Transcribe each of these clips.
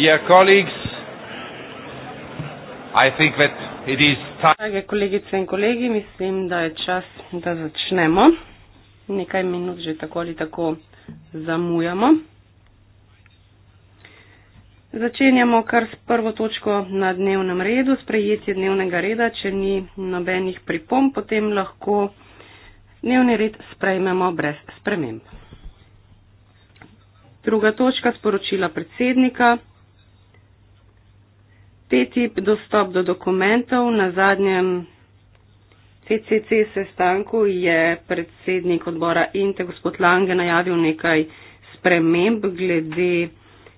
Dear colleagues, I think that it is time. Drage kolegice in kolegi, mislim, da je čas, da začnemo. Nekaj minut že tako ali tako zamujamo. Začenjamo kar s prvo točko na dnevnem redu, sprejetje dnevnega reda. Če ni nobenih pripom, potem lahko dnevni red sprejmemo brez sprememb. Druga točka sporočila predsednika te tip dostop do dokumentov na zadnjem CCC sestanku je predsednik odbora INTE, gospod Lange, najavil nekaj sprememb glede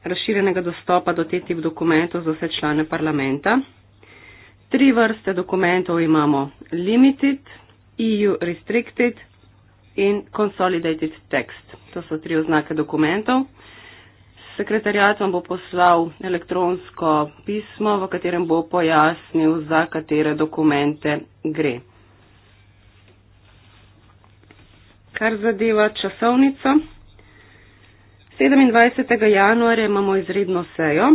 razširjenega dostopa do te tip dokumentov za vse člane parlamenta. Tri vrste dokumentov imamo limited, EU restricted in consolidated text. To so tri oznake dokumentov sekretarjatom bo poslal elektronsko pismo, v katerem bo pojasnil, za katere dokumente gre. Kar zadeva časovnico. 27. januarja imamo izredno sejo.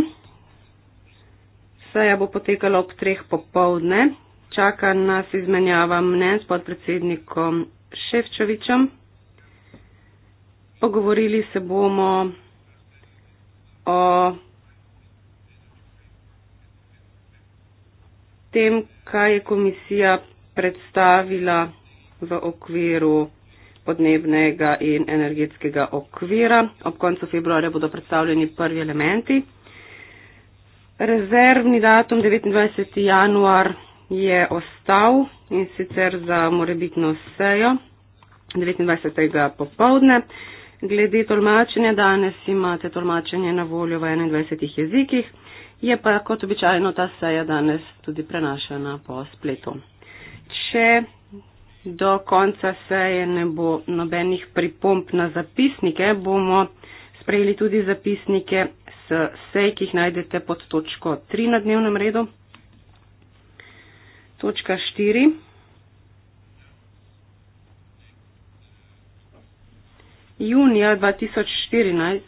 Seja bo potekala ob treh popovdne. Čaka nas izmenjava mnen s podpredsednikom Ševčovičem. Pogovorili se bomo o tem, kaj je komisija predstavila v okviru podnebnega in energetskega okvira. Ob koncu februarja bodo predstavljeni prvi elementi. Rezervni datum 29. januar je ostal in sicer za morebitno sejo 29. popovdne. Glede tolmačenja danes imate tolmačenje na voljo v 21 jezikih, je pa kot običajno ta seja danes tudi prenašana po spletu. Če do konca seje ne bo nobenih pripomp na zapisnike, bomo sprejeli tudi zapisnike s sej, ki jih najdete pod točko 3 na dnevnem redu. Točka 4. junija 2014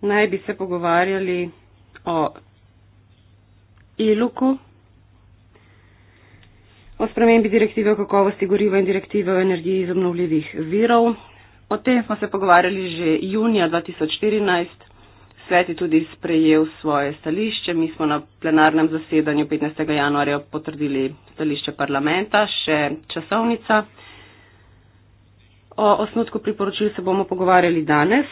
naj bi se pogovarjali o iluku, o spremembi direktive o kakovosti goriva in direktive o energiji iz obnovljivih virov. O tem smo se pogovarjali že junija 2014. Svet je tudi sprejel svoje stališče. Mi smo na plenarnem zasedanju 15. januarja potrdili stališče parlamenta, še časovnica. O osnutku priporočil se bomo pogovarjali danes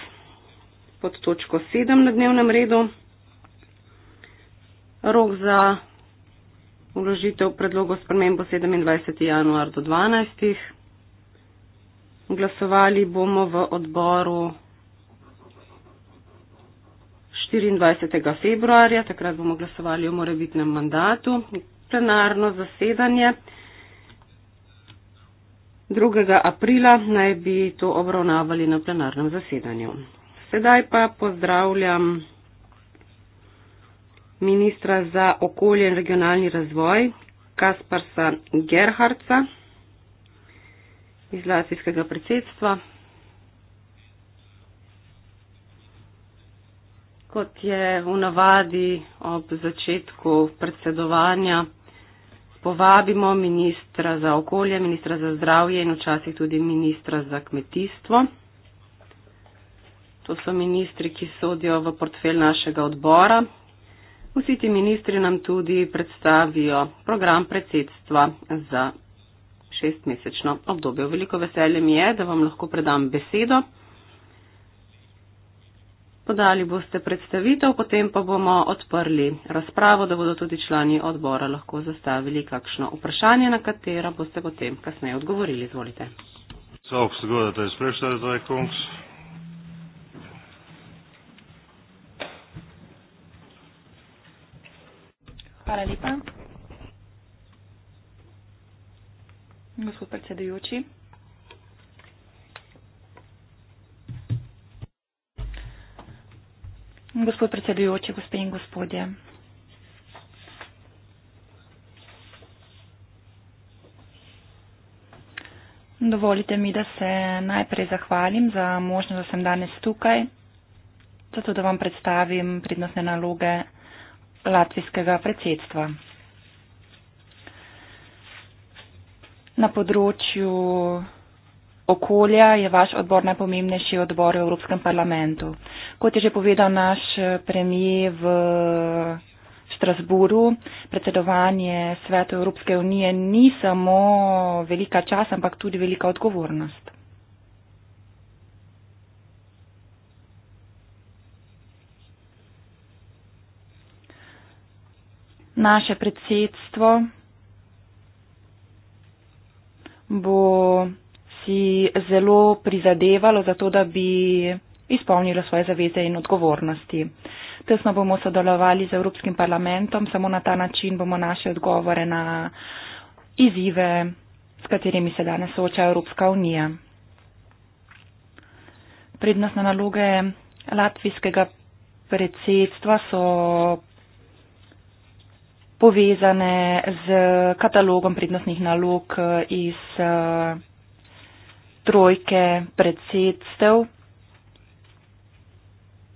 pod točko 7 na dnevnem redu. Rok za uložitev predlogov spremembo 27. januar do 12. Glasovali bomo v odboru 24. februarja, takrat bomo glasovali o morebitnem mandatu, plenarno zasedanje. 2. aprila naj bi to obravnavali na plenarnem zasedanju. Sedaj pa pozdravljam ministra za okolje in regionalni razvoj Kasparsa Gerharca iz Latvijskega predsedstva. Kot je v navadi ob začetku predsedovanja, povabimo ministra za okolje, ministra za zdravje in včasih tudi ministra za kmetijstvo. To so ministri, ki sodijo v portfel našega odbora. Vsi ti ministri nam tudi predstavijo program predsedstva za šestmesečno obdobje. Veliko veselje mi je, da vam lahko predam besedo. Podali boste predstavitev, potem pa bomo odprli razpravo, da bodo tudi člani odbora lahko zastavili kakšno vprašanje, na katera boste potem kasneje odgovorili. Izvolite. Hvala lepa. Gospod predsedujoči. Gospod predsedujoči, gospe in gospodje. Dovolite mi, da se najprej zahvalim za možnost, da sem danes tukaj, zato da vam predstavim prednostne naloge latvijskega predsedstva. Na področju okolja je vaš odbor najpomembnejši odbor v Evropskem parlamentu. Kot je že povedal naš eh, premijer v Strasburu, predsedovanje Svetu Evropske unije ni samo velika čas, ampak tudi velika odgovornost. Naše predsedstvo bo si zelo prizadevalo za to, da bi izpolnilo svoje zaveze in odgovornosti. Tesno bomo sodelovali z Evropskim parlamentom, samo na ta način bomo naše odgovore na izzive, s katerimi se danes sooča Evropska unija. Prednostne naloge latvijskega predsedstva so povezane z katalogom prednostnih nalog iz eh, trojke predsedstev.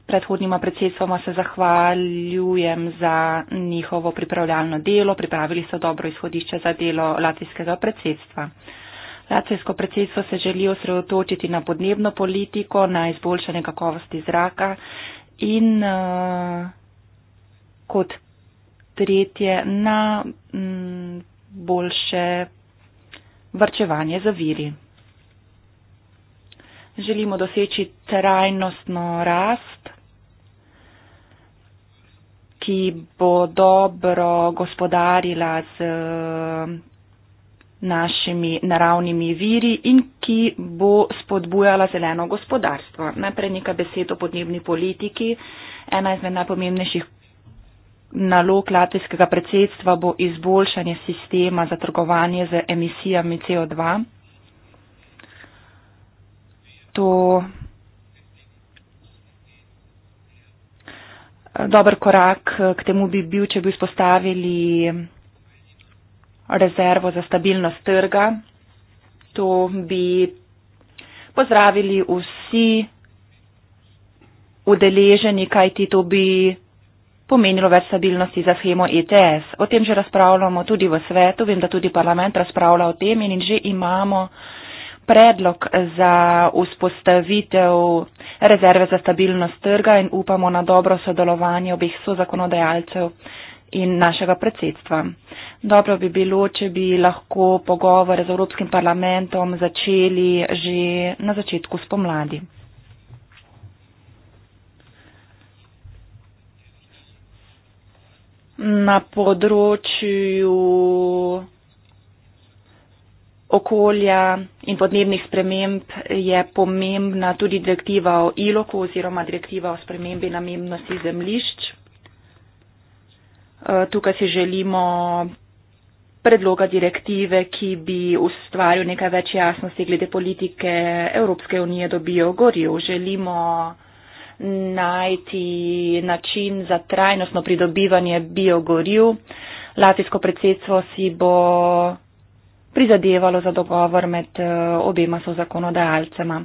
Predhodnima predsedstvoma se zahvaljujem za njihovo pripravljalno delo. Pripravili so dobro izhodišče za delo latvijskega predsedstva. Latvijsko predsedstvo se želi osredotočiti na podnebno politiko, na izboljšanje kakovosti zraka in uh, kot tretje na m, mm, boljše vrčevanje za viri želimo doseči trajnostno rast, ki bo dobro gospodarila z našimi naravnimi viri in ki bo spodbujala zeleno gospodarstvo. Najprej nekaj besed o podnebni politiki. Ena izmed najpomembnejših nalog latvijskega predsedstva bo izboljšanje sistema za trgovanje z emisijami CO2 to eh, dober korak eh, k temu bi bil, če bi spostavili rezervo za stabilnost trga. To bi pozdravili vsi udeleženi, kajti to bi pomenilo več stabilnosti za schemo ETS. O tem že razpravljamo tudi v svetu, vem, da tudi parlament razpravlja o tem in že imamo predlog za vzpostavitev rezerve za stabilnost trga in upamo na dobro sodelovanje obeh sozakonodajalcev in našega predsedstva. Dobro bi bilo, če bi lahko pogovore z Evropskim parlamentom začeli že na začetku spomladi. Na področju okolja in podnebnih sprememb je pomembna tudi direktiva o iloku oziroma direktiva o spremembi namembnosti zemlišč. Eh, tukaj si želimo predloga direktive, ki bi ustvaril nekaj več jasnosti glede politike Evropske unije do biogorjev. Želimo najti način za trajnostno pridobivanje biogorju. Latvijsko predsedstvo si bo prizadevalo za dogovor med eh, obema so zakonodajalcema.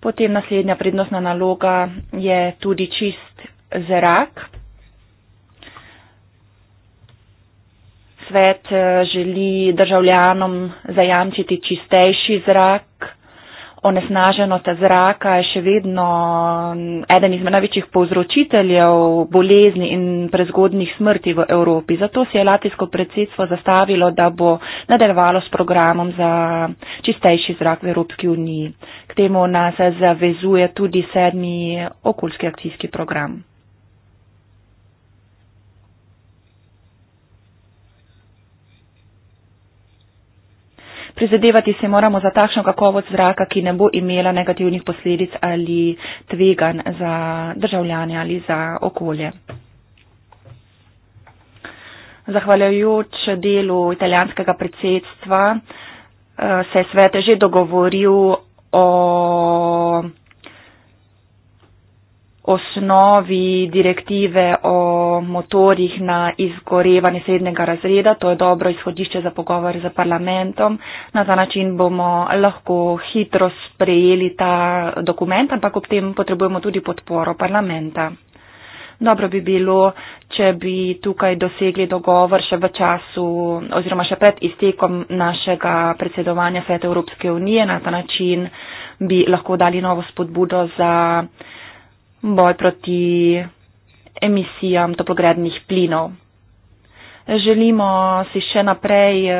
Potem naslednja prednostna naloga je tudi čist zrak. Svet eh, želi državljanom zajamčiti čistejši zrak onesnaženost zraka je še vedno eden izmed največjih povzročiteljev bolezni in prezgodnih smrti v Evropi. Zato si je latvijsko predsedstvo zastavilo, da bo nadaljevalo s programom za čistejši zrak v Evropski uniji. K temu nas zavezuje tudi sedmi okoljski akcijski program. prizadevati se moramo za takšno kakovost zraka, ki ne bo imela negativnih posledic ali tvegan za državljanje ali za okolje. Zahvaljujoč delu italijanskega predsedstva eh, se je svet že dogovoril o osnovi direktive o motorjih na izgorevanje srednjega razreda. To je dobro izhodišče za pogovor z parlamentom. Na ta način bomo lahko hitro sprejeli ta dokument, ampak ob tem potrebujemo tudi podporo parlamenta. Dobro bi bilo, če bi tukaj dosegli dogovor še v času oziroma še pred iztekom našega predsedovanja Sveta Evropske unije. Na ta način bi lahko dali novo spodbudo za boj proti emisijam toplogrednih plinov. Želimo si še naprej eh,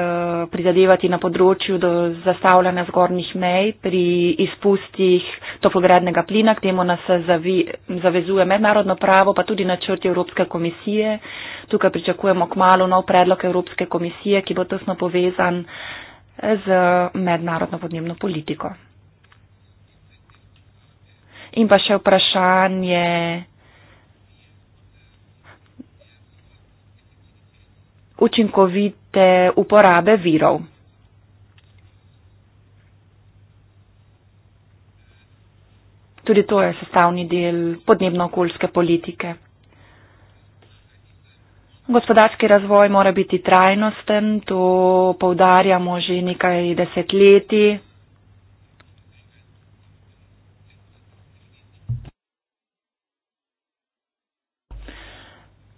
prizadevati na področju do zastavljanja zgornjih mej pri izpustih toplogrednega plina, k temu nas zavi, zavezuje mednarodno pravo, pa tudi načrti Evropske komisije. Tukaj pričakujemo k malu nov predlog Evropske komisije, ki bo tesno povezan z mednarodno podnebno politiko. In pa še vprašanje. Učinkovite uporabe virov. Tudi to je sestavni del podnebno-okoljske politike. Gospodarski razvoj mora biti trajnosten, to poudarjamo že nekaj desetletij.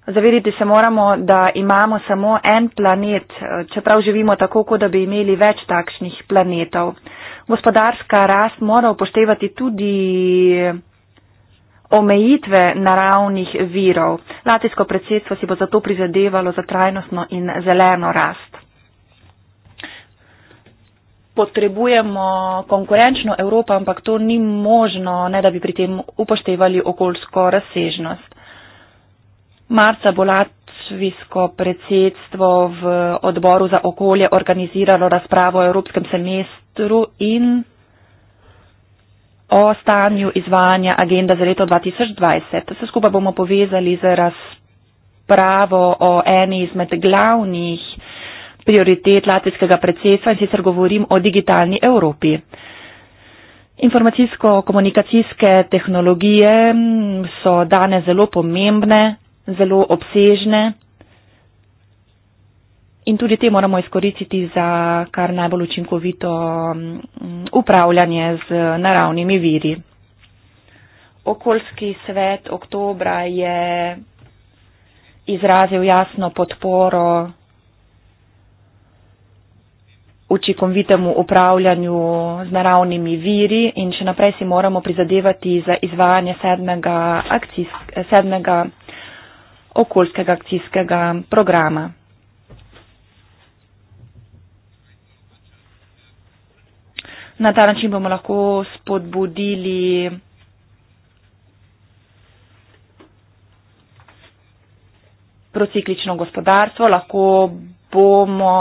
Zavedati se moramo, da imamo samo en planet, eh, čeprav živimo tako, kot da bi imeli več takšnih planetov. Gospodarska rast mora upoštevati tudi omejitve naravnih virov. Latijsko predsedstvo si bo zato prizadevalo za trajnostno in zeleno rast. Potrebujemo konkurenčno Evropo, ampak to ni možno, ne da bi pri tem upoštevali okoljsko razsežnost. Marca bo latvijsko predsedstvo v odboru za okolje organiziralo razpravo o evropskem semestru in o stanju izvajanja agenda za leto 2020. Vse skupaj bomo povezali z razpravo o eni izmed glavnih prioritet latvijskega predsedstva in sicer govorim o digitalni Evropi. Informacijsko-komunikacijske tehnologije so danes zelo pomembne, zelo obsežne in tudi te moramo izkoristiti za kar najbolj učinkovito mm, upravljanje z naravnimi viri. Okoljski svet oktobra je izrazil jasno podporo učinkovitemu upravljanju z naravnimi viri in še naprej si moramo prizadevati za izvajanje sedmega, akcijsk, sedmega okoljskega akcijskega programa. Na ta način bomo lahko spodbudili prociklično gospodarstvo, lahko bomo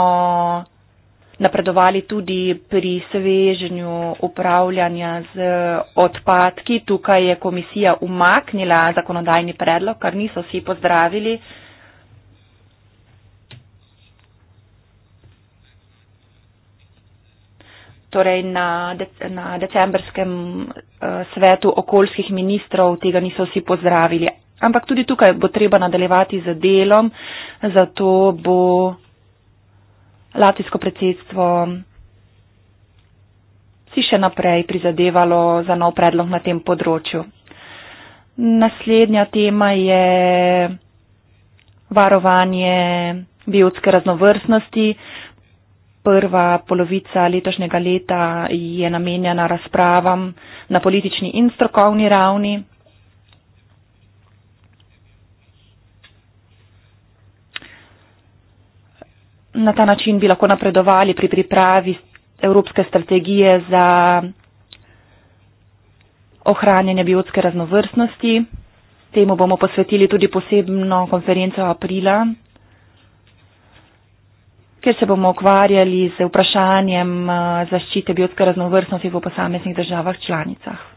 napredovali tudi pri svežnju upravljanja z odpadki. Tukaj je komisija umaknila zakonodajni predlog, kar niso vsi pozdravili. Torej na, dec na decembrskem uh, svetu okoljskih ministrov tega niso vsi pozdravili. Ampak tudi tukaj bo treba nadaljevati z delom, zato bo latvijsko predsedstvo si še naprej prizadevalo za nov predlog na tem področju. Naslednja tema je varovanje biotske raznovrstnosti. Prva polovica letošnjega leta je namenjena razpravam na politični in strokovni ravni. na ta način bi lahko napredovali pri pripravi evropske strategije za ohranjanje biotske raznovrstnosti. Temu bomo posvetili tudi posebno konferenco aprila, kjer se bomo ukvarjali z vprašanjem eh, zaščite biotske raznovrstnosti v posameznih državah članicah.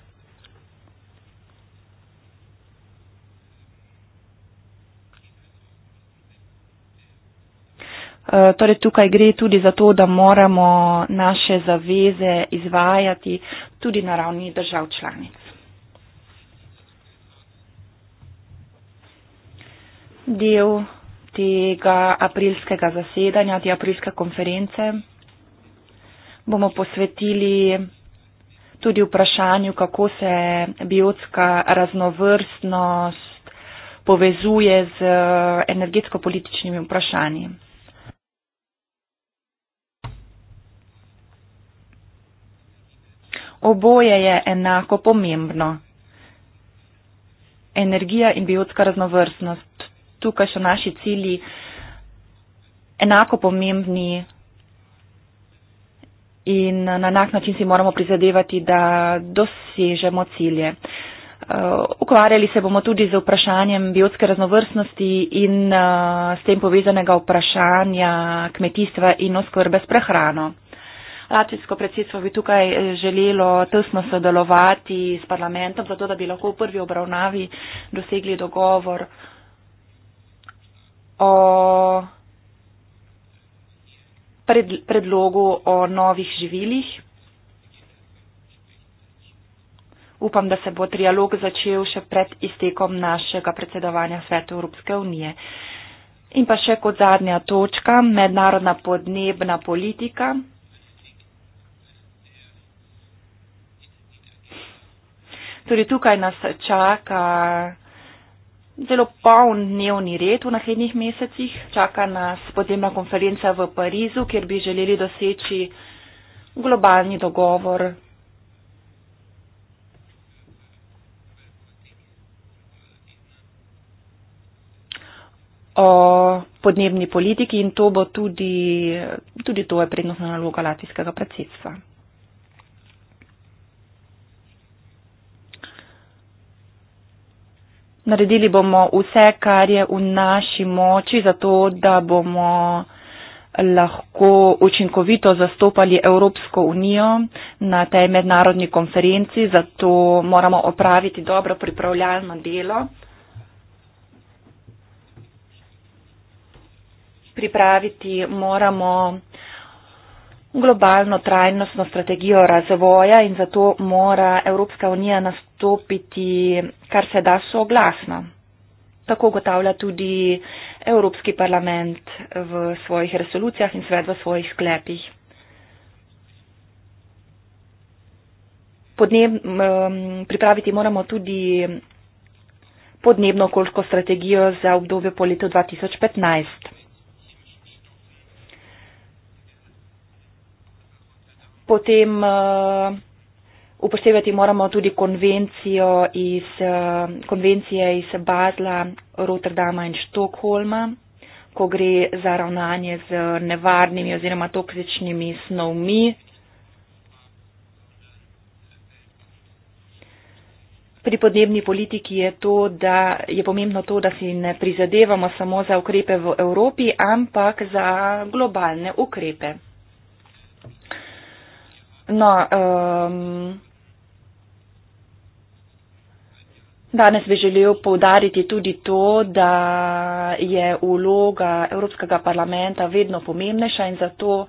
Eh, torej tukaj gre tudi za to, da moramo naše zaveze izvajati tudi na ravni držav članic. Del tega aprilskega zasedanja, te aprilske konference bomo posvetili tudi vprašanju, kako se biotska raznovrstnost povezuje z energetsko-političnimi vprašanji. Oboje je enako pomembno. Energija in biotska raznovrstnost. Tukaj so naši cilji enako pomembni in na enak način si moramo prizadevati, da dosežemo cilje. Eh, ukvarjali se bomo tudi z vprašanjem biotske raznovrstnosti in eh, s tem povezanega vprašanja kmetijstva in oskrbe s prehrano. Latvijsko predsedstvo bi tukaj eh, želelo tesno sodelovati s parlamentom, zato da bi lahko v prvi obravnavi dosegli dogovor o predlogu o novih živilih. Upam, da se bo trialog začel še pred iztekom našega predsedovanja Svetu Evropske unije. In pa še kot zadnja točka, mednarodna podnebna politika. Tudi torej, tukaj nas čaka zelo poln dnevni red v naslednjih mesecih. Čaka nas podzemna konferenca v Parizu, kjer bi želeli doseči globalni dogovor. o podnebni politiki in to bo tudi, tudi to je prednostna naloga latvijskega predsedstva. Naredili bomo vse, kar je v naši moči, zato da bomo lahko učinkovito zastopali Evropsko unijo na tej mednarodni konferenci, zato moramo opraviti dobro pripravljalno delo. Pripraviti moramo globalno trajnostno strategijo razvoja in zato mora Evropska unija nastopiti kar se da soglasno. Tako ugotavlja tudi Evropski parlament v svojih resolucijah in svet v svojih sklepih. Podneb, pripraviti moramo tudi podnebno okoljsko strategijo za obdobje po letu 2015. Potem uh, upoštevati moramo tudi konvencijo iz, uh, konvencije iz Bazla, Rotterdama in Štokholma, ko gre za ravnanje z nevarnimi oziroma toksičnimi snovmi. Pri podnebni politiki je, to, da, je pomembno to, da si ne prizadevamo samo za ukrepe v Evropi, ampak za globalne ukrepe. No, um, danes bi želel povdariti tudi to, da je vloga Evropskega parlamenta vedno pomembnejša in zato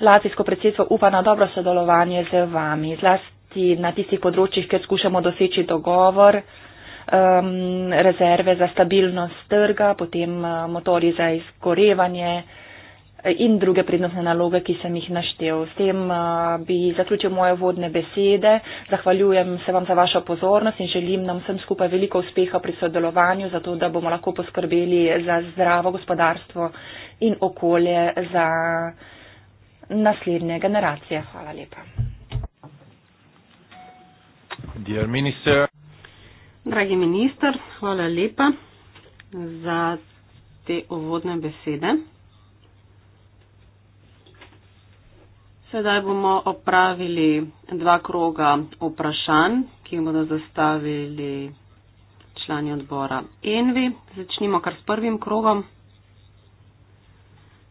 Latvijsko predsedstvo upa na dobro sodelovanje z vami, zlasti na tistih področjih, kjer skušamo doseči dogovor, um, rezerve za stabilnost trga, potem eh, motori za izgorevanje in druge prednostne naloge, ki sem jih naštel. S tem bi zaključil moje vodne besede. Zahvaljujem se vam za vašo pozornost in želim nam vsem skupaj veliko uspeha pri sodelovanju, zato da bomo lahko poskrbeli za zdravo gospodarstvo in okolje za naslednje generacije. Hvala lepa. Dragi minister, hvala lepa za te uvodne besede. Sedaj bomo opravili dva kroga vprašanj, ki jih bodo zastavili člani odbora Envi. Začnimo kar s prvim krogom.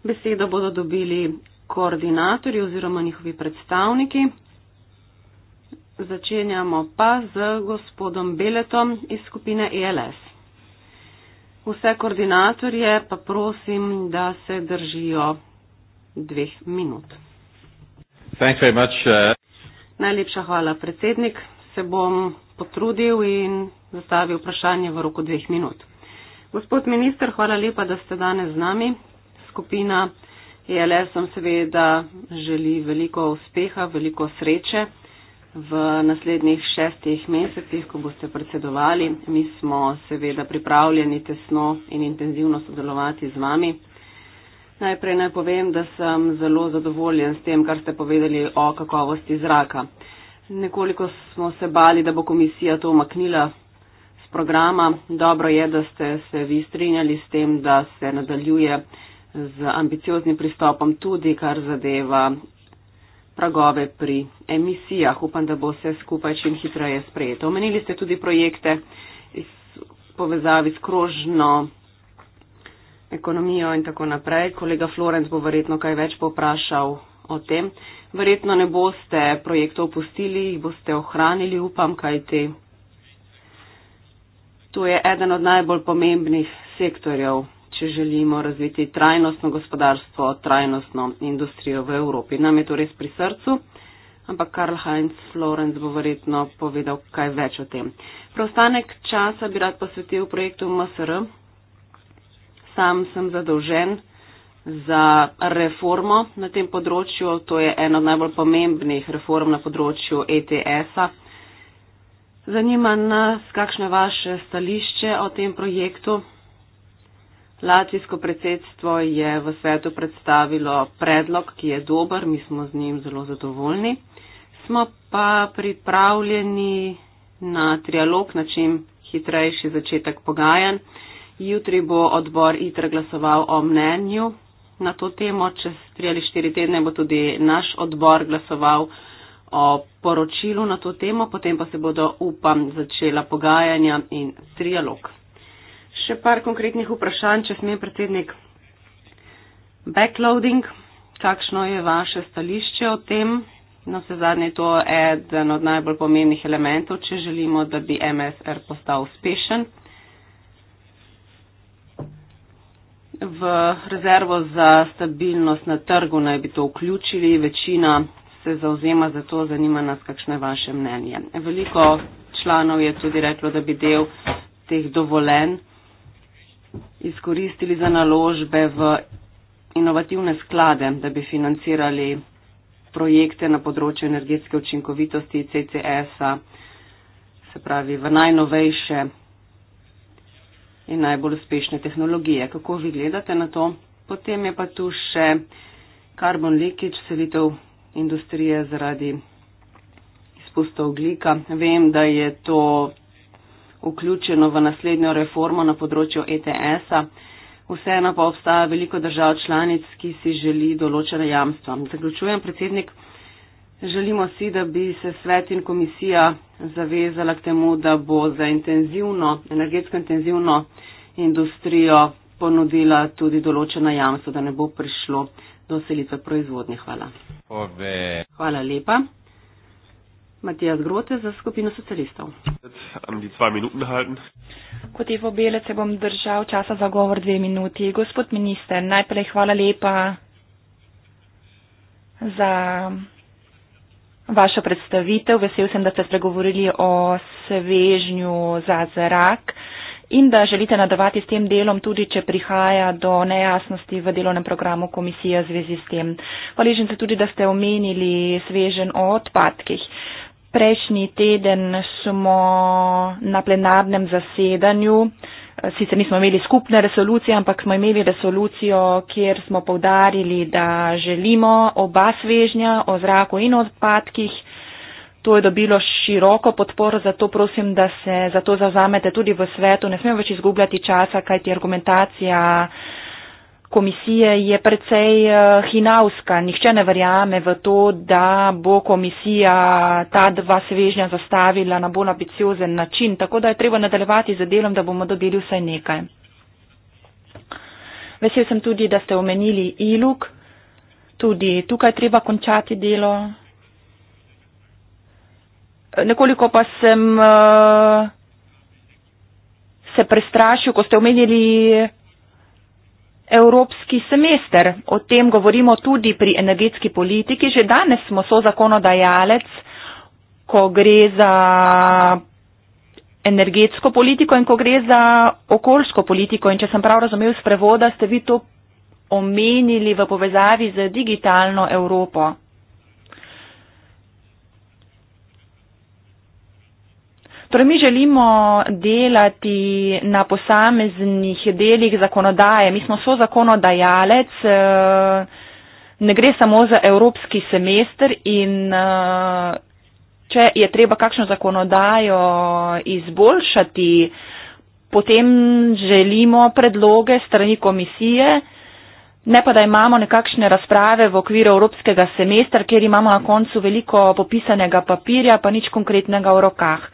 Besedo bodo dobili koordinatorji oziroma njihovi predstavniki. Začenjamo pa z gospodom Beletom iz skupine ELS. Vse koordinatorje pa prosim, da se držijo dveh minut. Much, uh... Najlepša hvala, predsednik. Se bom potrudil in zastavil vprašanje v roku dveh minut. Gospod minister, hvala lepa, da ste danes z nami. Skupina ELS vam seveda želi veliko uspeha, veliko sreče v naslednjih šestih mesecih, ko boste predsedovali. Mi smo seveda pripravljeni tesno in intenzivno sodelovati z vami. Najprej naj povem, da sem zelo zadovoljen s tem, kar ste povedali o kakovosti zraka. Nekoliko smo se bali, da bo komisija to omaknila z programa. Dobro je, da ste se vi strinjali s tem, da se nadaljuje z ambicioznim pristopom tudi, kar zadeva pragove pri emisijah. Upam, da bo vse skupaj čim hitreje sprejeto. Omenili ste tudi projekte v povezavi s krožno ekonomijo in tako naprej. Kolega Florenc bo verjetno kaj več poprašal o tem. Verjetno ne boste projektov opustili, jih boste ohranili, upam, kaj ti. To je eden od najbolj pomembnih sektorjev, če želimo razviti trajnostno gospodarstvo, trajnostno industrijo v Evropi. Nam je to res pri srcu, ampak Karl Heinz Florenc bo verjetno povedal kaj več o tem. Preostanek časa bi rad posvetil projektu MSR, sam sem zadolžen za reformo na tem področju. To je ena od najbolj pomembnih reform na področju ETS-a. Zanima nas, kakšno je vaše stališče o tem projektu. Latvijsko predsedstvo je v svetu predstavilo predlog, ki je dober, mi smo z njim zelo zadovoljni. Smo pa pripravljeni na trialog, na čim hitrejši začetek pogajanj. Jutri bo odbor ITR glasoval o mnenju na to temo, čez tri ali štiri tedne bo tudi naš odbor glasoval o poročilu na to temo, potem pa se bodo, upam, začela pogajanja in trialog. Še par konkretnih vprašanj, če smem predsednik. Backloading, kakšno je vaše stališče o tem? Na vse zadnje je to eden od najbolj pomembnih elementov, če želimo, da bi MSR postal uspešen. V rezervo za stabilnost na trgu naj bi to vključili, večina se zauzema za to, zanima nas, kakšno je vaše mnenje. Veliko članov je tudi reklo, da bi del teh dovolen izkoristili za naložbe v inovativne sklade, da bi financirali projekte na področju energetske učinkovitosti CCS-a, se pravi v najnovejše in najbolj uspešne tehnologije. Kako vi gledate na to? Potem je pa tu še carbon leakage, selitev industrije zaradi izpustov oglika. Vem, da je to vključeno v naslednjo reformo na področju ETS-a. Vseeno pa obstaja veliko držav članic, ki si želi določene jamstva. Zaključujem, predsednik. Želimo si, da bi se svet in komisija zavezala k temu, da bo za intenzivno, energetsko intenzivno industrijo ponudila tudi določena jamstva, da ne bo prišlo do selitve proizvodnje. Hvala. Obe. Hvala lepa. Matijas Grote za skupino socialistov. Kot je vobelec, se bom držal časa za govor dve minuti. Gospod minister, najprej hvala lepa za vašo predstavitev. Vesel sem, da ste spregovorili o svežnju za zrak in da želite nadovati s tem delom, tudi če prihaja do nejasnosti v delovnem programu komisije v zvezi s tem. Hvaležen se tudi, da ste omenili svežen o odpadkih. Prejšnji teden smo na plenarnem zasedanju sicer nismo imeli skupne resolucije, ampak smo imeli resolucijo, kjer smo povdarili, da želimo oba svežnja o zraku in odpadkih. To je dobilo široko podporo, zato prosim, da se za to zavzamete tudi v svetu. Ne smemo več izgubljati časa, kajti argumentacija komisije je precej eh, hinavska. Nihče ne verjame v to, da bo komisija ta dva svežnja zastavila na bolj ambiciozen način, tako da je treba nadaljevati z delom, da bomo dobili vsaj nekaj. Vesel sem tudi, da ste omenili ilug. Tudi tukaj treba končati delo. Nekoliko pa sem uh, se prestrašil, ko ste omenili evropski semester. O tem govorimo tudi pri energetski politiki. Že danes smo so zakonodajalec, ko gre za energetsko politiko in ko gre za okoljsko politiko. In če sem prav razumel z prevoda, ste vi to omenili v povezavi z digitalno Evropo. Torej, mi želimo delati na posameznih delih zakonodaje. Mi smo so zakonodajalec, eh, ne gre samo za evropski semester in eh, če je treba kakšno zakonodajo izboljšati, potem želimo predloge strani komisije. Ne pa, da imamo nekakšne razprave v okviru evropskega semestra, kjer imamo na koncu veliko popisanega papirja, pa nič konkretnega v rokah.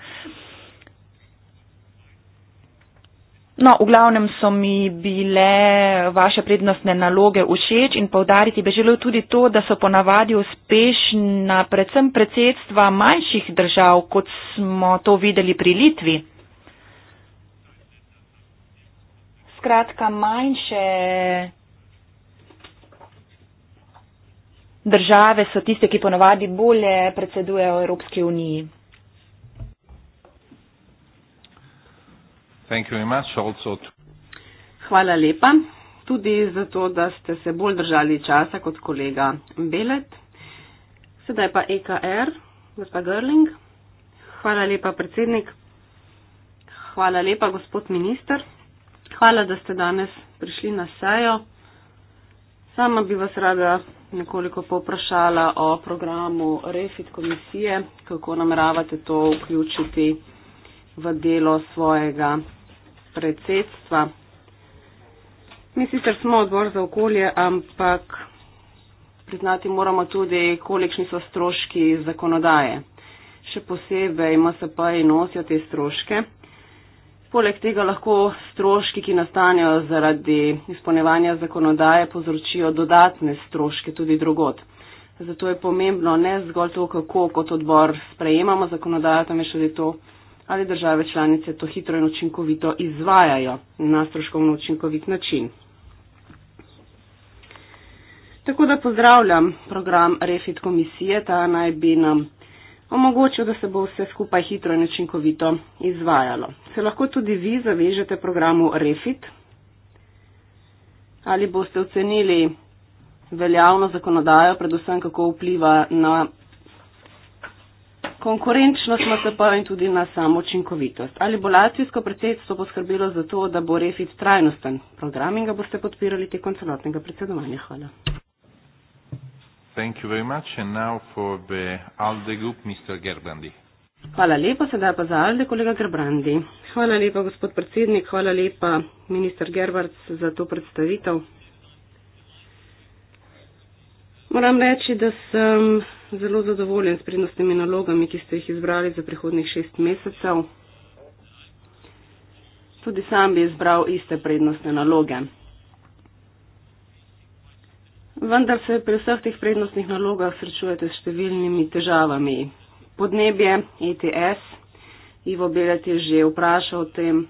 No, v glavnem so mi bile vaše prednostne naloge všeč in povdariti bi želel tudi to, da so ponavadi uspešna predvsem predsedstva manjših držav, kot smo to videli pri Litvi. Skratka, manjše države so tiste, ki ponavadi bolje predsedujejo Evropski uniji. Hvala lepa tudi za to, da ste se bolj držali časa kot kolega Belet. Sedaj pa EKR, gospod Gerling. Hvala lepa, predsednik. Hvala lepa, gospod minister. Hvala, da ste danes prišli na sejo. Sama bi vas rada nekoliko poprašala o programu REFIT komisije, kako nameravate to vključiti v delo svojega predsedstva. Mi sicer smo odbor za okolje, ampak priznati moramo tudi, kolikšni so stroški zakonodaje. Še posebej ima se pa in nosijo te stroške. Poleg tega lahko stroški, ki nastanejo zaradi izpolnevanja zakonodaje, povzročijo dodatne stroške tudi drugot. Zato je pomembno ne zgolj to, kako kot odbor sprejemamo zakonodajo, temveč tudi to, ali države članice to hitro in učinkovito izvajajo na stroškovno učinkovit način. Tako da pozdravljam program Refit komisije, ta naj bi nam omogočil, da se bo vse skupaj hitro in učinkovito izvajalo. Se lahko tudi vi zavežete programu Refit ali boste ocenili veljavno zakonodajo, predvsem kako vpliva na konkurenčnost MSP in tudi na samo učinkovitost. Ali bo latvijsko predsedstvo poskrbelo za to, da bo refit trajnosten program in ga boste podpirali tekom celotnega predsedovanja? Hvala. Thank you very much. And now for the ALDE group, Mr. Gerbrandi. Hvala lepa, sedaj pa za ALDE, kolega Gerbrandi. Hvala lepa, gospod predsednik, hvala lepa, minister Gerbrandi, za to predstavitev. Moram reči, da sem zelo zadovoljen s prednostnimi nalogami, ki ste jih izbrali za prihodnih šest mesecev. Tudi sam bi izbral iste prednostne naloge. Vendar se pri vseh teh prednostnih nalogah srečujete s številnimi težavami. Podnebje, ETS, Ivo Belet je že vprašal o tem,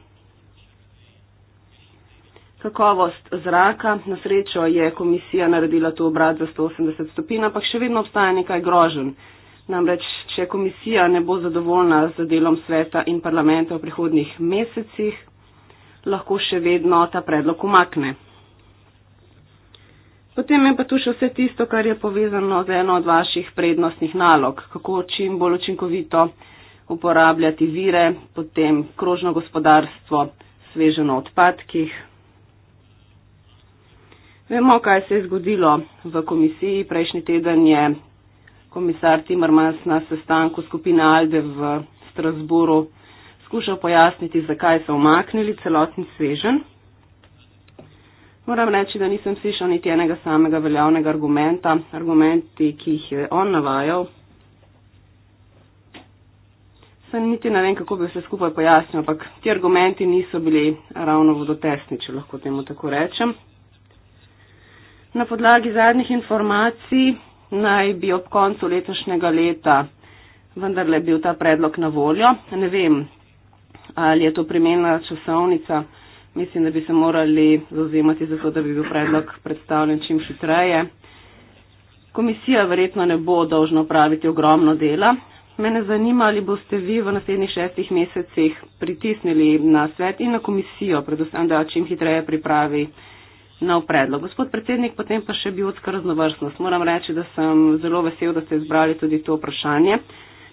kakovost zraka. Na srečo je komisija naredila to obrat za 180 stopinj, ampak še vedno obstaja nekaj grožen. Namreč, če komisija ne bo zadovoljna z delom sveta in parlamenta v prihodnih mesecih, lahko še vedno ta predlog umakne. Potem je pa tu še vse tisto, kar je povezano z eno od vaših prednostnih nalog, kako čim bolj učinkovito uporabljati vire, potem krožno gospodarstvo, sveženo odpadkih. Vemo, kaj se je zgodilo v komisiji. Prejšnji teden je komisar Timmermans na sestanku skupine Alde v Strasboru skušal pojasniti, zakaj so omaknili celotni svežen. Moram reči, da nisem slišal niti enega samega veljavnega argumenta. Argumenti, ki jih je on navajal, se niti ne vem, kako bi vse skupaj pojasnil, ampak ti argumenti niso bili ravno vodotesni, če lahko temu tako rečem. Na podlagi zadnjih informacij naj bi ob koncu letošnjega leta vendarle bil ta predlog na voljo. Ne vem, ali je to primerna časovnica. Mislim, da bi se morali zauzemati za to, da bi bil predlog predstavljen čim hitreje. Komisija verjetno ne bo dolžna praviti ogromno dela. Mene zanima, ali boste vi v naslednjih šestih mesecih pritisnili na svet in na komisijo, predvsem, da čim hitreje pripravi predlog nov predlog. Gospod predsednik, potem pa še biotska raznovrstnost. Moram reči, da sem zelo vesel, da ste izbrali tudi to vprašanje.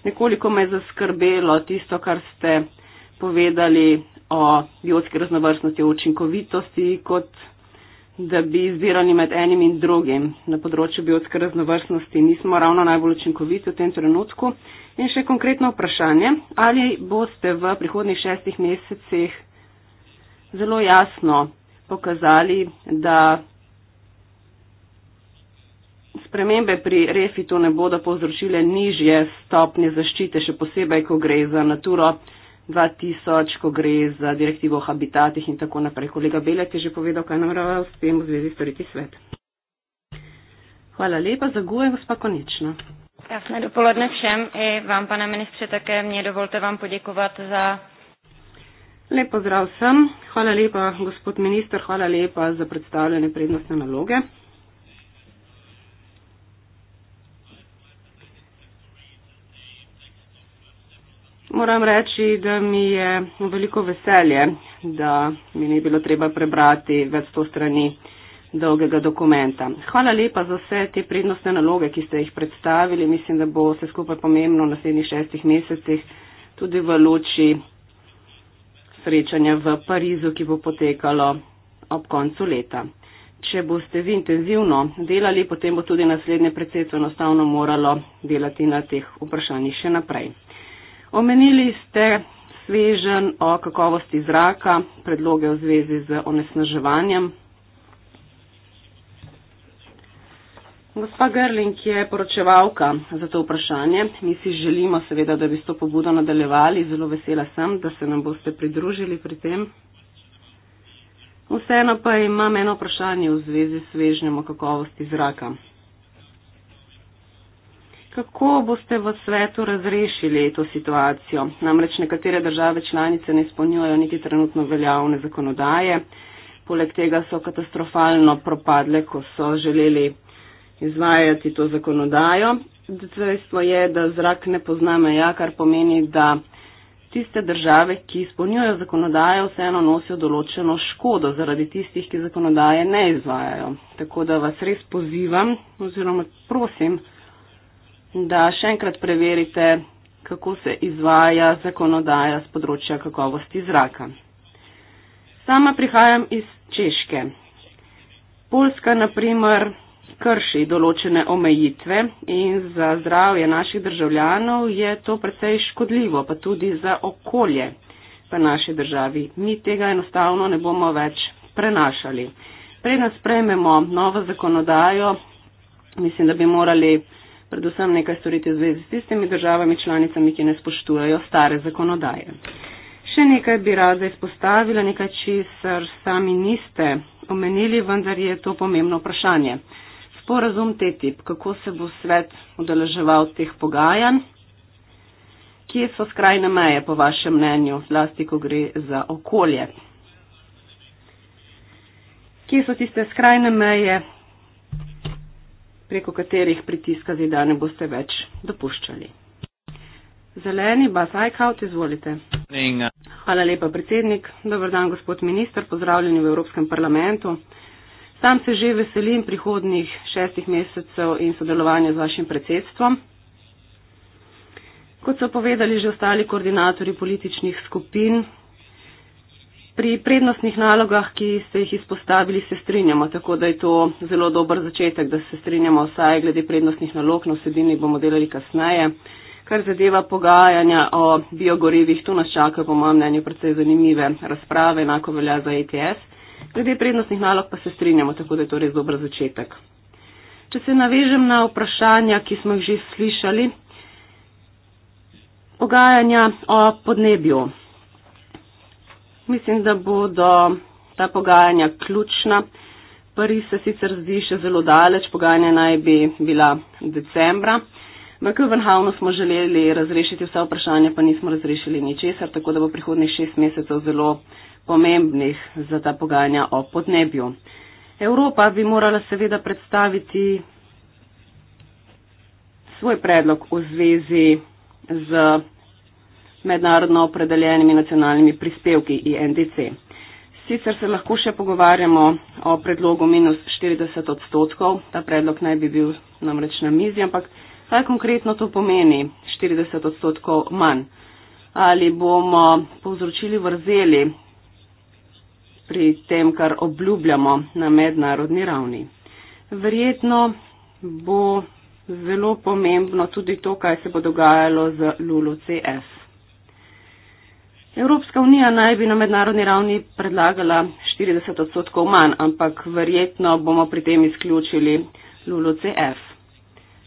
Nekoliko me je zaskrbelo tisto, kar ste povedali o biotski raznovrstnosti, o učinkovitosti, kot da bi izbirali med enim in drugim. Na področju biotske raznovrstnosti nismo ravno najbolj učinkoviti v tem trenutku. In še konkretno vprašanje, ali boste v prihodnih šestih mesecih zelo jasno pokazali, da spremembe pri refitu ne bodo povzročile nižje stopnje zaščite, še posebej, ko gre za naturo. 2000, ko gre za direktivo o habitatih in tako naprej. Kolega Belek je že povedal, kaj namerava s tem v zvezi storiti svet. Hvala lepa, zagujem vas pa konično. Krasne dopoledne všem i vam, pane ministře, také mě dovolte vám poděkovat za Lep pozdrav vsem. Hvala lepa, gospod minister, hvala lepa za predstavljene prednostne naloge. Moram reči, da mi je veliko veselje, da mi ni bilo treba prebrati več sto strani dolgega dokumenta. Hvala lepa za vse te prednostne naloge, ki ste jih predstavili. Mislim, da bo vse skupaj pomembno v naslednjih šestih mesecih tudi v loči srečanja v Parizu, ki bo potekalo ob koncu leta. Če boste vi intenzivno delali, potem bo tudi naslednje predsedstvo enostavno moralo delati na teh vprašanjih še naprej. Omenili ste svežen o kakovosti zraka, predloge v zvezi z onesnaževanjem, Gospa Grling je poročevalka za to vprašanje. Mi si želimo seveda, da bi s to pobudo nadaljevali. Zelo vesela sem, da se nam boste pridružili pri tem. Vseeno pa imam eno vprašanje v zvezi s svežnjem o kakovosti zraka. Kako boste v svetu razrešili to situacijo? Namreč nekatere države članice ne izpolnjujejo niti trenutno veljavne zakonodaje. Poleg tega so katastrofalno propadle, ko so želeli izvajati to zakonodajo. Dejstvo je, da zrak ne pozna meja, kar pomeni, da tiste države, ki izpolnjujejo zakonodajo, vseeno nosijo določeno škodo zaradi tistih, ki zakonodaje ne izvajajo. Tako da vas res pozivam oziroma prosim, da še enkrat preverite, kako se izvaja zakonodaja z področja kakovosti zraka. Sama prihajam iz Češke. Polska, naprimer, krši določene omejitve in za zdravje naših državljanov je to precej škodljivo, pa tudi za okolje v naši državi. Mi tega enostavno ne bomo več prenašali. Preden sprejmemo novo zakonodajo, mislim, da bi morali predvsem nekaj storiti v zvezi s tistimi državami članicami, ki ne spoštujejo stare zakonodaje. Še nekaj bi rada izpostavila, nekaj, česar sami niste omenili, vendar je to pomembno vprašanje sporazum TTIP, kako se bo svet odeleževal teh pogajanj, kje so skrajne meje po vašem mnenju, zlasti ko gre za okolje. Kje so tiste skrajne meje, preko katerih pritiska zida ne boste več dopuščali. Zeleni, Basajkaut, izvolite. Hvala lepa, predsednik. Dobrodan, gospod minister, pozdravljeni v Evropskem parlamentu. Tam se že veselim prihodnih šestih mesecev in sodelovanja z vašim predsedstvom. Kot so povedali že ostali koordinatori političnih skupin, pri prednostnih nalogah, ki ste jih izpostavili, se strinjamo, tako da je to zelo dober začetek, da se strinjamo vsaj glede prednostnih nalog, no vsebini bomo delali kasneje. Kar zadeva pogajanja o biogorivih, tu nas čaka, po mojem mnenju, predvsej zanimive razprave, enako velja za ETS. Glede prednostnih nalog pa se strinjamo, tako da je to res dober začetek. Če se navežem na vprašanja, ki smo jih že slišali, pogajanja o podnebju. Mislim, da bodo ta pogajanja ključna. Pari se sicer zdi še zelo daleč, pogajanja naj bi bila decembra. V Kövenhavnu smo želeli razrešiti vse vprašanja, pa nismo razrešili ničesar, tako da bo prihodnih šest mesecev zelo pomembnih za ta pogajanja o podnebju. Evropa bi morala seveda predstaviti svoj predlog v zvezi z mednarodno opredeljenimi nacionalnimi prispevki INDC. Sicer se lahko še pogovarjamo o predlogu minus 40 odstotkov, ta predlog naj bi bil namreč na mizi, ampak kaj konkretno to pomeni 40 odstotkov manj? Ali bomo povzročili vrzeli pri tem, kar obljubljamo na mednarodni ravni. Verjetno bo zelo pomembno tudi to, kaj se bo dogajalo z LULUCF. Evropska unija naj bi na mednarodni ravni predlagala 40 odstotkov manj, ampak verjetno bomo pri tem izključili LULUCF.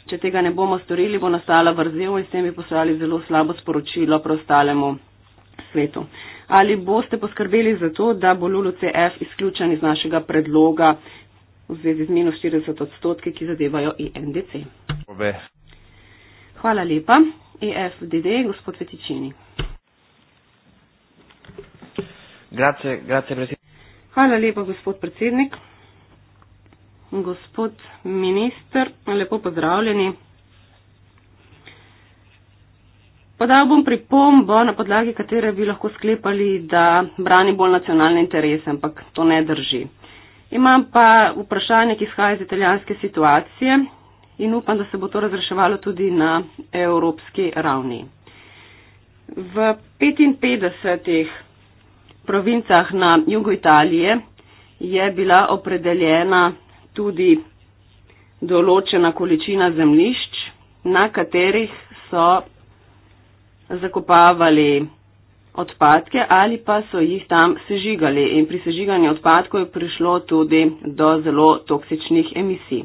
Če tega ne bomo storili, bo nastala vrzel in s tem bi poslali zelo slabo sporočilo preostalemu svetu ali boste poskrbeli za to, da bo Lulu CF izključen iz našega predloga v zvezi z minus 40 odstotki, ki zadevajo INDC. E Obe. Hvala lepa. EFDD, gospod Vetičini. Grazie, grazie, predsednik. Hvala lepa, gospod predsednik. Gospod minister, lepo pozdravljeni. Podal bom pripombo, na podlagi katere bi lahko sklepali, da brani bolj nacionalne interese, ampak to ne drži. Imam pa vprašanje, ki izhaja iz italijanske situacije in upam, da se bo to razreševalo tudi na evropski ravni. V 55 provincah na jugu Italije je bila opredeljena tudi določena količina zemlišč, na katerih so zakopavali odpadke ali pa so jih tam sežigali in pri sežiganju odpadkov je prišlo tudi do zelo toksičnih emisij.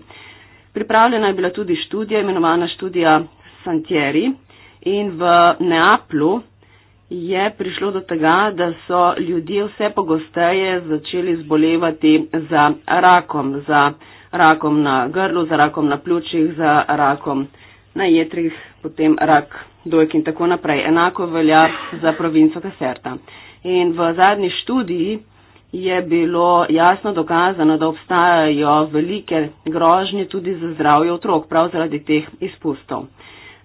Pripravljena je bila tudi študija, imenovana študija Santieri in v Neaplu je prišlo do tega, da so ljudje vse pogosteje začeli zbolevati za rakom, za rakom na grlu, za rakom na pljučih, za rakom na jetrih, potem rak Dojk in tako naprej. Enako velja za provinco Kaserta. In v zadnji študiji je bilo jasno dokazano, da obstajajo velike grožnje tudi za zdravje otrok, prav zaradi teh izpustov.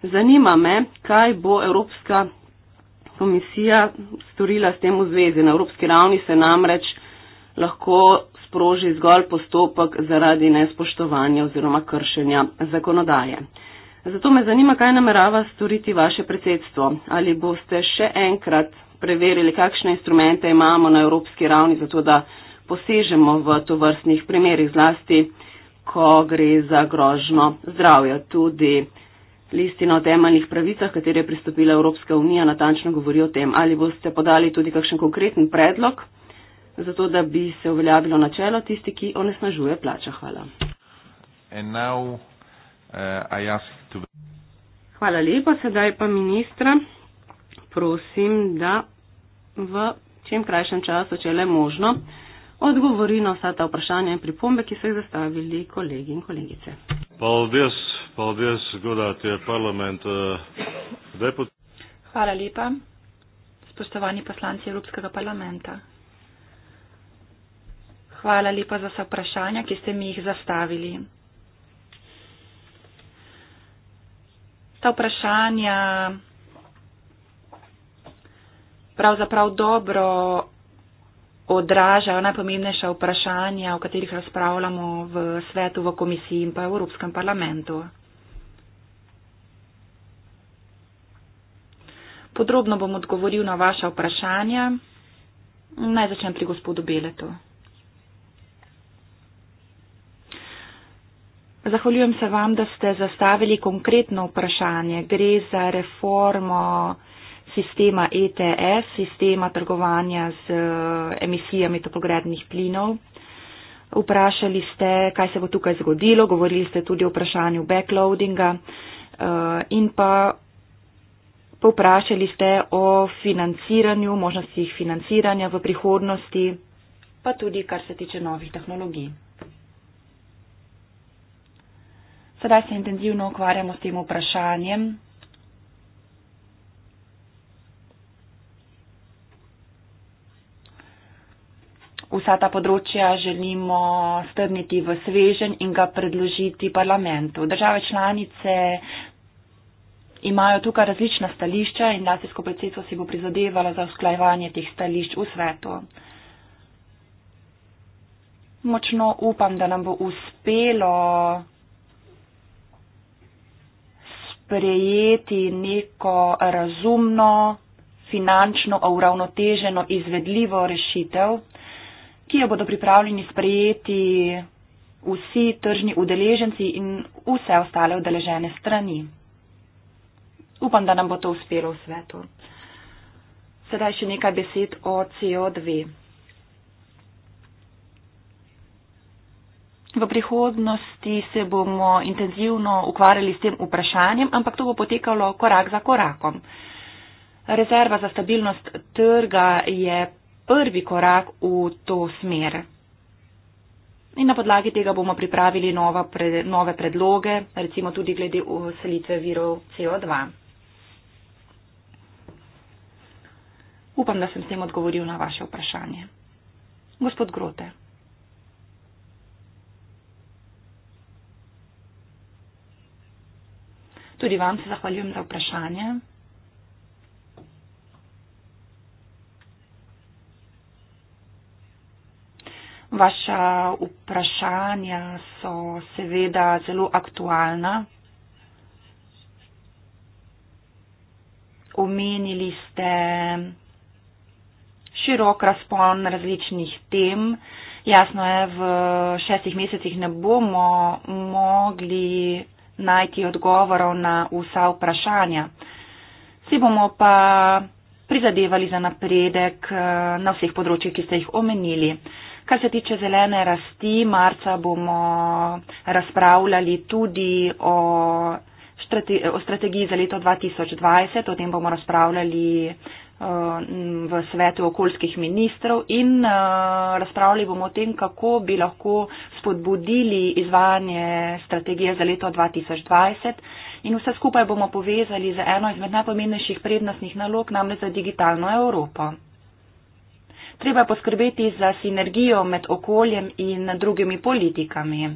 Zanima me, kaj bo Evropska komisija storila s tem v zvezi. Na evropski ravni se namreč lahko sproži zgolj postopek zaradi nespoštovanja oziroma kršenja zakonodaje. Zato me zanima, kaj namerava storiti vaše predsedstvo. Ali boste še enkrat preverili, kakšne instrumente imamo na evropski ravni, zato da posežemo v to vrstnih primerih zlasti, ko gre za grožno zdravje. Tudi listina o temeljnih pravicah, kateri je pristopila Evropska unija, natančno govori o tem. Ali boste podali tudi kakšen konkreten predlog, zato da bi se uveljavilo načelo tisti, ki onesnažuje plača. Hvala. Uh, Hvala lepa, sedaj pa ministra. Prosim, da v čem krajšem času, če le možno, odgovori na vsa ta vprašanja in pripombe, ki so jih zastavili kolegi in kolegice. Eh, Hvala lepa, spoštovani poslanci Evropskega parlamenta. Hvala lepa za vsa vprašanja, ki ste mi jih zastavili. tista vprašanja pravzaprav dobro odražajo najpomembnejša vprašanja, o katerih razpravljamo v svetu, v komisiji in pa v Evropskem parlamentu. Podrobno bom odgovoril na vaša vprašanja. Naj začnem pri gospodu Beletu. Zahvaljujem se vam, da ste zastavili konkretno vprašanje. Gre za reformo sistema ETS, sistema trgovanja z eh, emisijami topogrednih plinov. Vprašali ste, kaj se bo tukaj zgodilo, govorili ste tudi o vprašanju backloadinga eh, in pa povprašali ste o financiranju, možnostih financiranja v prihodnosti, pa tudi kar se tiče novih tehnologij. Sedaj se intenzivno ukvarjamo s tem vprašanjem. Vsa ta področja želimo strniti v svežen in ga predložiti parlamentu. Države članice imajo tukaj različna stališča in Latvijsko predsedstvo si bo prizadevalo za usklajevanje teh stališč v svetu. Močno upam, da nam bo uspelo sprejeti neko razumno, finančno, uravnoteženo, izvedljivo rešitev, ki jo bodo pripravljeni sprejeti vsi tržni udeleženci in vse ostale udeležene strani. Upam, da nam bo to uspelo v svetu. Sedaj še nekaj besed o CO2. V prihodnosti se bomo intenzivno ukvarjali s tem vprašanjem, ampak to bo potekalo korak za korakom. Rezerva za stabilnost trga je prvi korak v to smer. In na podlagi tega bomo pripravili nova, pre, nove predloge, recimo tudi glede selitve virov CO2. Upam, da sem s tem odgovoril na vaše vprašanje. Gospod Grote. Tudi vam se zahvaljujem za vprašanje. Vaša vprašanja so seveda zelo aktualna. Omenili ste širok razpon različnih tem. Jasno je, v šestih mesecih ne bomo mogli najti odgovorov na vsa vprašanja. Si bomo pa prizadevali za napredek eh, na vseh področjih, ki ste jih omenili. Kar se tiče zelene rasti, marca bomo razpravljali tudi o, strate o strategiji za leto 2020, o tem bomo razpravljali v svetu okoljskih ministrov in eh, razpravljali bomo o tem, kako bi lahko spodbudili izvajanje strategije za leto 2020 in vse skupaj bomo povezali z eno izmed najpomembnejših prednostnih nalog, namreč za digitalno Evropo. Treba poskrbeti za sinergijo med okoljem in drugimi politikami.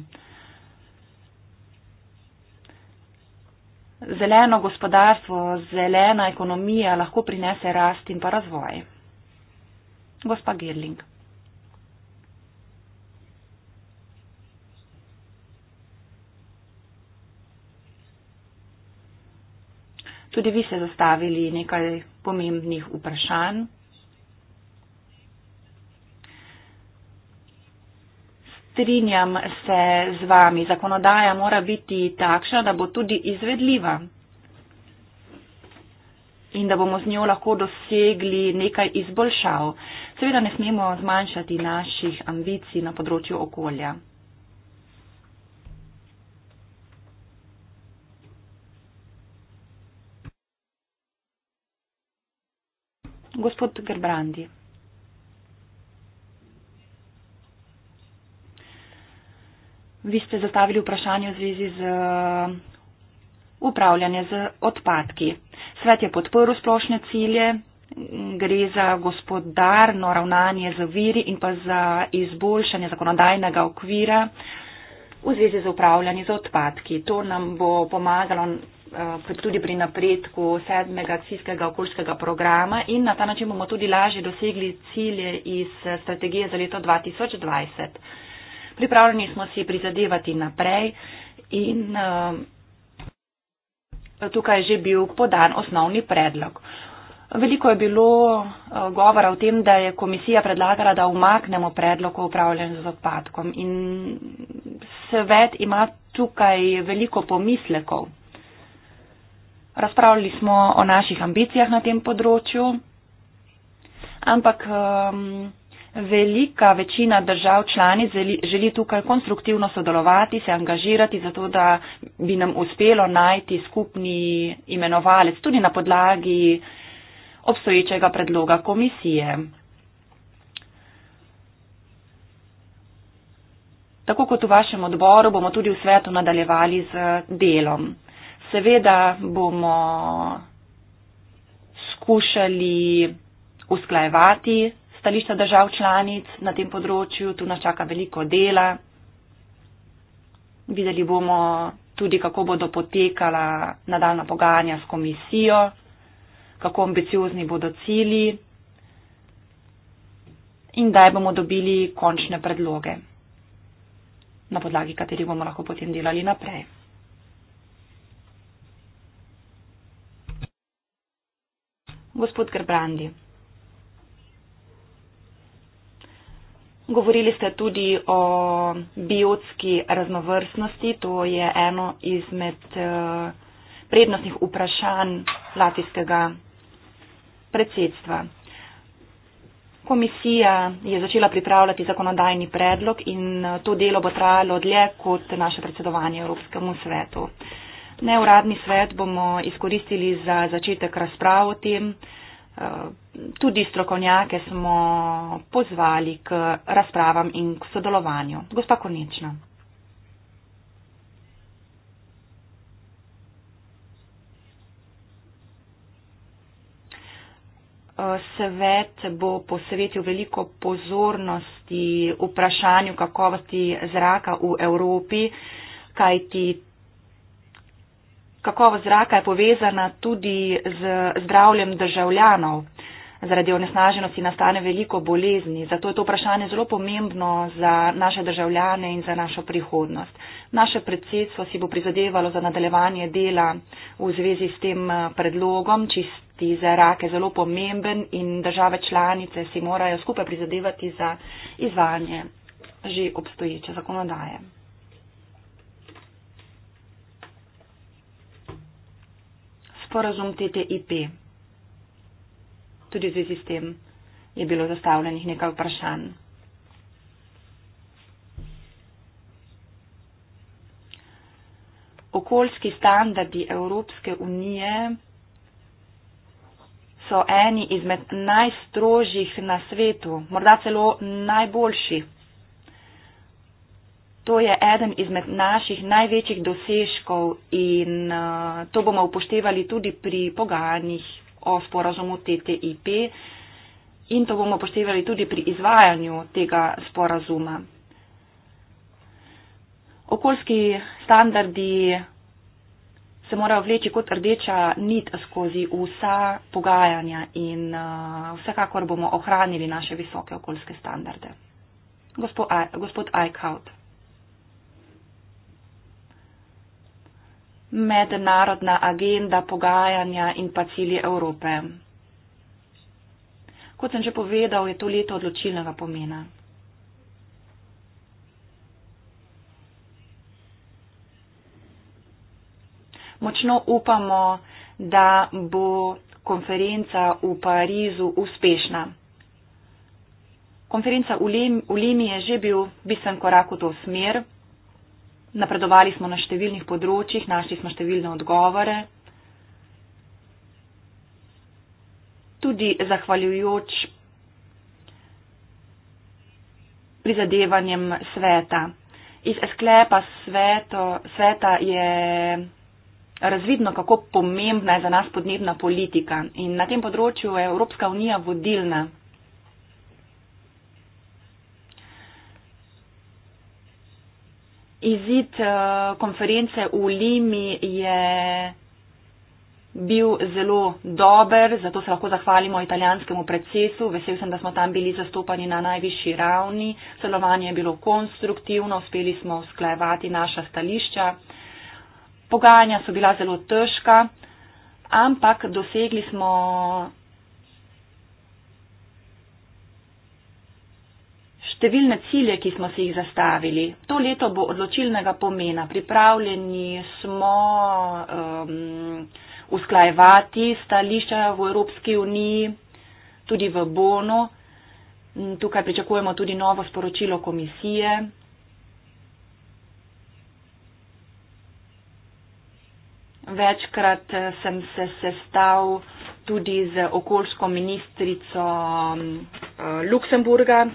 zeleno gospodarstvo, zelena ekonomija lahko prinese rast in pa razvoj. Gospa Gerling. Tudi vi ste zastavili nekaj pomembnih vprašanj. Strinjam se z vami, zakonodaja mora biti takšna, da bo tudi izvedljiva in da bomo z njo lahko dosegli nekaj izboljšav. Seveda ne smemo zmanjšati naših ambicij na področju okolja. Gospod Gerbrandi. Vi ste zastavili vprašanje v zvezi z eh, upravljanjem z odpadki. Svet je podporil splošne cilje, gre za gospodarno ravnanje z viri in pa za izboljšanje zakonodajnega okvira v zvezi z upravljanjem z odpadki. To nam bo pomagalo eh, tudi pri napredku sedmega akcijskega okoljskega programa in na ta način bomo tudi lažje dosegli cilje iz strategije za leto 2020 pripravljeni smo si prizadevati naprej in eh, tukaj je že bil podan osnovni predlog. Veliko je bilo eh, govora o tem, da je komisija predlagala, da umaknemo predlog o upravljanju z odpadkom in svet ima tukaj veliko pomislekov. Razpravljali smo o naših ambicijah na tem področju, ampak um, Velika večina držav člani želi tukaj konstruktivno sodelovati, se angažirati, zato da bi nam uspelo najti skupni imenovalec tudi na podlagi obstoječega predloga komisije. Tako kot v vašem odboru bomo tudi v svetu nadaljevali z delom. Seveda bomo skušali usklajevati stališča držav članic na tem področju, tu nas čaka veliko dela. Videli bomo tudi, kako bodo potekala nadaljna pogajanja s komisijo, kako ambiciozni bodo cili in kdaj bomo dobili končne predloge, na podlagi katerih bomo lahko potem delali naprej. Gospod Grbrandi. Govorili ste tudi o biotski raznovrstnosti, to je eno izmed eh, prednostnih vprašanj latvijskega predsedstva. Komisija je začela pripravljati zakonodajni predlog in eh, to delo bo trajalo dlje kot naše predsedovanje Evropskemu svetu. Neuradni svet bomo izkoristili za začetek razprav o tem. Eh, tudi strokovnjake smo pozvali k razpravam in k sodelovanju. Gospa Konečna. Eh, svet bo posvetil veliko pozornosti vprašanju kakovosti zraka v Evropi, kajti kakovost zraka je povezana tudi z zdravljem državljanov. Zaradi onesnaženosti nastane veliko bolezni, zato je to vprašanje zelo pomembno za naše državljane in za našo prihodnost. Naše predsedstvo si bo prizadevalo za nadaljevanje dela v zvezi s tem eh, predlogom. Čisti zrak je zelo pomemben in države članice si morajo skupaj prizadevati za izvajanje že obstoječe zakonodaje. sporazum TTIP. Tudi v zvezi s tem je bilo zastavljenih nekaj vprašanj. Okoljski standardi Evropske unije so eni izmed najstrožjih na svetu, morda celo najboljših. To je eden izmed naših največjih dosežkov in uh, to bomo upoštevali tudi pri pogajanjih o sporazumu TTIP in to bomo upoštevali tudi pri izvajanju tega sporazuma. Okoljski standardi se morajo vleči kot rdeča nit skozi vsa pogajanja in uh, vsekakor bomo ohranili naše visoke okoljske standarde. Gospod, gospod Eichhout. mednarodna agenda pogajanja in pa cilji Evrope. Kot sem že povedal, je to leto odločilnega pomena. Močno upamo, da bo konferenca v Parizu uspešna. Konferenca v Limi je že bil bistven korak v to smer. Napredovali smo na številnih področjih, našli smo številne odgovore. Tudi zahvaljujoč prizadevanjem sveta. Iz sklepa sveto, sveta je razvidno, kako pomembna je za nas podnebna politika. In na tem področju je Evropska unija vodilna Izid uh, konference v Limi je bil zelo dober, zato se lahko zahvalimo italijanskemu predsesu. Vesel sem, da smo tam bili zastopani na najvišji ravni. Sodelovanje je bilo konstruktivno, uspeli smo usklajevati naša stališča. Pogajanja so bila zelo težka, ampak dosegli smo številne cilje, ki smo si jih zastavili. To leto bo odločilnega pomena. Pripravljeni smo um, usklajevati stališča v Evropski uniji, tudi v Bonu. Tukaj pričakujemo tudi novo sporočilo komisije. Večkrat sem se sestal tudi z okoljsko ministrico um, Luksemburga,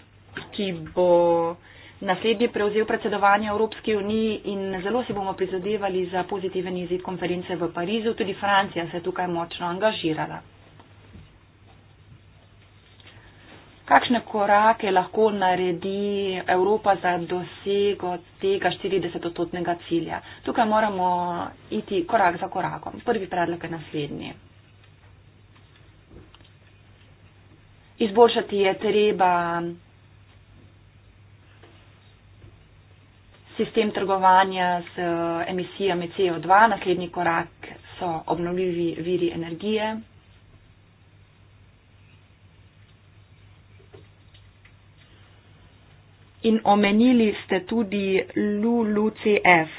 ki bo naslednji prevzel predsedovanje Evropski uniji in zelo si bomo prizadevali za pozitiven izid konference v Parizu. Tudi Francija se je tukaj močno angažirala. Kakšne korake lahko naredi Evropa za dosego tega 40-odstotnega cilja? Tukaj moramo iti korak za korakom. Prvi predlog je naslednji. Izboljšati je treba sistem trgovanja z eh, emisijami CO2, naslednji korak so obnovljivi viri energije. In omenili ste tudi LULUCF.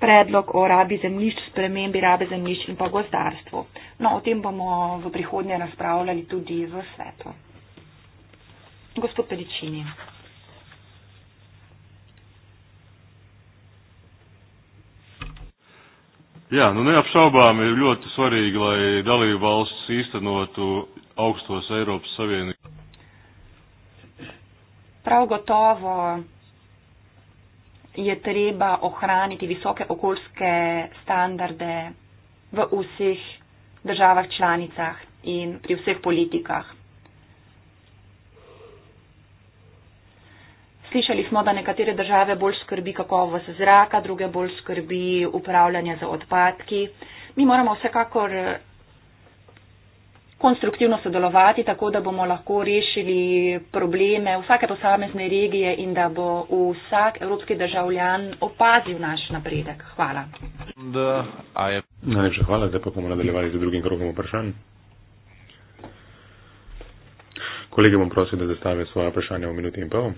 Predlog o rabi zemljišč, spremembi rabe zemljišč in pa gozdarstvu. No, o tem bomo v prihodnje razpravljali tudi v svetu. Gospod Pelicini. Jā, ja, nu neapšaubām ir ļoti svarīgi, lai dalību valsts īstenotu augstos Eiropas Savienības. Prav gotovo je treba ohraniti visoke okoljske standarde v vseh državah članicah in pri vseh politikah. Slišali smo, da nekatere države bolj skrbi kakovost zraka, druge bolj skrbi upravljanje z odpadki. Mi moramo vsekakor konstruktivno sodelovati, tako da bomo lahko rešili probleme vsake posamezne regije in da bo vsak evropski državljan opazil naš napredek. Hvala. Najlepša hvala, zdaj pa bomo nadaljevali z drugim krogom vprašanj. Kolege bom prosil, da zastavijo svoje vprašanje v minuti in pol.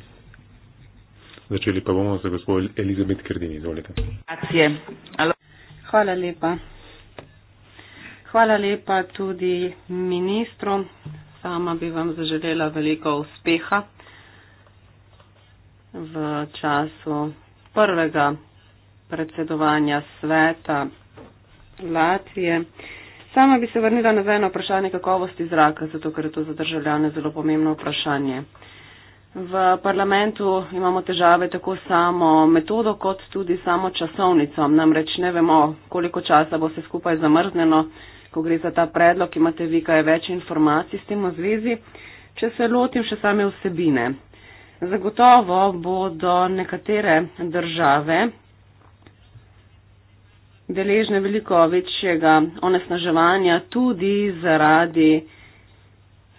Začeli pa bomo z gospod Elizabet Kredini. Izvolite. Hvala lepa. Hvala lepa tudi ministru. Sama bi vam zaželela veliko uspeha v času prvega predsedovanja sveta Latvije. Sama bi se vrnila nazaj na vprašanje kakovosti zraka, zato ker je to za državljane zelo pomembno vprašanje. V parlamentu imamo težave tako samo metodo, kot tudi samo časovnico. Namreč ne vemo, koliko časa bo se skupaj zamrzneno, ko gre za ta predlog, imate vi kaj več informacij s tem v zvezi. Če se lotim še same vsebine. Zagotovo bodo nekatere države deležne veliko večjega onesnaževanja tudi zaradi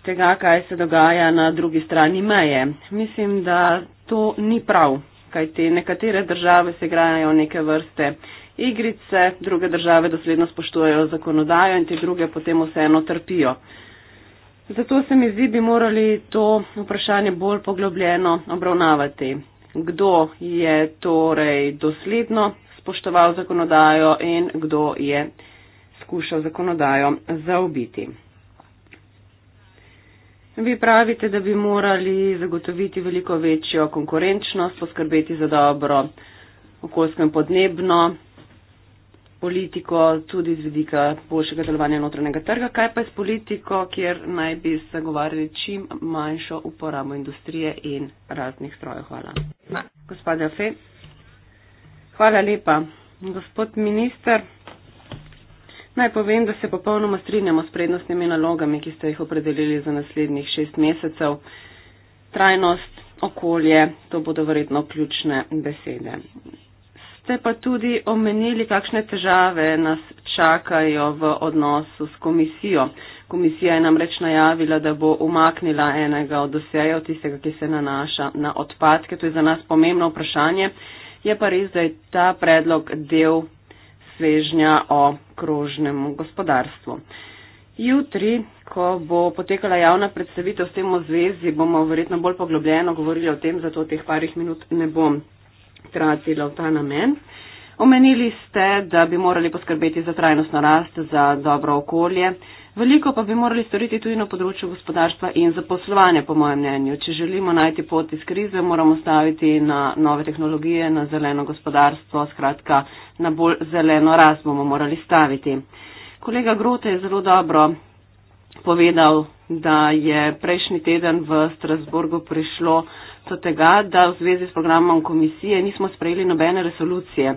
tega, kaj se dogaja na drugi strani meje. Mislim, da to ni prav, kajte nekatere države se igrajo neke vrste igrice, druge države dosledno spoštujejo zakonodajo in te druge potem vseeno trpijo. Zato se mi zdi, bi morali to vprašanje bolj poglobljeno obravnavati. Kdo je torej dosledno spoštoval zakonodajo in kdo je skušal zakonodajo zaobiti. Vi pravite, da bi morali zagotoviti veliko večjo konkurenčnost, poskrbeti za dobro okoljsko in podnebno politiko, tudi z vidika boljšega delovanja notranjega trga. Kaj pa je s politiko, kjer naj bi zagovarjali čim manjšo uporabo industrije in raznih strojev? Hvala. Gospod Jafe, hvala lepa. Gospod minister. Naj povem, da se popolnoma strinjamo s prednostnimi nalogami, ki ste jih opredelili za naslednjih šest mesecev. Trajnost, okolje, to bodo verjetno ključne besede. Ste pa tudi omenili, kakšne težave nas čakajo v odnosu s komisijo. Komisija je namreč najavila, da bo umaknila enega od dosejev, tistega, ki se nanaša na odpadke. To je za nas pomembno vprašanje. Je pa res, da je ta predlog del svežnja o krožnem gospodarstvu. Jutri, ko bo potekala javna predstavitev s tem v zvezi, bomo verjetno bolj poglobljeno govorili o tem, zato teh parih minut ne bom tracila v ta namen. Uh, Omenili ste, da bi morali poskrbeti za trajnostno rast, za dobro okolje, veliko pa bi morali storiti tudi na področju gospodarstva in zaposlovanja, po mojem mnenju. Če želimo najti pot iz krize, moramo staviti na nove tehnologije, na zeleno gospodarstvo, skratka, na bolj zeleno rast bomo morali staviti. Kolega Grote je zelo dobro povedal, da je prejšnji teden v Strasburgu prišlo do tega, da v zvezi s programom komisije nismo sprejeli nobene resolucije.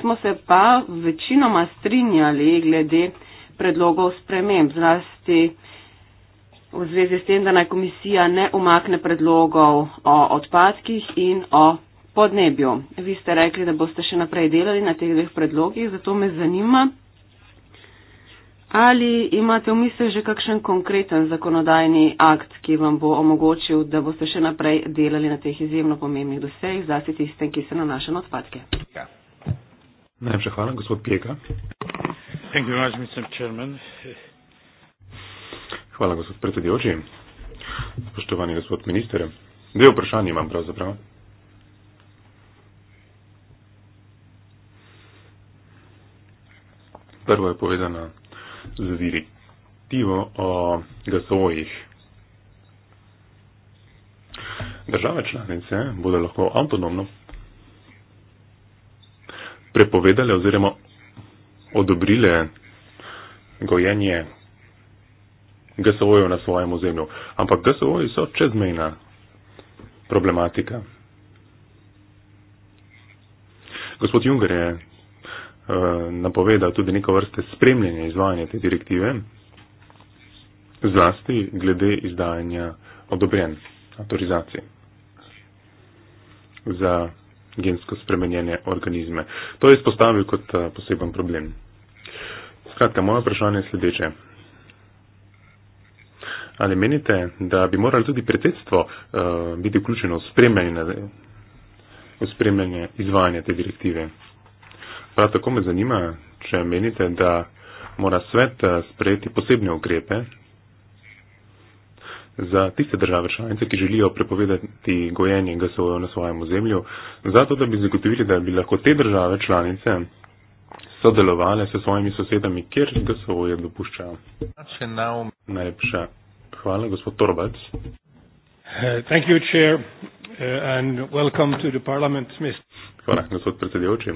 Smo se pa večinoma strinjali glede predlogov sprememb, zlasti v zvezi s tem, da naj komisija ne umakne predlogov o odpadkih in o podnebju. Vi ste rekli, da boste še naprej delali na teh dveh predlogih, zato me zanima, Ali imate v mislih že kakšen konkreten zakonodajni akt, ki vam bo omogočil, da boste še naprej delali na teh izjemno pomembnih dosejih, zlasti tistem, ki se nanašajo na odpadke? Ja. Najlepša hvala, gospod Pjeka. Much, hvala, gospod predsedujoči. Spoštovani gospod minister, dve vprašanje imam pravzaprav. Prvo je povedano z viri. Tivo o gasovojih. Države članice bodo lahko avtonomno prepovedale oziroma odobrile gojenje gasovojev na svojem ozemlju. Ampak gasovoji so čezmejna problematika. Gospod Junger je Eh, napovedal tudi neko vrste spremljanja izvajanja te direktive, zlasti glede izdajanja odobren avtorizacije za gensko spremenjene organizme. To je izpostavil kot eh, poseben problem. Skratka, moje vprašanje je sledeče. Ali menite, da bi moralo tudi predsedstvo uh, biti vključeno v spremljanje, v spremljanje izvajanja te direktive? Prav tako me zanima, če menite, da mora svet eh, sprejeti posebne ukrepe za tiste države članice, ki želijo prepovedati gojenje GSO na svojem ozemlju, zato da bi zagotovili, da bi lahko te države članice sodelovali s svojimi sosedami, kjer GSO je dopuščajo. Najlepša hvala, gospod Torbac. Eh, eh, hvala, gospod predsedujoči.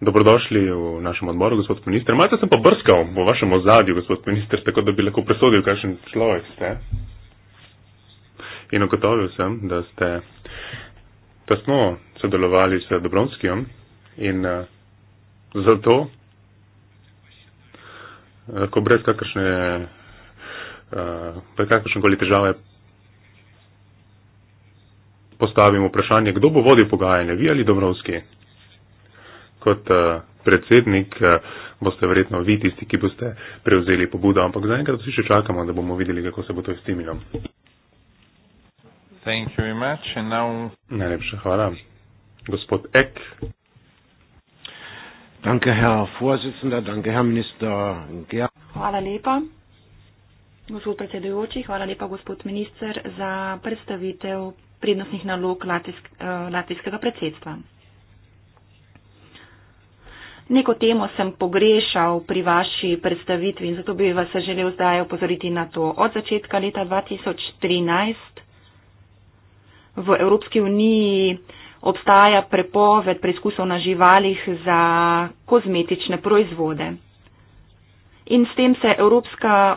Dobrodošli v našem odboru, gospod minister. Malce sem pa brskal v vašem ozadju, gospod minister, tako da bi lahko presodil, kakšen človek ste. In ugotovil sem, da ste tesno sodelovali s Dobronskijem in uh, zato lahko eh, brez kakršne, uh, brez kakršne koli težave postavim vprašanje, kdo bo vodil pogajanje, vi ali Dobronski? kot uh, predsednik, uh, boste verjetno vi tisti, ki boste prevzeli pobudo, ampak zaenkrat vsi še čakamo, da bomo videli, kako se bo to iztimilo. Now... Najlepša hvala. Gospod Ek. Danke, danke, hvala lepa. Gospod predsedujoči, hvala lepa, gospod minister, za predstavitev prednostnih nalog latijskega eh, predsedstva neko temo sem pogrešal pri vaši predstavitvi in zato bi vas želel zdaj opozoriti na to. Od začetka leta 2013 v Evropski uniji obstaja prepoved preizkusov na živalih za kozmetične proizvode. In s tem se Evropska,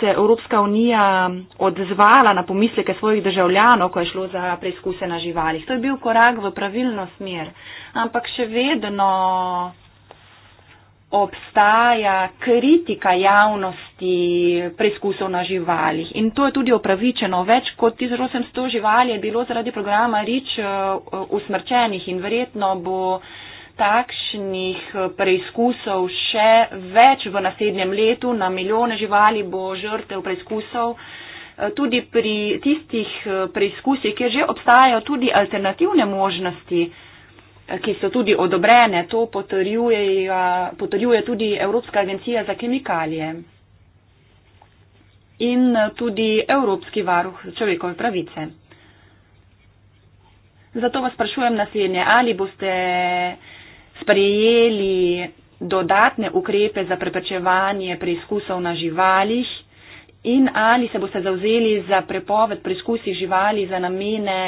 se Evropska unija odzvala na pomisleke svojih državljanov, ko je šlo za preizkuse na živalih. To je bil korak v pravilno smer. Ampak še vedno obstaja kritika javnosti preizkusov na živalih. In to je tudi opravičeno. Več kot 1800 živali je bilo zaradi programa Rič eh, usmrčenih in verjetno bo takšnih eh, preizkusov še več v naslednjem letu. Na milijone živali bo žrtev preizkusov. Eh, tudi pri tistih preizkusih, kjer že obstajajo tudi alternativne možnosti, ki so tudi odobrene, to potrjuje, potrjuje tudi Evropska agencija za kemikalije in tudi Evropski varuh človekove pravice. Zato vas sprašujem naslednje, ali boste sprejeli dodatne ukrepe za preprečevanje preizkusov na živalih in ali se boste zavzeli za prepoved preizkusi živali za namene.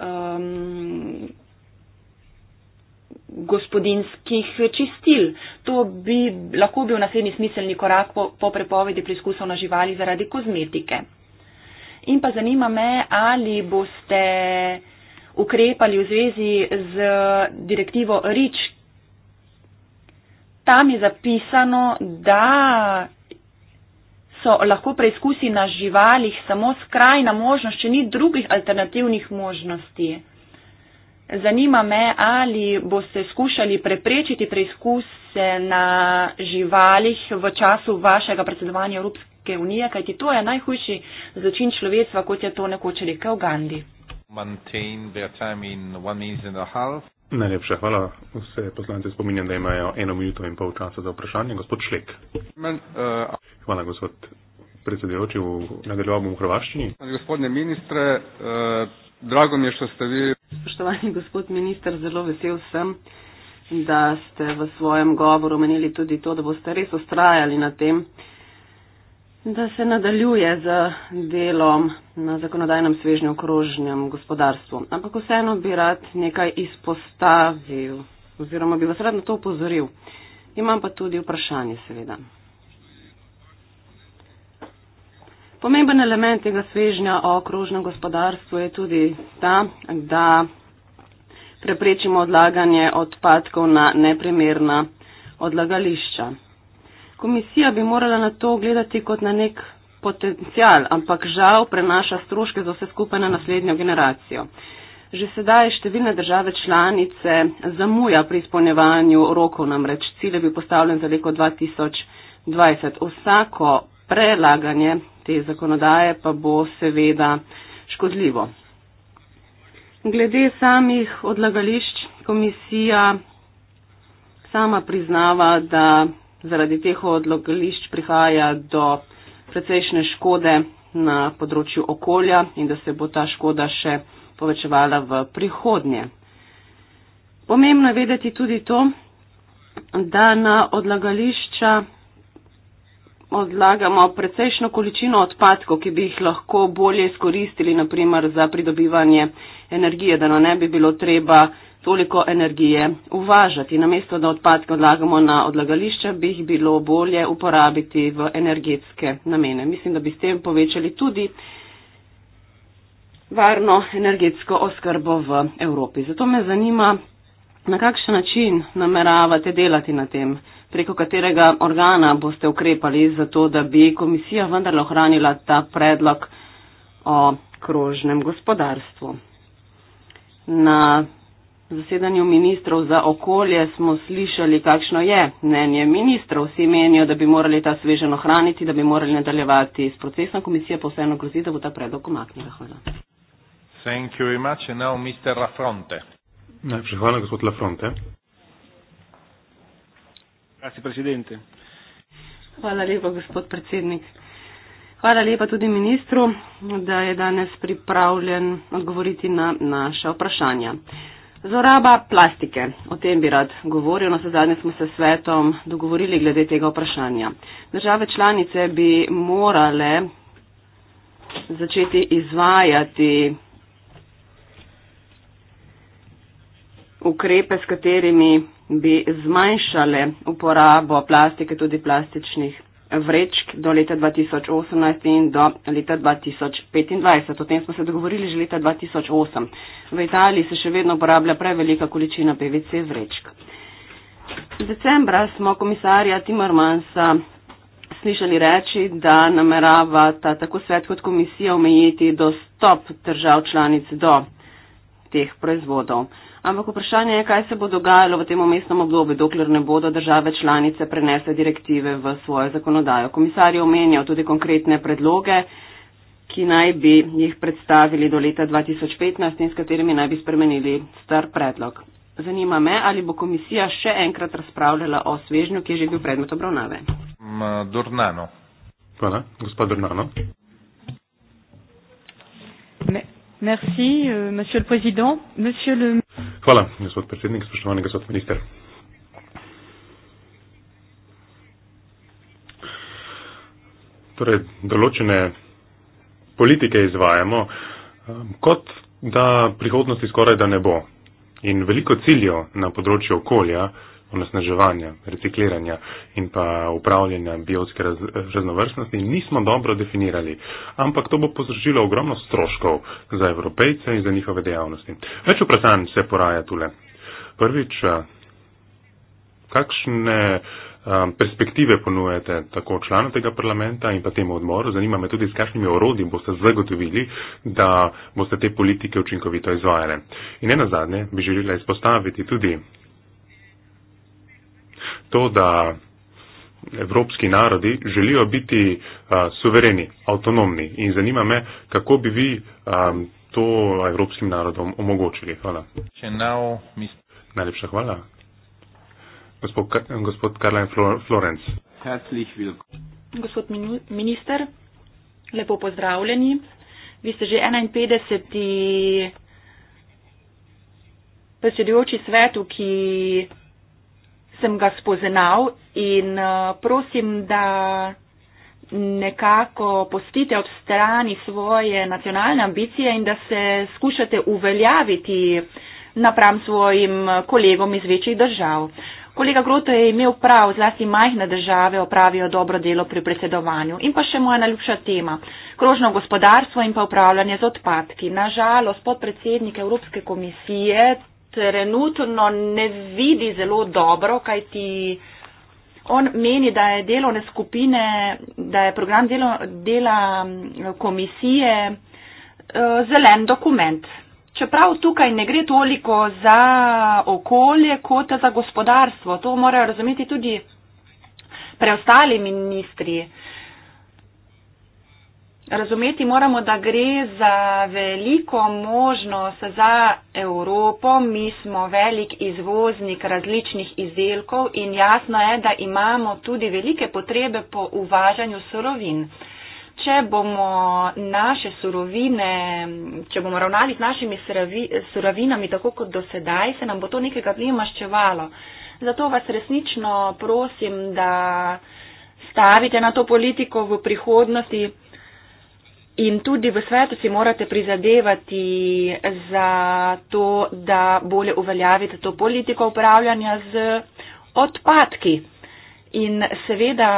Um, gospodinskih čistil. To bi lahko bil naslednji smiselni korak po, po prepovedi preizkusov na živali zaradi kozmetike. In pa zanima me, ali boste ukrepali v zvezi z direktivo REACH. Tam je zapisano, da so lahko preizkusi na živalih samo skrajna možnost, če ni drugih alternativnih možnosti. Zanima me, ali boste skušali preprečiti preizkuse na živalih v času vašega predsedovanja Evropske unije, kajti to je najhujši zločin človeštva, kot je to nekoč rekel Gandhi. Najlepša hvala. Vse poslance spominjam, da imajo eno minuto in pol časa za vprašanje. Gospod Šlek. Eh, hvala, gospod predsedujoči. Nadaljujemo v Hrvaščini. Gospodine ministre, uh... Drago mi je, što ste vi. Spoštovani gospod minister, zelo vesel sem, da ste v svojem govoru omenili tudi to, da boste res ustrajali na tem, da se nadaljuje z delom na zakonodajnem svežnju okrožnjem gospodarstvu. Ampak vseeno bi rad nekaj izpostavil oziroma bi vas rad na to upozoril. Imam pa tudi vprašanje, seveda. Pomemben element tega svežnja o okrožnem gospodarstvu je tudi ta, da preprečimo odlaganje odpadkov na neprimerna odlagališča. Komisija bi morala na to gledati kot na nek potencial, ampak žal prenaša stroške za vse skupaj na naslednjo generacijo. Že sedaj številne države članice zamuja pri izpolnjevanju rokov, namreč cilj je bil postavljen za leto 2020. Vsako prelaganje te zakonodaje pa bo seveda škodljivo. Glede samih odlagališč komisija sama priznava, da zaradi teh odlagališč prihaja do precejšnje škode na področju okolja in da se bo ta škoda še povečevala v prihodnje. Pomembno je vedeti tudi to, da na odlagališča odlagamo precejšno količino odpadkov, ki bi jih lahko bolje izkoristili, naprimer za pridobivanje energije, da nam ne bi bilo treba toliko energije uvažati. Namesto, da odpadke odlagamo na odlagališče, bi jih bilo bolje uporabiti v energetske namene. Mislim, da bi s tem povečali tudi varno energetsko oskrbo v Evropi. Zato me zanima, na kakšen način nameravate delati na tem področju preko katerega organa boste ukrepali za to, da bi komisija vendarle ohranila ta predlog o krožnem gospodarstvu. Na zasedanju ministrov za okolje smo slišali, kakšno je mnenje ministrov. Vsi menijo, da bi morali ta svežen ohraniti, da bi morali nadaljevati s procesom. Komisija pa vseeno grozi, da bo ta predlog omaknila. Hvala. Najprej hvala, gospod Lafronte. Grazie, presidente. Hvala lepa, gospod predsednik. Hvala lepa tudi ministru, da je danes pripravljen odgovoriti na naše vprašanja. Zoraba plastike, o tem bi rad govoril, na sezadnje smo se svetom dogovorili glede tega vprašanja. Države članice bi morale začeti izvajati ukrepe, s katerimi bi zmanjšale uporabo plastike, tudi plastičnih vrečk do leta 2018 in do leta 2025. O tem smo se dogovorili že leta 2008. V Italiji se še vedno uporablja prevelika količina PVC vrečk. Z decembra smo komisarja Timormansa slišali reči, da nameravata tako svet kot komisija omejiti dostop držav članic do teh proizvodov ampak vprašanje je, kaj se bo dogajalo v tem omestnem obdobju, dokler ne bodo države članice prenesle direktive v svojo zakonodajo. Komisar je omenjal tudi konkretne predloge, ki naj bi jih predstavili do leta 2015 in s katerimi naj bi spremenili star predlog. Zanima me, ali bo komisija še enkrat razpravljala o svežnju, ki je že bil predmet obravnave. Mm, Dornano. Hvala, gospod Dornano. Ne, Merci, euh, monsieur le président. Monsieur le... Hvala, gospod predsednik, spoštovani gospod minister. Torej, določene politike izvajamo, um, kot da prihodnosti skoraj da ne bo. In veliko ciljev na področju okolja, onesnaževanja, recikliranja in pa upravljanja biotske raz, raznovrstnosti nismo dobro definirali. Ampak to bo povzročilo ogromno stroškov za evropejce in za njihove dejavnosti. Več vprašanj se poraja tule. Prvič, kakšne perspektive ponujete tako članu tega parlamenta in pa temu odmoru? Zanima me tudi, s kakšnimi orodji boste zagotovili, da boste te politike učinkovito izvajale. In ena zadnje bi želela izpostaviti tudi to, da evropski narodi želijo biti a, suvereni, avtonomni. In zanima me, kako bi vi a, to evropskim narodom omogočili. Hvala. Now, mis... Najlepša hvala. Gospod, gospod Karlajn Florenc. Gospod minister, lepo pozdravljeni. Vi ste že 51. predsedujoči svetu, ki sem ga spoznal in eh, prosim, da nekako postite ob strani svoje nacionalne ambicije in da se skušate uveljaviti napram svojim kolegom iz večjih držav. Kolega Groto je imel prav, zlasti majhne države opravijo dobro delo pri predsedovanju. In pa še moja najljubša tema, krožno gospodarstvo in pa upravljanje z odpadki. Nažalost, podpredsednik Evropske komisije trenutno ne vidi zelo dobro, kaj ti on meni, da je delovne skupine, da je program delo, dela eh, komisije eh, zelen dokument. Čeprav tukaj ne gre toliko za okolje kot za gospodarstvo, to morajo razumeti tudi preostali ministri. Uh, razumeti moramo, da gre za veliko možnost za Evropo. Mi smo velik izvoznik različnih izdelkov in jasno je, da imamo tudi velike potrebe po uvažanju surovin. Če bomo naše surovine, če bomo ravnali z našimi surovinami tako kot do sedaj, se nam bo to nekega dne maščevalo. Zato vas resnično prosim, da stavite na to politiko v prihodnosti. In tudi v svetu si morate prizadevati za to, da bolje uveljavite to politiko upravljanja z odpadki. In seveda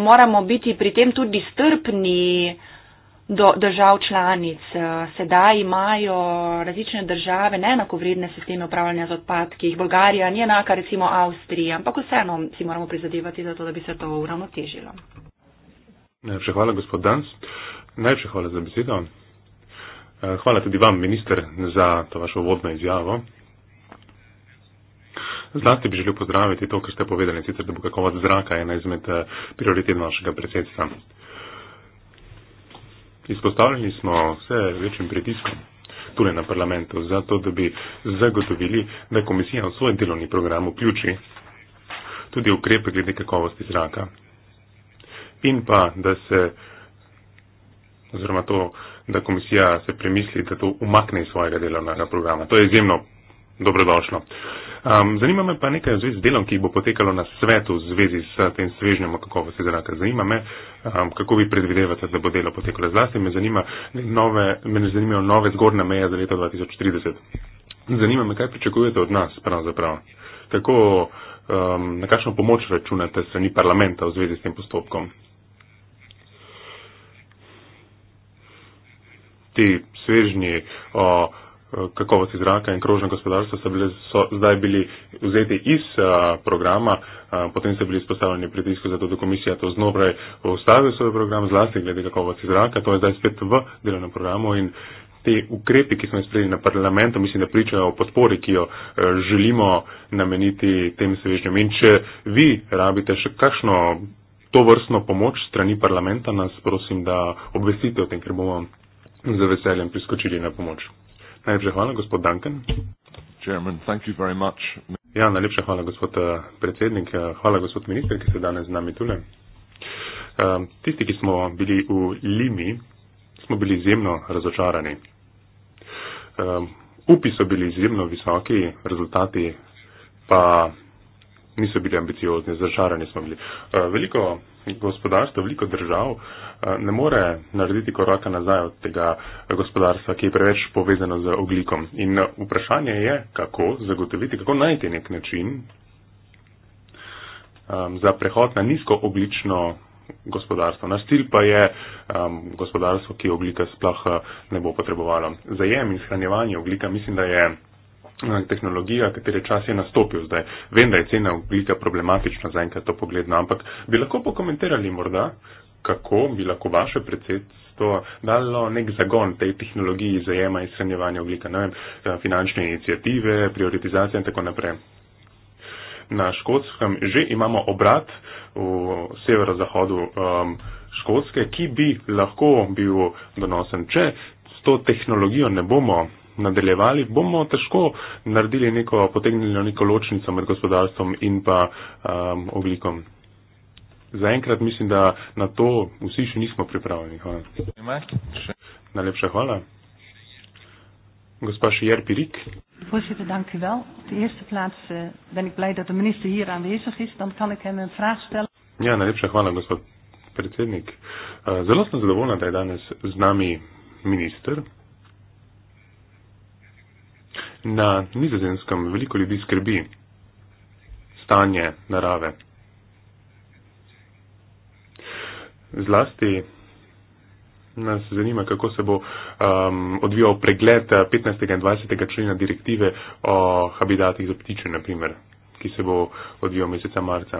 moramo biti pri tem tudi strpni do držav članic. Sedaj imajo različne države neenakovredne sisteme upravljanja z odpadki. Bolgarija ni enaka recimo Avstriji, ampak vseeno si moramo prizadevati za to, da bi se to uravnotežilo. Najlepša hvala, gospod Dans. Najlepša hvala za besedo. Eh, hvala tudi vam, minister, za to vašo vodno izjavo. Zlasti bi želel pozdraviti to, kar ste povedali, sicer da bo kakovost zraka ena izmed eh, prioritet našega predsedstva. Izpostavljeni smo vse večjim pritiskom tudi na parlamentu, zato da bi zagotovili, da komisija v svoj delovni program vključi tudi ukrepe glede kakovosti zraka in pa da se oziroma to, da komisija se premisli, da to umakne iz svojega delovnega programa. To je izjemno dobrodošlo. Um, zanima me pa nekaj v zvezi z delom, ki bo potekalo na svetu v zvezi s tem svežnjem o kakovosti zraka. Zanima me, um, kako vi predvidevate, da bo delo potekalo. Zlasti me, zanima nove, me ne zanimajo nove zgornje meje za leto 2030. Zanima me, kaj pričakujete od nas pravzaprav. Kako, um, na kakšno pomoč računate strani parlamenta v zvezi s tem postopkom? ti svežnji o kakovosti zraka in krožnem gospodarstvu so, bile, so zdaj bili vzeti iz a, programa, a, potem so bili izpostavljeni pritisku, zato da komisija to znobraj ustavi svoj program, zlasti glede kakovosti zraka, to je zdaj spet v delovnem programu in te ukrepe, ki smo jih sprejeli na parlamentu, mislim, da pričajo o podpori, ki jo a, e, želimo nameniti tem svežnjem. In če vi rabite še kakšno. To vrstno pomoč strani parlamenta nas prosim, da obvestite o tem, ker bomo z veseljem priskočili na pomoč. Najlepša hvala, gospod Duncan. Chairman, thank you very much. Ja, najlepša hvala, gospod eh, predsednik. Eh, hvala, gospod minister, ki ste danes z nami tule. Eh, tisti, ki smo bili v Limi, smo bili izjemno razočarani. Upi so bili izjemno visoki, rezultati pa niso bili ambiciozni, razočarani smo bili. Veliko gospodarstvo, veliko držav eh, ne more narediti koraka nazaj od tega gospodarstva, ki je preveč povezano z oglikom. In eh, vprašanje je, kako zagotoviti, kako najti nek način um, za prehod na nizko oglično gospodarstvo. Na stil pa je um, gospodarstvo, ki oglika sploh eh, ne bo potrebovalo. Zajem in shranjevanje oglika mislim, da je Eh, tehnologija, katere čas je nastopil zdaj. Vem, da je cena oglika problematična za enkrat to pogledno, ampak bi lahko pokomentirali morda, kako bi lahko vaše predsedstvo dalo nek zagon tej tehnologiji zajema in shranjevanja oglika, ne vem, eh, finančne inicijative, prioritizacije in tako naprej. Na Škotskem že imamo obrat v severozahodu um, Škotske, ki bi lahko bil donosen, če s to tehnologijo ne bomo nadaljevali, bomo težko naredili neko, potegnili neko ločnico med gospodarstvom in pa um, oglikom. Zaenkrat mislim, da na to vsi še nismo pripravljeni. Hvala. Najlepša hvala. Gospa Šijer Pirik. Voorzitter, dank u wel. Op de eerste plaats uh, ben ik blij dat de minister hier aanwezig is. Dan kan ik hem een vraag stellen. Ja, najlepša hvala, gospod predsednik. Uh, zelo sem zadovoljna, da je danes z nami minister na nizozemskem veliko ljudi skrbi stanje narave. Zlasti nas zanima, kako se bo um, odvijal pregled 15. in 20. člena direktive o habitatih za ptiče, naprimer, ki se bo odvijal meseca marca.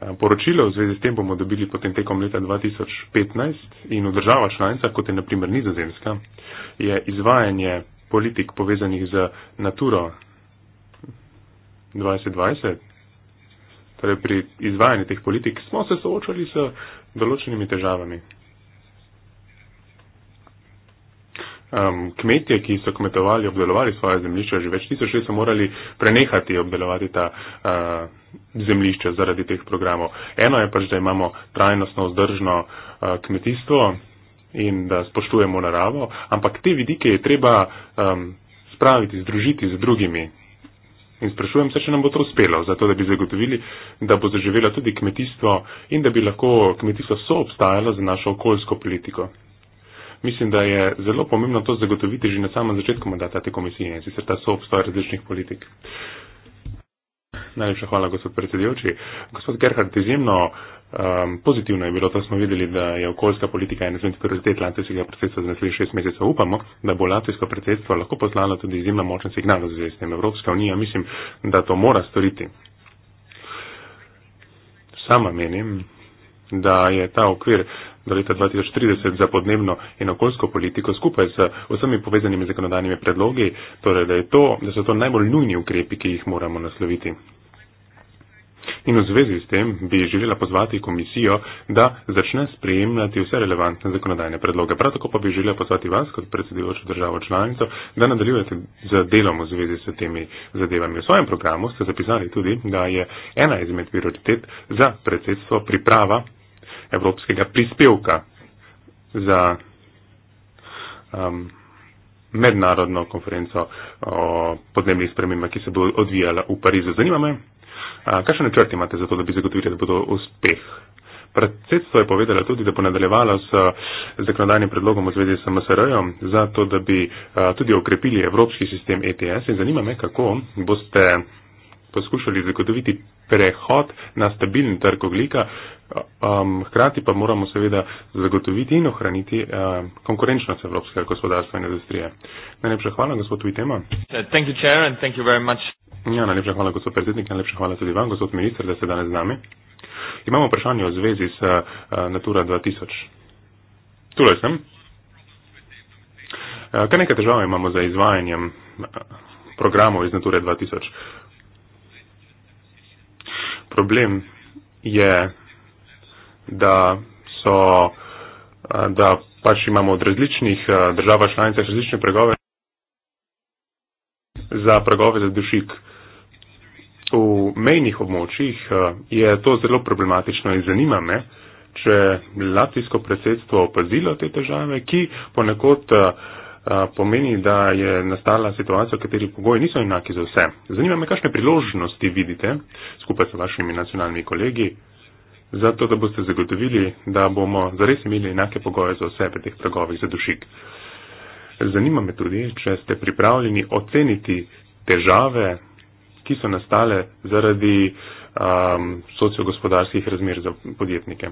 Um, poročilo v zvezi s tem bomo dobili potem tekom leta 2015 in v država članica, kot je naprimer nizozemska, je izvajanje politik povezanih z naturo 2020, torej pri izvajanju teh politik, smo se soočali s določenimi težavami. Um, kmetje, ki so kmetovali, obdelovali svoje zemljišče, že več tisoč let so morali prenehati obdelovati ta uh, eh, zemljišče zaradi teh programov. Eno je pač, da imamo trajnostno vzdržno uh, kmetijstvo, in da spoštujemo naravo, ampak te vidike je treba um, spraviti, združiti z drugimi. In sprašujem se, če nam bo to uspelo, zato da bi zagotovili, da bo zaživela tudi kmetijstvo in da bi lahko kmetijstvo soobstajalo z našo okoljsko politiko. Mislim, da je zelo pomembno to zagotoviti že na samem začetku mandata te komisije, in sicer ta soobstoj različnih politik. Najlepša hvala, gospod predsedujoči. Gospod Gerhard, izjemno Um, pozitivno je bilo, to smo videli, da je okoljska politika ena izmed prioritet latvijskega predsedstva za naslednjih šest mesecev. Upamo, da bo latvijsko predsedstvo lahko poslalo tudi izjemno močen signal z zvestjem Evropska unija. Mislim, da to mora storiti. Sama menim, da je ta okvir do leta 2030 za podnebno in okoljsko politiko skupaj z vsemi povezanimi zakonodajnimi predlogi, torej da, to, da so to najbolj nujni ukrepi, ki jih moramo nasloviti. In v zvezi s tem bi želela pozvati komisijo, da začne sprejemljati vse relevantne zakonodajne predloge. Prav tako pa bi želela pozvati vas, kot predsedujočo državo članico, da nadaljujete z delom v zvezi s temi zadevami. V svojem programu ste zapisali tudi, da je ena izmed prioritet za predsedstvo priprava evropskega prispevka za um, mednarodno konferenco o podnebnih spremembah, ki se bo odvijala v Parizu. Zanima me, Kakšne načrte imate za to, da bi zagotovili, da bo to uspeh? Predsedstvo je povedalo tudi, da bo nadaljevalo s zakonodajnim predlogom v zvezi s MSR-jem za to, da bi a, tudi okrepili evropski sistem ETS in zanima me, kako boste poskušali zagotoviti prehod na stabilni trg oglika, um, hkrati pa moramo seveda zagotoviti in ohraniti uh, konkurenčnost evropskega gospodarstva in industrije. Najlepša hvala, gospod Vitema. Uh, Ja, najlepša hvala, gospod predsednik, najlepša hvala tudi vam, gospod minister, da ste danes z nami. Imamo vprašanje v zvezi s eh, Natura 2000. Tule sem. Eh, Kaj nekaj težav imamo za izvajanjem eh, programov iz Nature 2000? Problem je, da so, da pač imamo od različnih država članice različne pregove za pregove za dušik v mejnih območjih eh, je to zelo problematično in zanima me, če latvijsko predsedstvo opazilo te težave, ki ponekod eh, eh, pomeni, da je nastala situacija, v kateri pogoji niso enaki za vse. Zanima me, kakšne priložnosti vidite skupaj s vašimi nacionalnimi kolegi, zato da boste zagotovili, da bomo zares imeli enake pogoje za vse v teh trgovih za dušik. Zanima me tudi, če ste pripravljeni oceniti težave ki so nastale zaradi um, sociogospodarskih razmer za podjetnike.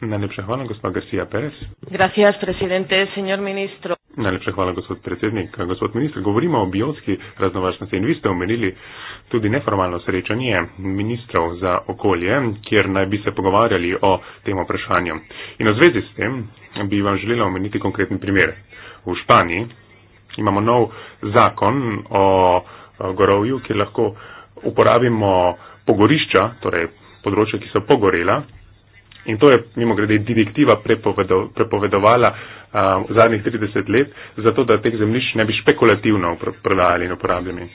Najlepša hvala, gospod Garcia Perez. Gracias, presidente, senor ministro. Najlepša hvala, gospod predsednik. Gospod ministr, govorimo o biotski raznovrstnosti in vi ste omenili tudi neformalno srečanje ministrov za okolje, kjer naj bi se pogovarjali o tem vprašanju. In v zvezi s tem bi vam želela omeniti konkreten primer. V Španiji imamo nov zakon o Eh, gorovju, kjer lahko uporabimo pogorišča, torej področja, ki so pogorela. In to je, mimo grede, direktiva prepovedo, prepovedovala uh, v zadnjih 30 let, zato da teh zemljišč ne bi špekulativno prodajali in uporabljali.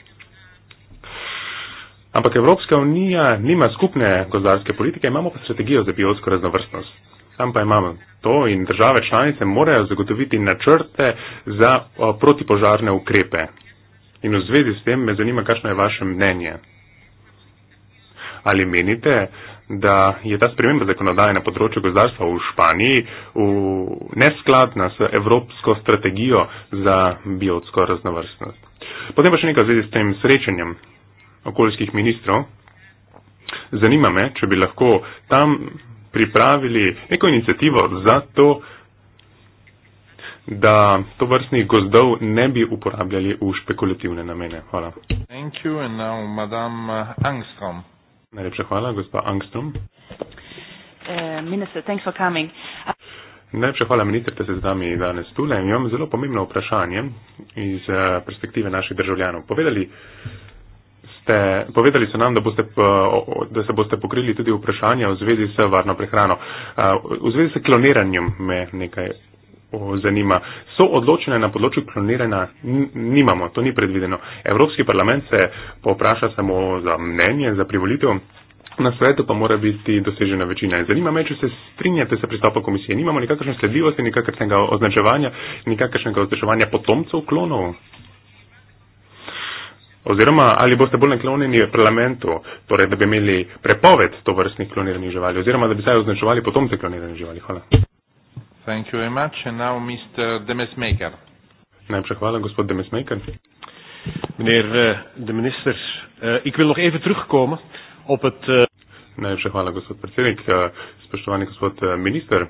Ampak Evropska unija nima skupne gozdarske politike, imamo pa strategijo za biotsko raznovrstnost. Tam pa imamo to in države članice morajo zagotoviti načrte za uh, protipožarne ukrepe. In v zvezi s tem me zanima, kakšno je vaše mnenje. Ali menite, da je ta sprememba zakonodaje na področju gozdarstva v Španiji v neskladna s evropsko strategijo za biotsko raznovrstnost? Potem pa še nekaj v zvezi s tem srečanjem okoljskih ministrov. Zanima me, če bi lahko tam pripravili neko inicijativo za to, da to vrstnih gozdov ne bi uporabljali v špekulativne namene. Hvala. Thank you and now Madam Angstrom. Najlepša hvala, gospa Angstrom. Uh, minister, thanks for coming. Najlepša hvala, minister, da ste z nami danes tule. Imam zelo pomembno vprašanje iz eh, perspektive naših državljanov. Povedali, ste, povedali so nam, da, boste, eh, da se boste pokrili tudi vprašanje v zvezi s varno prehrano. V zvezi s kloniranjem me nekaj zanima. So odločene na področju kloniranja? Nimamo, to ni predvideno. Evropski parlament se popraša samo za mnenje, za privolitev. Na svetu pa mora biti dosežena večina. Zanima me, če se strinjate s pristopom komisije. Nimamo nikakršne sledljivosti, nikakršnega označevanja, nikakršnega označevanja potomcev klonov. Oziroma, ali boste bolj naklonjeni parlamentu, torej da bi imeli prepoved to vrstnih kloniranih živali, oziroma da bi saj označevali potomce kloniranih živali. Hvala. Thank you very much. And now Mr. Demesmaker. Najprej hvala, gospod Demesmaker. Meneer eh, de minister, eh, ik wil nog even terugkomen op het... Eh, Najprej hvala, gospod predsednik. Spoštovani gospod minister,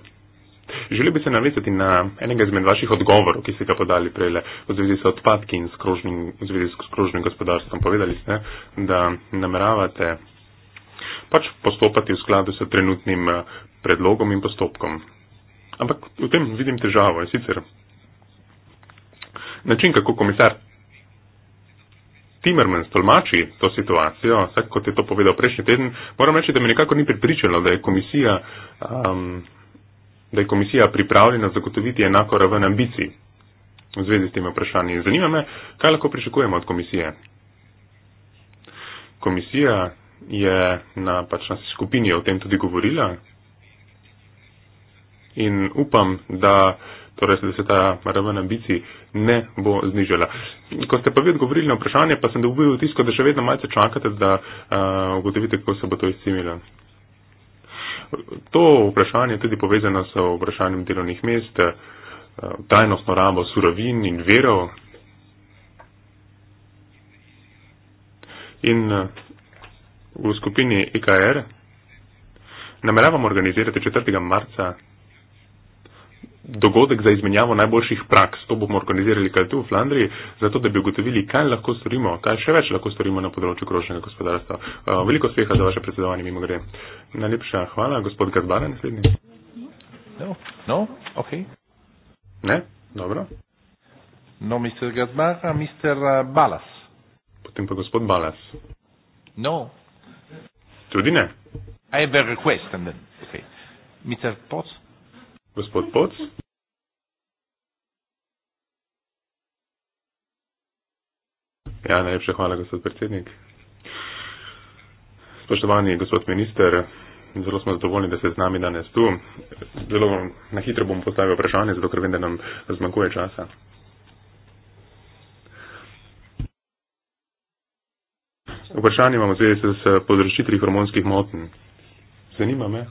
želi bi se navezati na enega izmed vaših odgovorov, ki ste ga podali prejle v zvezi s odpadki in v zvezi s krožnim gospodarstvom. Povedali ste, da nameravate pač postopati v skladu s trenutnim predlogom in postopkom ampak v tem vidim težavo. Sicer način, kako komisar Timerman stolmači to situacijo, vsak kot je to povedal prejšnji teden, moram reči, da me nekako ni pripričalo, da je komisija, um, da je komisija pripravljena zagotoviti enako raven ambicij v zvezi s tem vprašanjem. Zanima me, kaj lahko pričakujemo od komisije. Komisija je na, pač na skupini o tem tudi govorila, In upam, da, torej, da se ta raven ambicij ne bo znižala. Ko ste pa vi odgovorili na vprašanje, pa sem dobil vtisko, da še vedno malce čakate, da uh, ugotovite, kako se bo to izcimilo. To vprašanje je tudi povezano s vprašanjem delovnih mest, tajnostno rabo surovin in verov. In v skupini IKR e nameravamo organizirati 4. marca dogodek za izmenjavo najboljših praks. To bomo organizirali kar tu v Flandriji, zato da bi ugotovili, kaj lahko storimo, kaj še več lahko storimo na področju krožnega gospodarstva. Eh, veliko uspeha za vaše predsedovanje, mimo gre. Najlepša hvala, gospod Gazbara, naslednji. No, no, ok. Ne, dobro. No, mister Gazbara, mister eh, Balas. Potem pa gospod Balas. No. Tudi ne. I have a request and then, okay. Mr. Potts? Gospod Poc. Ja, najlepša hvala, gospod predsednik. Spoštovani gospod minister, zelo smo zadovoljni, da ste z nami danes tu. Zelo na hitro bom postavil vprašanje, zato ker vem, da nam zmanjkuje časa. Vprašanje imam v zvezi s podrešitvi hormonskih motenj. Zanima me,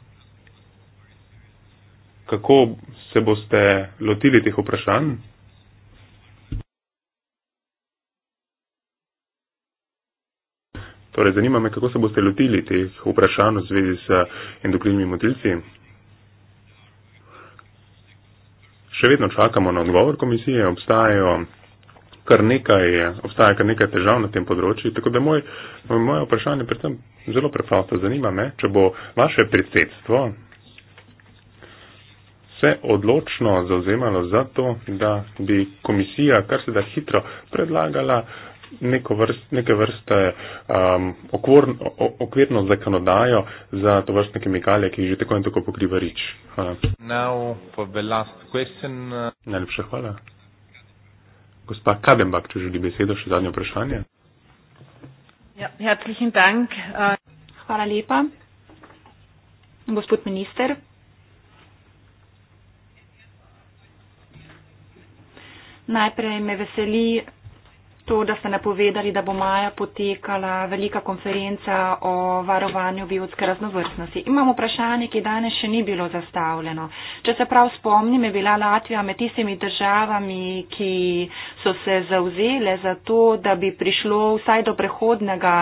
kako se boste lotili teh vprašanj? Torej, zanima me, kako se boste lotili teh vprašanj v zvezi s endokrinimi motilci. Še vedno čakamo na odgovor komisije, obstajajo kar nekaj, obstaja kar nekaj težav na tem področju, tako da moj, moje vprašanje predvsem zelo preprosto zanima me, če bo vaše predsedstvo se odločno zauzemalo za to, da bi komisija kar se da hitro predlagala neko vrst, neke vrste um, okvor, okvirno zakonodajo za to vrstne kemikalije, ki jih že tako in tako pokriva rič. Hvala. Uh, Najlepša hvala. Gospa Kadenbak, če želi besedo, še zadnje vprašanje. Ja, uh, hvala lepa. Gospod minister. Najprej me veseli to, da ste napovedali, da bo maja potekala velika konferenca o varovanju biotske raznovrstnosti. Imam vprašanje, ki danes še ni bilo zastavljeno. Če se prav spomnim, je bila Latvija med tistimi državami, ki so se zauzele za to, da bi prišlo vsaj do prehodnega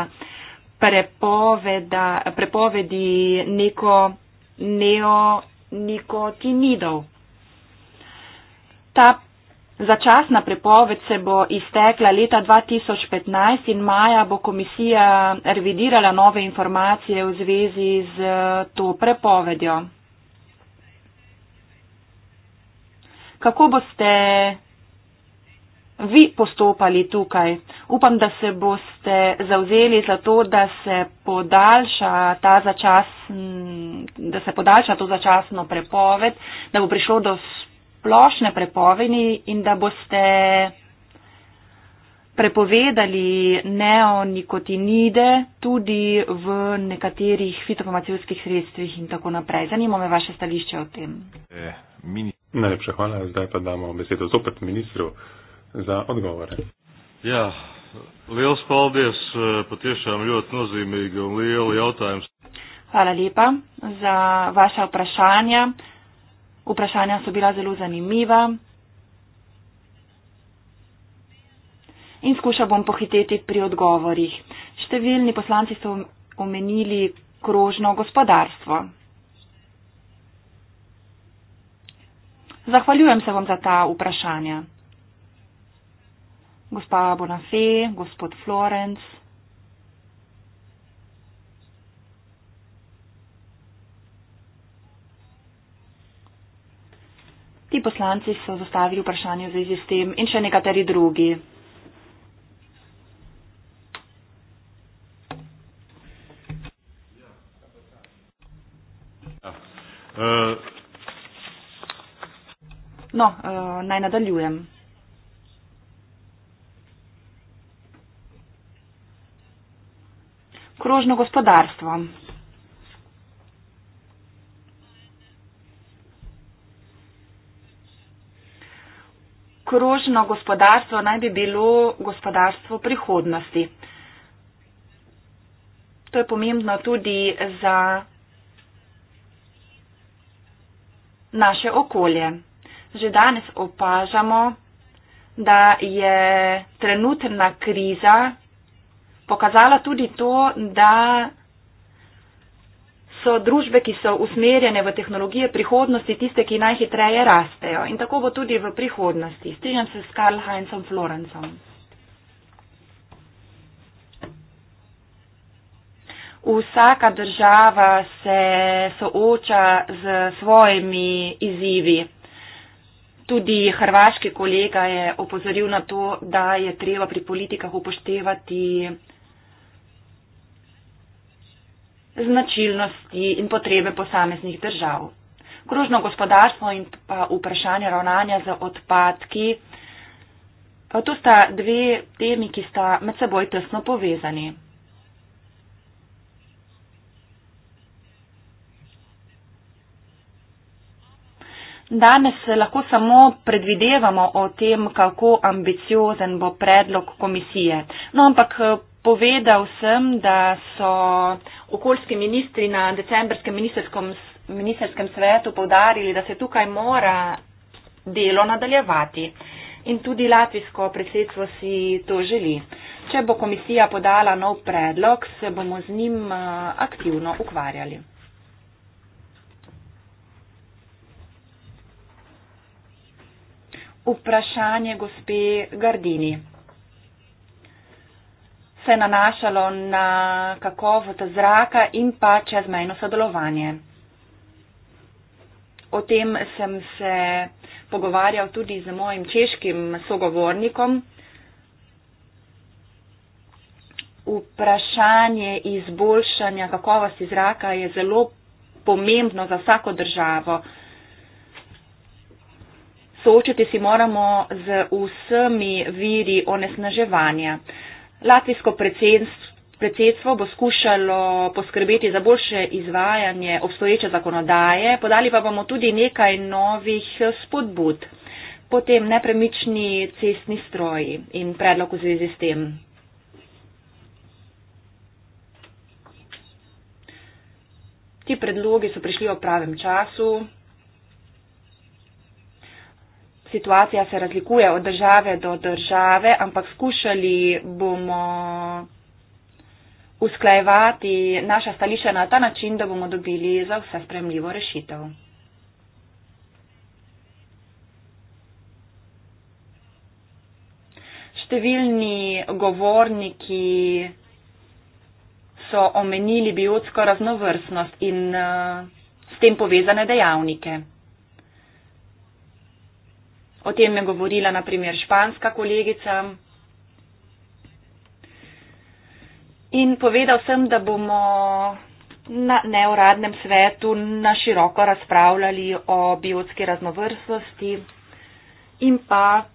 prepovedi neko neonikotinidov. Ta Začasna prepoved se bo iztekla leta 2015 in maja bo komisija revidirala nove informacije v zvezi z to prepovedjo. Kako boste vi postopali tukaj? Upam, da se boste zavzeli za to, da se podaljša, ta začas, da se podaljša to začasno prepoved, da bo prišlo do splošne prepovedi in da boste prepovedali neonikotinide tudi v nekaterih fitofarmacijskih sredstvih in tako naprej. Zanima me vaše stališče o tem. Najlepša hvala. Zdaj pa damo besedo zopet ministru za odgovore. Ja, liels paldies, eh, potešam ljudi nozimi, liels jautajem. Hvala lepa za vaše vprašanje. Vprašanja so bila zelo zanimiva. In skušal bom pohiteti pri odgovorih. Številni poslanci so omenili krožno gospodarstvo. Zahvaljujem se vam za ta vprašanja. Gospa Bonafé, gospod Florence. Britanski poslanci so zastavili vprašanje v zvezi s tem in še nekateri drugi. No, eh, naj nadaljujem. Krožno gospodarstvo. krožno gospodarstvo naj bi bilo gospodarstvo prihodnosti. To je pomembno tudi za naše okolje. Že danes opažamo, da je trenutna kriza pokazala tudi to, da so družbe, ki so usmerjene v tehnologije prihodnosti, tiste, ki najhitreje rastejo. In tako bo tudi v prihodnosti. Strinjam se s Karl Heinzom Florencom. Vsaka država se sooča z svojimi izzivi. Tudi hrvaški kolega je opozoril na to, da je treba pri politikah upoštevati značilnosti in potrebe posameznih držav. Kružno gospodarstvo in pa vprašanje ravnanja z odpadki. To sta dve temi, ki sta med seboj tesno povezani. Danes lahko samo predvidevamo o tem, kako ambiciozen bo predlog komisije. No, ampak povedal sem, da so okoljski ministri na decembrskem ministerskem, ministerskem svetu povdarili, da se tukaj mora delo nadaljevati. In tudi latvijsko predsedstvo si to želi. Če bo komisija podala nov predlog, se bomo z njim aktivno ukvarjali. Vprašanje gospe Gardini se je nanašalo na kakovost zraka in pa čezmejno sodelovanje. O tem sem se pogovarjal tudi z mojim češkim sogovornikom. Vprašanje izboljšanja kakovosti zraka je zelo pomembno za vsako državo. Soočiti si moramo z vsemi viri onesnaževanja. Latvijsko predsedstvo bo skušalo poskrbeti za boljše izvajanje obstoječe zakonodaje, podali pa bomo tudi nekaj novih spodbud, potem nepremični cestni stroji in predlog v zvezi s tem. Ti predlogi so prišli v pravem času, situacija se razlikuje od države do države, ampak skušali bomo usklajevati naša stališča na ta način, da bomo dobili za vse spremljivo rešitev. Številni govorniki so omenili biotsko raznovrstnost in uh, s tem povezane dejavnike. O tem je govorila naprimer španska kolegica. In povedal sem, da bomo na neuradnem svetu na široko razpravljali o biotski raznovrstnosti in pa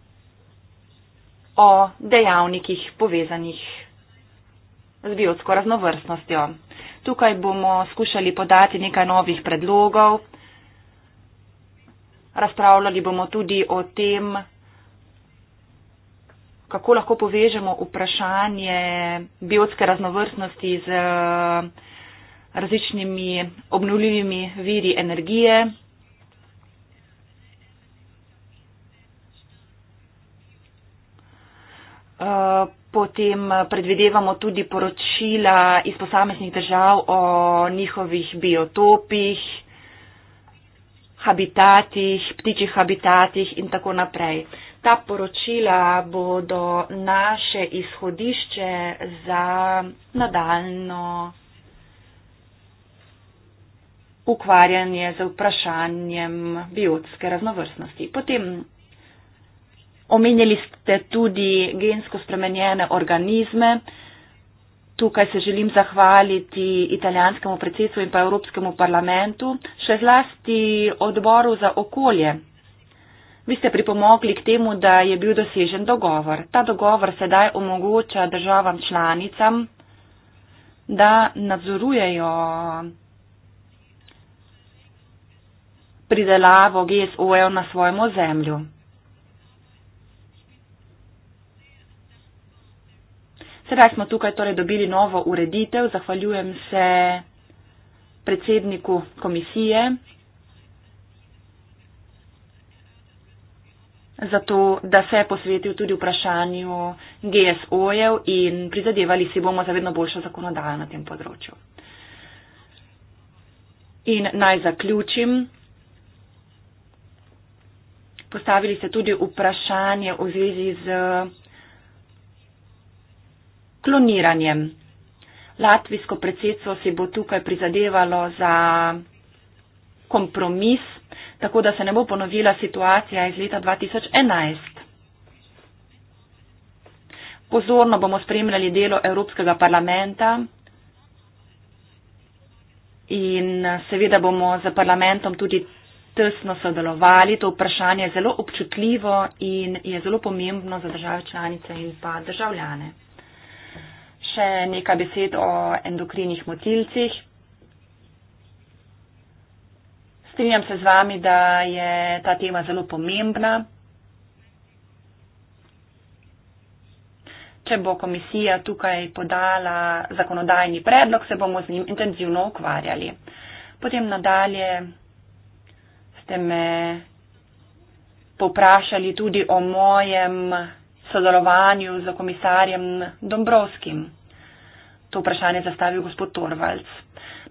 o dejavnikih povezanih z biotsko raznovrstnostjo. Tukaj bomo skušali podati nekaj novih predlogov, Razpravljali bomo tudi o tem, kako lahko povežemo vprašanje biotske raznovrstnosti z eh, različnimi obnovljivimi viri energije. Eh, potem predvidevamo tudi poročila iz posameznih držav o njihovih biotopih habitatih, ptičjih habitatih in tako naprej. Ta poročila bodo naše izhodišče za nadaljno ukvarjanje z vprašanjem biotske raznovrstnosti. Potem omenjali ste tudi gensko spremenjene organizme. Tukaj se želim zahvaliti italijanskemu predsedstvu in pa Evropskemu parlamentu, še zlasti odboru za okolje. Vi ste pripomogli k temu, da je bil dosežen dogovor. Ta dogovor sedaj omogoča državam članicam, da nadzorujejo pridelavo GSO-jev na svojem ozemlju. Sedaj smo tukaj torej dobili novo ureditev. Zahvaljujem se predsedniku komisije za to, da se je posvetil tudi vprašanju GSO-jev in prizadevali si bomo za vedno boljšo zakonodajo na tem področju. In naj zaključim. Postavili ste tudi vprašanje v zvezi z kloniranjem. Latvijsko predsedstvo si bo tukaj prizadevalo za kompromis, tako da se ne bo ponovila situacija iz leta 2011. Pozorno bomo spremljali delo Evropskega parlamenta in seveda bomo z parlamentom tudi tesno sodelovali. To vprašanje je zelo občutljivo in je zelo pomembno za države članice in pa državljane še nekaj besed o endokrinih motilcih. Strinjam se z vami, da je ta tema zelo pomembna. Če bo komisija tukaj podala zakonodajni predlog, se bomo z njim intenzivno ukvarjali. Potem nadalje ste me poprašali tudi o mojem sodelovanju z komisarjem Dombrovskim to vprašanje zastavil gospod Torvalc.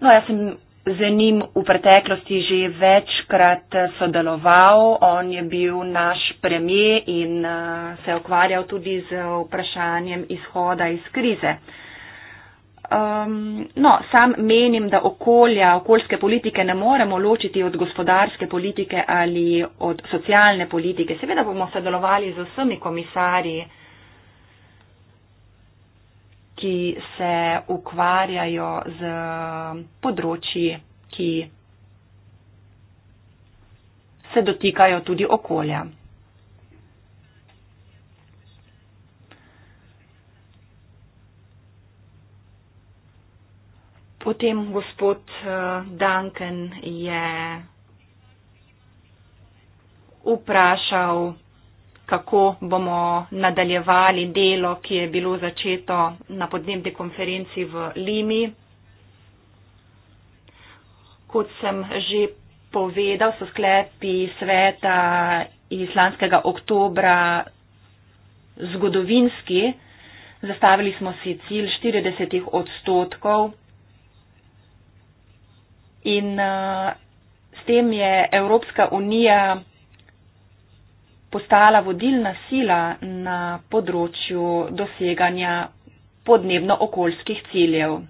No, jaz sem z njim v preteklosti že večkrat sodeloval, on je bil naš premije in uh, se je ukvarjal tudi z vprašanjem izhoda iz krize. Um, no, sam menim, da okolja, okoljske politike ne moremo ločiti od gospodarske politike ali od socialne politike. Seveda bomo sodelovali z vsemi komisarji ki se ukvarjajo z področji, ki se dotikajo tudi okolja. Potem gospod eh, Duncan je vprašal, kako bomo nadaljevali delo, ki je bilo začeto na podnebni konferenci v Limi. Kot sem že povedal, so sklepi sveta islanskega oktobra zgodovinski. Zastavili smo si cilj 40 odstotkov in uh, s tem je Evropska unija postala vodilna sila na področju doseganja podnebno-okoljskih ciljev.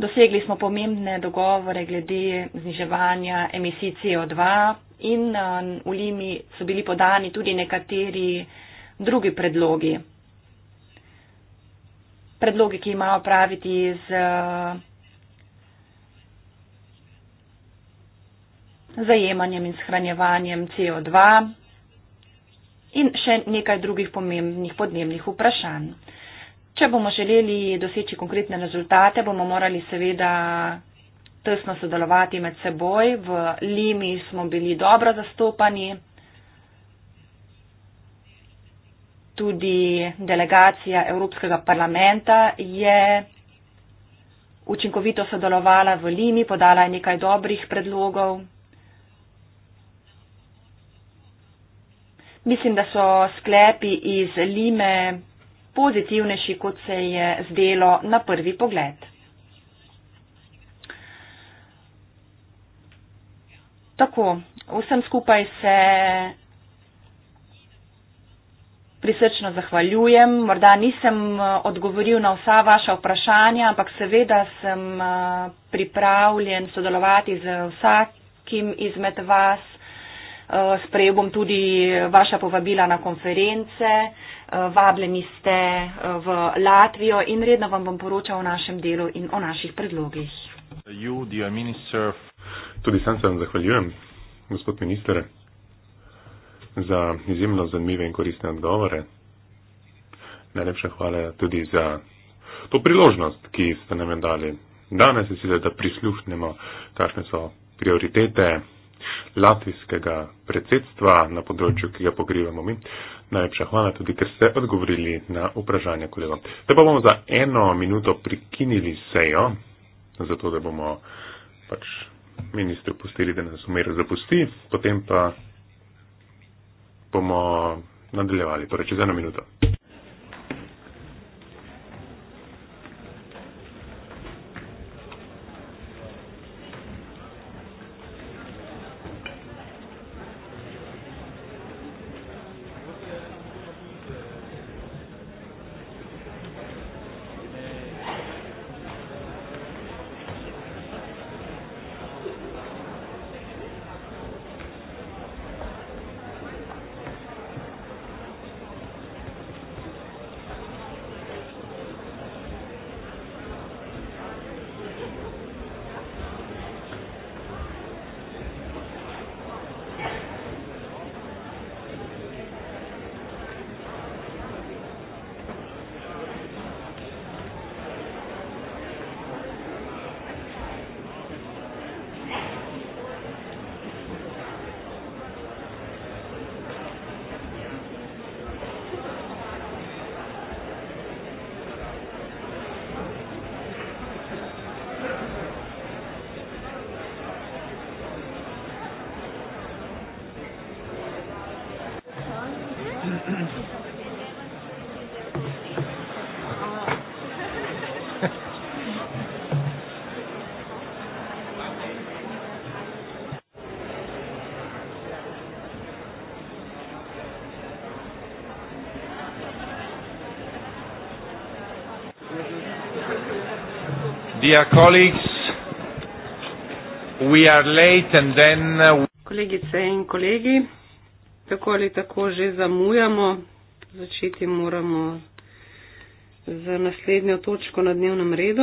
Dosegli smo pomembne dogovore glede zniževanja emisij CO2 in eh, v Limi so bili podani tudi nekateri drugi predlogi. Predlogi, ki imajo praviti z zajemanjem in shranjevanjem CO2 in še nekaj drugih pomembnih podnebnih vprašanj. Če bomo želeli doseči konkretne rezultate, bomo morali seveda tesno sodelovati med seboj. V Limi smo bili dobro zastopani. Tudi delegacija Evropskega parlamenta je učinkovito sodelovala v Limi, podala je nekaj dobrih predlogov. Mislim, da so sklepi iz Lime pozitivnejši, kot se je zdelo na prvi pogled. Tako, vsem skupaj se prisrčno zahvaljujem. Morda nisem eh, odgovoril na vsa vaša vprašanja, ampak seveda sem eh, pripravljen sodelovati z vsakim izmed vas. Eh, sprejel bom tudi vaša povabila na konference, eh, vabljeni ste eh, v Latvijo in redno vam bom poročal o našem delu in o naših predlogih. You, minister, tudi sam se vam zahvaljujem, gospod minister, za izjemno zanimive in koristne odgovore. Najlepša hvala tudi za to priložnost, ki ste nam dali. Danes je sicer, da prisluhnemo, kakšne so prioritete latvijskega predsedstva na področju, ki ga pogrivamo mi. Najlepša hvala tudi, ker ste odgovorili na vprašanje kolegov. Te pa bomo za eno minuto prikinili sejo, zato da bomo pač ministru pustili, da nas umere zapusti, potem pa bomo nadaljevali, torej čez eno minuto. Dear colleagues, we are late and then uh, Kolegice in kolegi, tako ali tako že zamujamo, začeti moramo za naslednjo točko na dnevnem redu.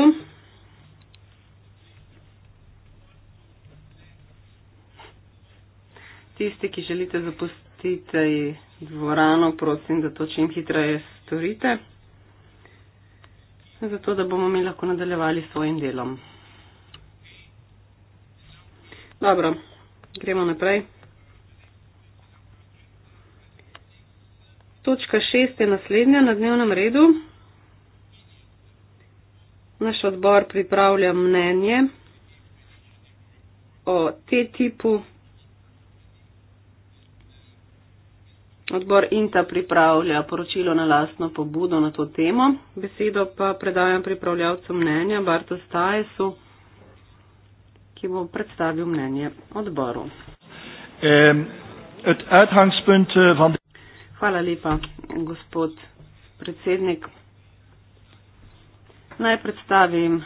Tisti, ki želite zapustiti dvorano, prosim, da to čim hitreje storite zato da bomo mi lahko nadaljevali s svojim delom. Dobro, gremo naprej. Točka šest je naslednja na dnevnem redu. Naš odbor pripravlja mnenje o T-tipu Odbor INTA pripravlja poročilo na lastno pobudo na to temo. Besedo pa predajam pripravljavcu mnenja Bartu Stajesu, ki bo predstavil mnenje odboru. Ehm, eh, Hvala lepa, gospod predsednik. Naj predstavim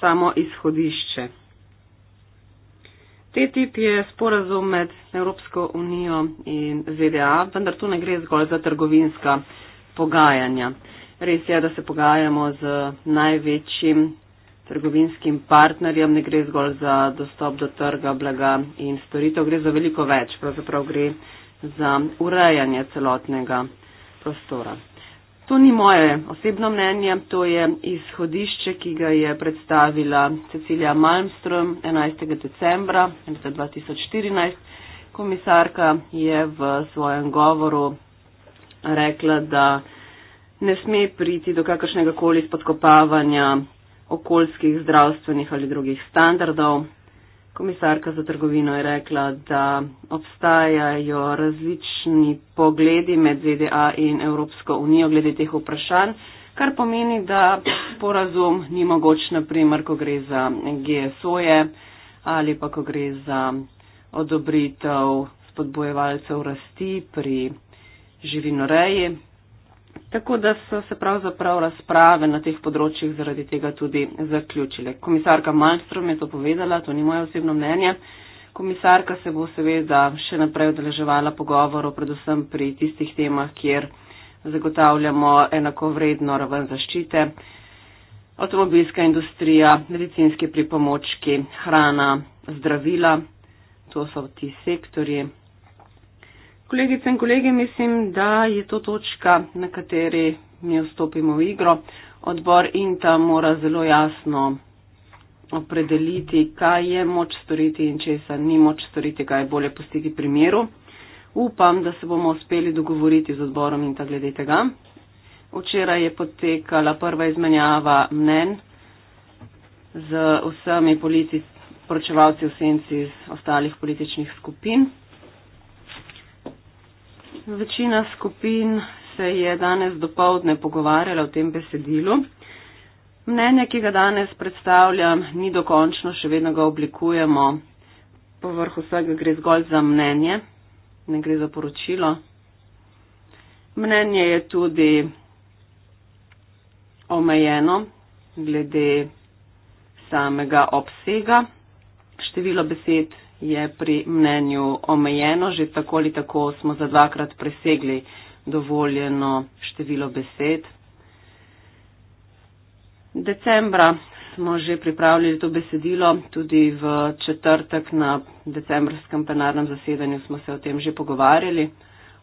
samo izhodišče. TTIP je sporazum med Evropsko unijo in ZDA, vendar tu ne gre zgolj za trgovinska pogajanja. Res je, da se pogajamo z največjim trgovinskim partnerjem, ne gre zgolj za dostop do trga, blaga in storitev, gre za veliko več, pravzaprav gre za urejanje celotnega prostora. To ni moje osebno mnenje, to je izhodišče, ki ga je predstavila Cecilija Malmström 11. decembra 2014. Komisarka je v svojem govoru rekla, da ne sme priti do kakršnega koli spodkopavanja okoljskih, zdravstvenih ali drugih standardov, Komisarka za trgovino je rekla, da obstajajo različni pogledi med ZDA in Evropsko unijo glede teh vprašanj, kar pomeni, da porazum ni mogoč, naprimer, ko gre za GSO-je ali pa ko gre za odobritev spodbojevalcev rasti pri živinoreji. Tako da so se pravzaprav razprave na teh področjih zaradi tega tudi zaključile. Komisarka Malmström je to povedala, to ni moje osebno mnenje. Komisarka se bo seveda še naprej odeleževala pogovorov, predvsem pri tistih temah, kjer zagotavljamo enakovredno raven zaščite. Avtomobilska industrija, medicinske pripomočki, hrana, zdravila, to so ti sektori. Kolegice in kolegi, mislim, da je to točka, na kateri mi vstopimo v igro. Odbor INTA mora zelo jasno opredeliti, kaj je moč storiti in česa ni moč storiti, kaj je bolje postiti primeru. Upam, da se bomo uspeli dogovoriti z odborom INTA glede tega. Včeraj je potekala prva izmenjava mnen z vsemi politi, pročevalci v senci iz ostalih političnih skupin. Večina skupin se je danes dopoledne pogovarjala o tem besedilu. Mnenje, ki ga danes predstavljam, ni dokončno, še vedno ga oblikujemo. Povrh vsega gre zgolj za mnenje, ne gre za poročilo. Mnenje je tudi omejeno glede samega obsega. Število besed je pri mnenju omejeno, že tako ali tako smo za dvakrat presegli dovoljeno število besed. Decembra smo že pripravljali to besedilo, tudi v četrtek na decembrskem plenarnem zasedanju smo se o tem že pogovarjali.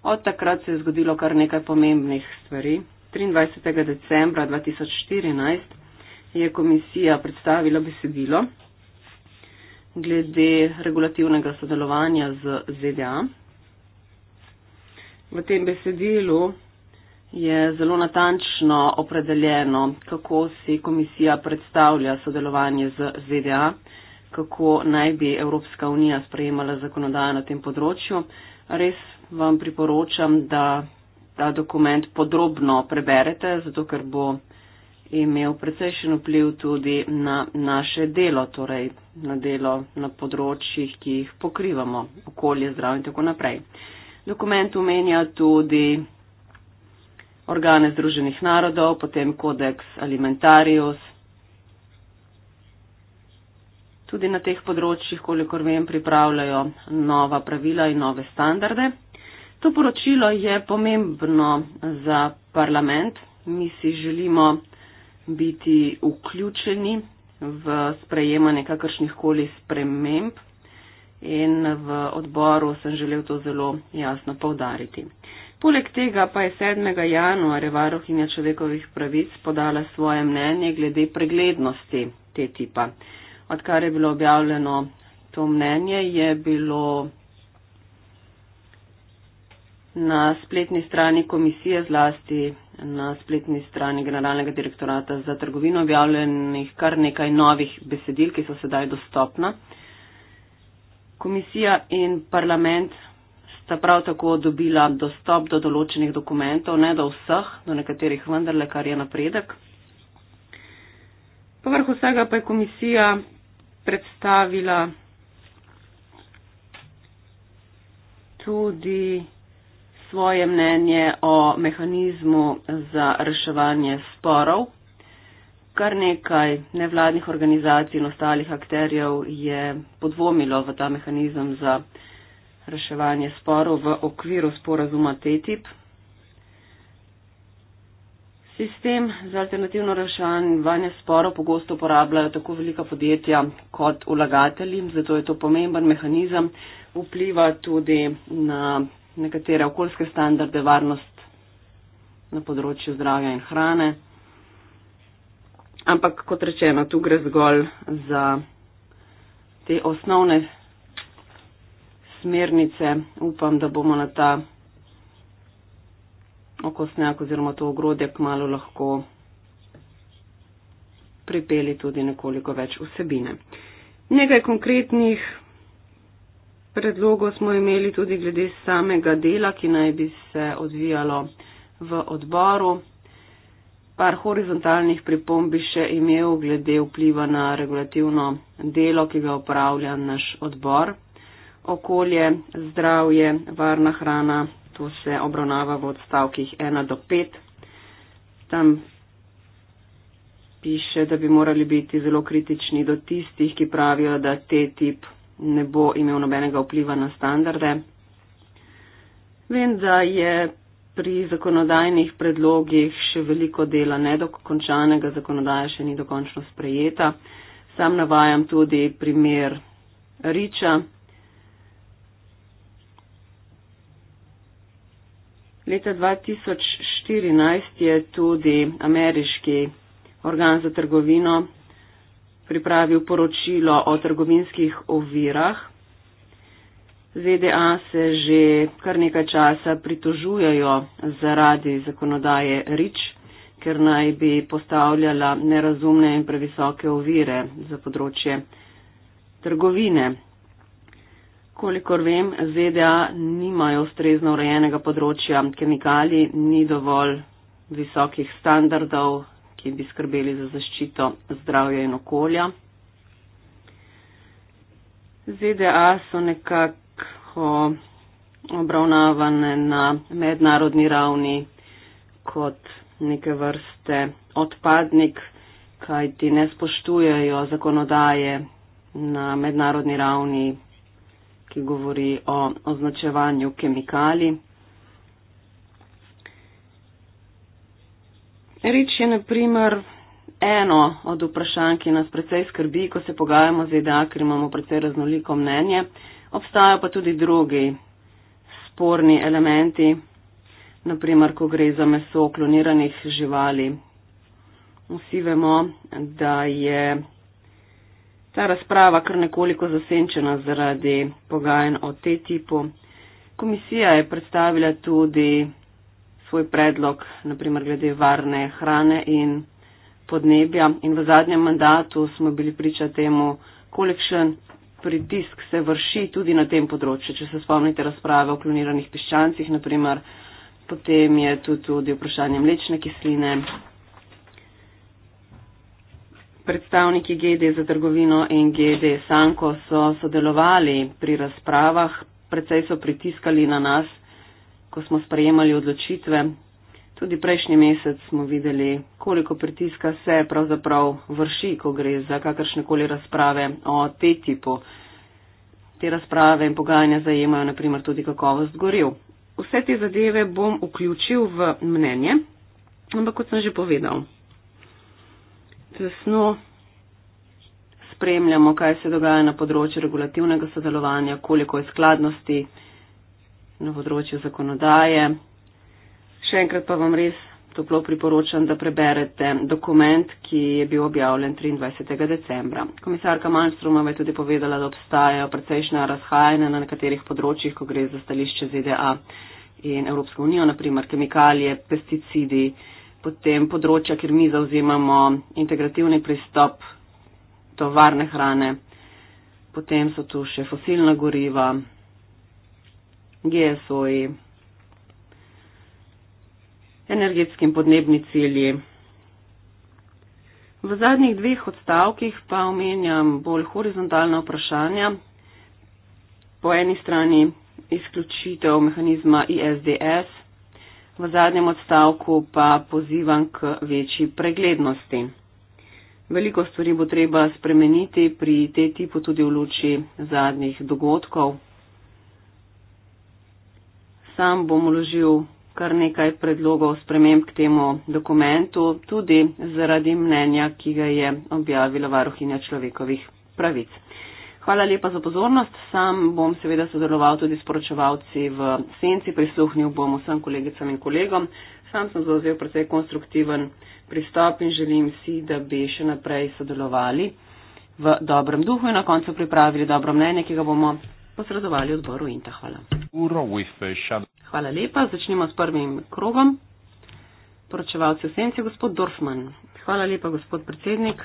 Od takrat se je zgodilo kar nekaj pomembnih stvari. 23. decembra 2014 je komisija predstavila besedilo glede regulativnega sodelovanja z ZDA. V tem besedilu je zelo natančno opredeljeno, kako si komisija predstavlja sodelovanje z ZDA, kako naj bi Evropska unija sprejemala zakonodajo na tem področju. Res vam priporočam, da ta dokument podrobno preberete, zato ker bo imel precejšen vpliv tudi na naše delo, torej na delo na področjih, ki jih pokrivamo, okolje, zdrav in tako naprej. Dokument umenja tudi organe Združenih narodov, potem kodeks alimentarius. Tudi na teh področjih, kolikor vem, pripravljajo nova pravila in nove standarde. To poročilo je pomembno za parlament. Mi si želimo, biti vključeni v sprejemanje kakršnih koli sprememb in v odboru sem želel to zelo jasno povdariti. Poleg tega pa je 7. januarja varohinja človekovih pravic podala svoje mnenje glede preglednosti te tipa. Odkar je bilo objavljeno to mnenje, je bilo na spletni strani komisije zlasti na spletni strani Generalnega direktorata za trgovino objavljenih kar nekaj novih besedil, ki so sedaj dostopna. Komisija in parlament sta prav tako dobila dostop do določenih dokumentov, ne do vseh, do nekaterih vendarle, kar je napredek. Povrh vsega pa je komisija predstavila tudi svoje mnenje o mehanizmu za reševanje sporov. Kar nekaj nevladnih organizacij in ostalih akterjev je podvomilo v ta mehanizem za reševanje sporov v okviru sporazuma TTIP. Sistem za alternativno reševanje sporov pogosto uporabljajo tako velika podjetja kot ulagatelji, zato je to pomemben mehanizem, vpliva tudi na nekatere okoljske standarde, varnost na področju zdravja in hrane. Ampak, kot rečeno, tu gre zgolj za te osnovne smernice. Upam, da bomo na ta okosnjak oziroma to ogrodje kmalo lahko pripeli tudi nekoliko več vsebine. Nekaj konkretnih predlogov smo imeli tudi glede samega dela, ki naj bi se odvijalo v odboru. Par horizontalnih pripomb bi še imel glede vpliva na regulativno delo, ki ga upravlja naš odbor. Okolje, zdravje, varna hrana, to se obravnava v odstavkih 1 do 5. Tam piše, da bi morali biti zelo kritični do tistih, ki pravijo, da te tip ne bo imel nobenega vpliva na standarde. Vem, da je pri zakonodajnih predlogih še veliko dela nedokončanega, zakonodaja še ni dokončno sprejeta. Sam navajam tudi primer Riča. Leta 2014 je tudi ameriški organ za trgovino pripravil poročilo o trgovinskih ovirah. ZDA se že kar nekaj časa pritožujejo zaradi zakonodaje REACH, ker naj bi postavljala nerazumne in previsoke ovire za področje trgovine. Kolikor vem, ZDA nimajo ustrezno urejenega področja kemikalij, ni dovolj visokih standardov ki bi skrbeli za zaščito zdravja in okolja. ZDA so nekako obravnavane na mednarodni ravni kot neke vrste odpadnik, kajti ne spoštujejo zakonodaje na mednarodni ravni, ki govori o označevanju kemikalij. Rič je, na primer, eno od vprašanj, ki nas precej skrbi, ko se pogajamo z EDA, ker imamo precej raznoliko mnenje. Obstajajo pa tudi drugi sporni elementi, naprimer, ko gre za meso kloniranih živali. Vsi vemo, da je ta razprava kar nekoliko zasenčena zaradi pogajanj o te tipu. Komisija je predstavila tudi svoj predlog, naprimer glede varne hrane in podnebja. In v zadnjem mandatu smo bili priča temu, kolikšen pritisk se vrši tudi na tem področju. Če se spomnite razprave o kloniranih piščancih, naprimer, potem je tu tudi vprašanje mlečne kisline. Predstavniki GD za trgovino in GD Sanko so sodelovali pri razpravah, precej so pritiskali na nas, ko smo sprejemali odločitve. Tudi prejšnji mesec smo videli, koliko pritiska se pravzaprav vrši, ko gre za kakršnekoli razprave o tej tipu. Te razprave in pogajanja zajemajo naprimer tudi kakovost goril. Vse te zadeve bom vključil v mnenje, ampak kot sem že povedal, tesno spremljamo, kaj se dogaja na področju regulativnega sodelovanja, koliko je skladnosti na področju zakonodaje. Še enkrat pa vam res toplo priporočam, da preberete dokument, ki je bil objavljen 23. decembra. Komisarka Malmstromova je tudi povedala, da obstajajo precejšnja razhajanja na nekaterih področjih, ko gre za stališče ZDA in Evropsko unijo, naprimer kemikalije, pesticidi, potem področja, kjer mi zauzemamo integrativni pristop do varne hrane, potem so tu še fosilna goriva, gdje su i energetski in podnebni cilji. V zadnjih dveh odstavkih pa omenjam bolj horizontalna vprašanja. Po eni strani izključitev mehanizma ISDS, v zadnjem odstavku pa pozivam k večji preglednosti. Veliko stvari bo treba spremeniti pri tej tipu tudi v luči zadnjih dogodkov, sam bom vložil kar nekaj predlogov sprememb k temu dokumentu, tudi zaradi mnenja, ki ga je objavila varuhinja človekovih pravic. Hvala lepa za pozornost. Sam bom seveda sodeloval tudi s poročevalci v senci, prisluhnil bom vsem kolegicam in kolegom. Sam sem zauzel precej konstruktiven pristop in želim si, da bi še naprej sodelovali v dobrem duhu in na koncu pripravili dobro mnenje, ki ga bomo posredovali odboru Inta. Hvala. Hvala lepa. Začnimo s prvim krogom. Poročevalce v senci, gospod Dorfman. Hvala lepa, gospod predsednik.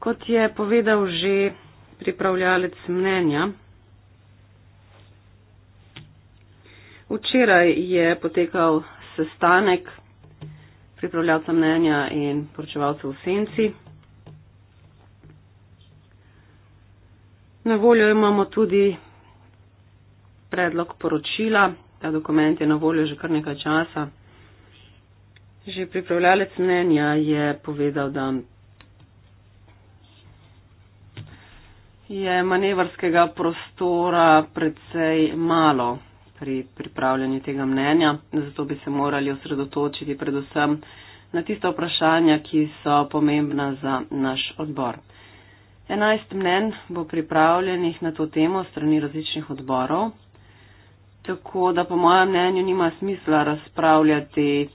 Kot je povedal že pripravljalec mnenja, včeraj je potekal sestanek pripravljalca mnenja in poročevalcev v senci. Na voljo imamo tudi predlog poročila. Ta dokument je na voljo že kar nekaj časa. Že pripravljalec mnenja je povedal, da je manevrskega prostora predvsej malo pri pripravljanju tega mnenja, zato bi se morali osredotočiti predvsem na tista vprašanja, ki so pomembna za naš odbor. Enajst mnen bo pripravljenih na to temo strani različnih odborov, tako da po mojem mnenju nima smisla razpravljati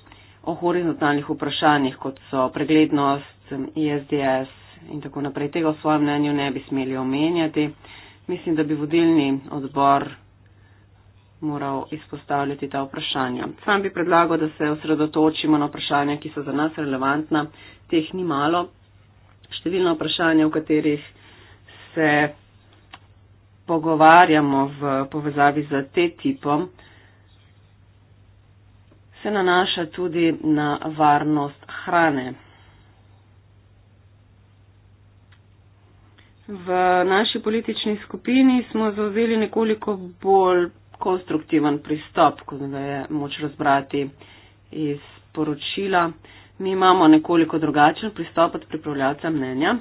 o horizontalnih vprašanjih, kot so preglednost, ISDS in tako naprej. Tega v svojem mnenju ne bi smeli omenjati. Mislim, da bi vodilni odbor moral izpostavljati ta vprašanja. Sam bi predlagal, da se osredotočimo na vprašanja, ki so za nas relevantna. Teh ni malo, številna vprašanja, v katerih se pogovarjamo v povezavi z TTIP-om, se nanaša tudi na varnost hrane. V naši politični skupini smo zauzeli nekoliko bolj konstruktiven pristop, kot ga je moč razbrati iz poročila mi imamo nekoliko drugačen pristop od pripravljalca mnenja.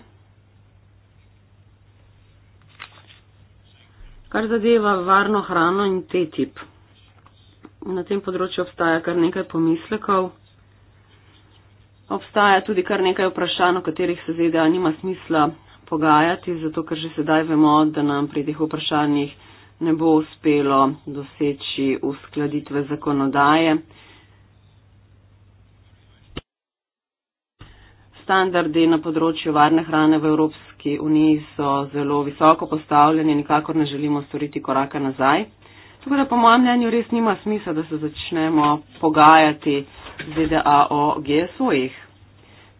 Kar zadeva varno hrano in te tip. Na tem področju obstaja kar nekaj pomislekov. Obstaja tudi kar nekaj vprašanj, o katerih se ZDA nima smisla pogajati, zato ker že sedaj vemo, da nam pri teh vprašanjih ne bo uspelo doseči uskladitve zakonodaje. standardi na področju varne hrane v Evropski uniji so zelo visoko postavljeni, nikakor ne želimo storiti koraka nazaj. Tako da po mojem mnenju res nima smisla, da se začnemo pogajati z ZDA o GSO-jih.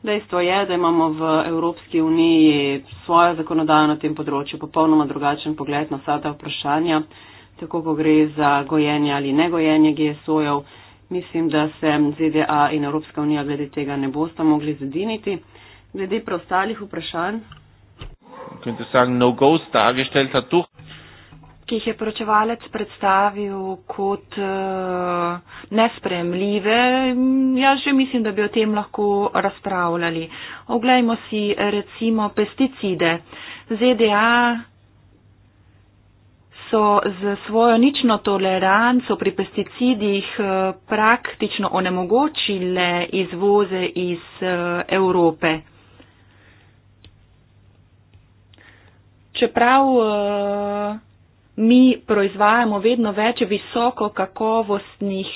Dejstvo je, da imamo v Evropski uniji svojo zakonodajo na tem področju, popolnoma drugačen pogled na vsa ta vprašanja, tako ko gre za gojenje ali negojenje GSO-jev. Mislim, da se ZDA in Evropska unija glede tega ne bosta mogli zediniti. Glede preostalih vprašanj, no ki jih je poročevalec predstavil kot uh, nespremljive, jaz že mislim, da bi o tem lahko razpravljali. Oglejmo si recimo pesticide. ZDA so z svojo nično toleranco pri pesticidih eh, praktično onemogočile izvoze iz eh, Evrope. Čeprav eh, mi proizvajamo vedno več visoko kakovostnih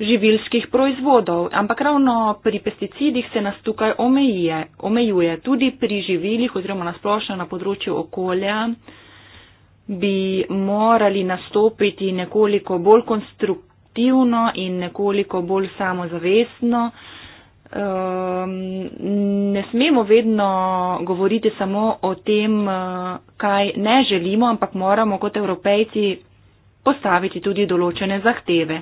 živilskih proizvodov, ampak ravno pri pesticidih se nas tukaj omejuje, omejuje tudi pri živilih oziroma nasplošno na področju okolja bi morali nastopiti nekoliko bolj konstruktivno in nekoliko bolj samozavestno. Ehm, ne smemo vedno govoriti samo o tem, eh, kaj ne želimo, ampak moramo kot evropejci postaviti tudi določene zahteve.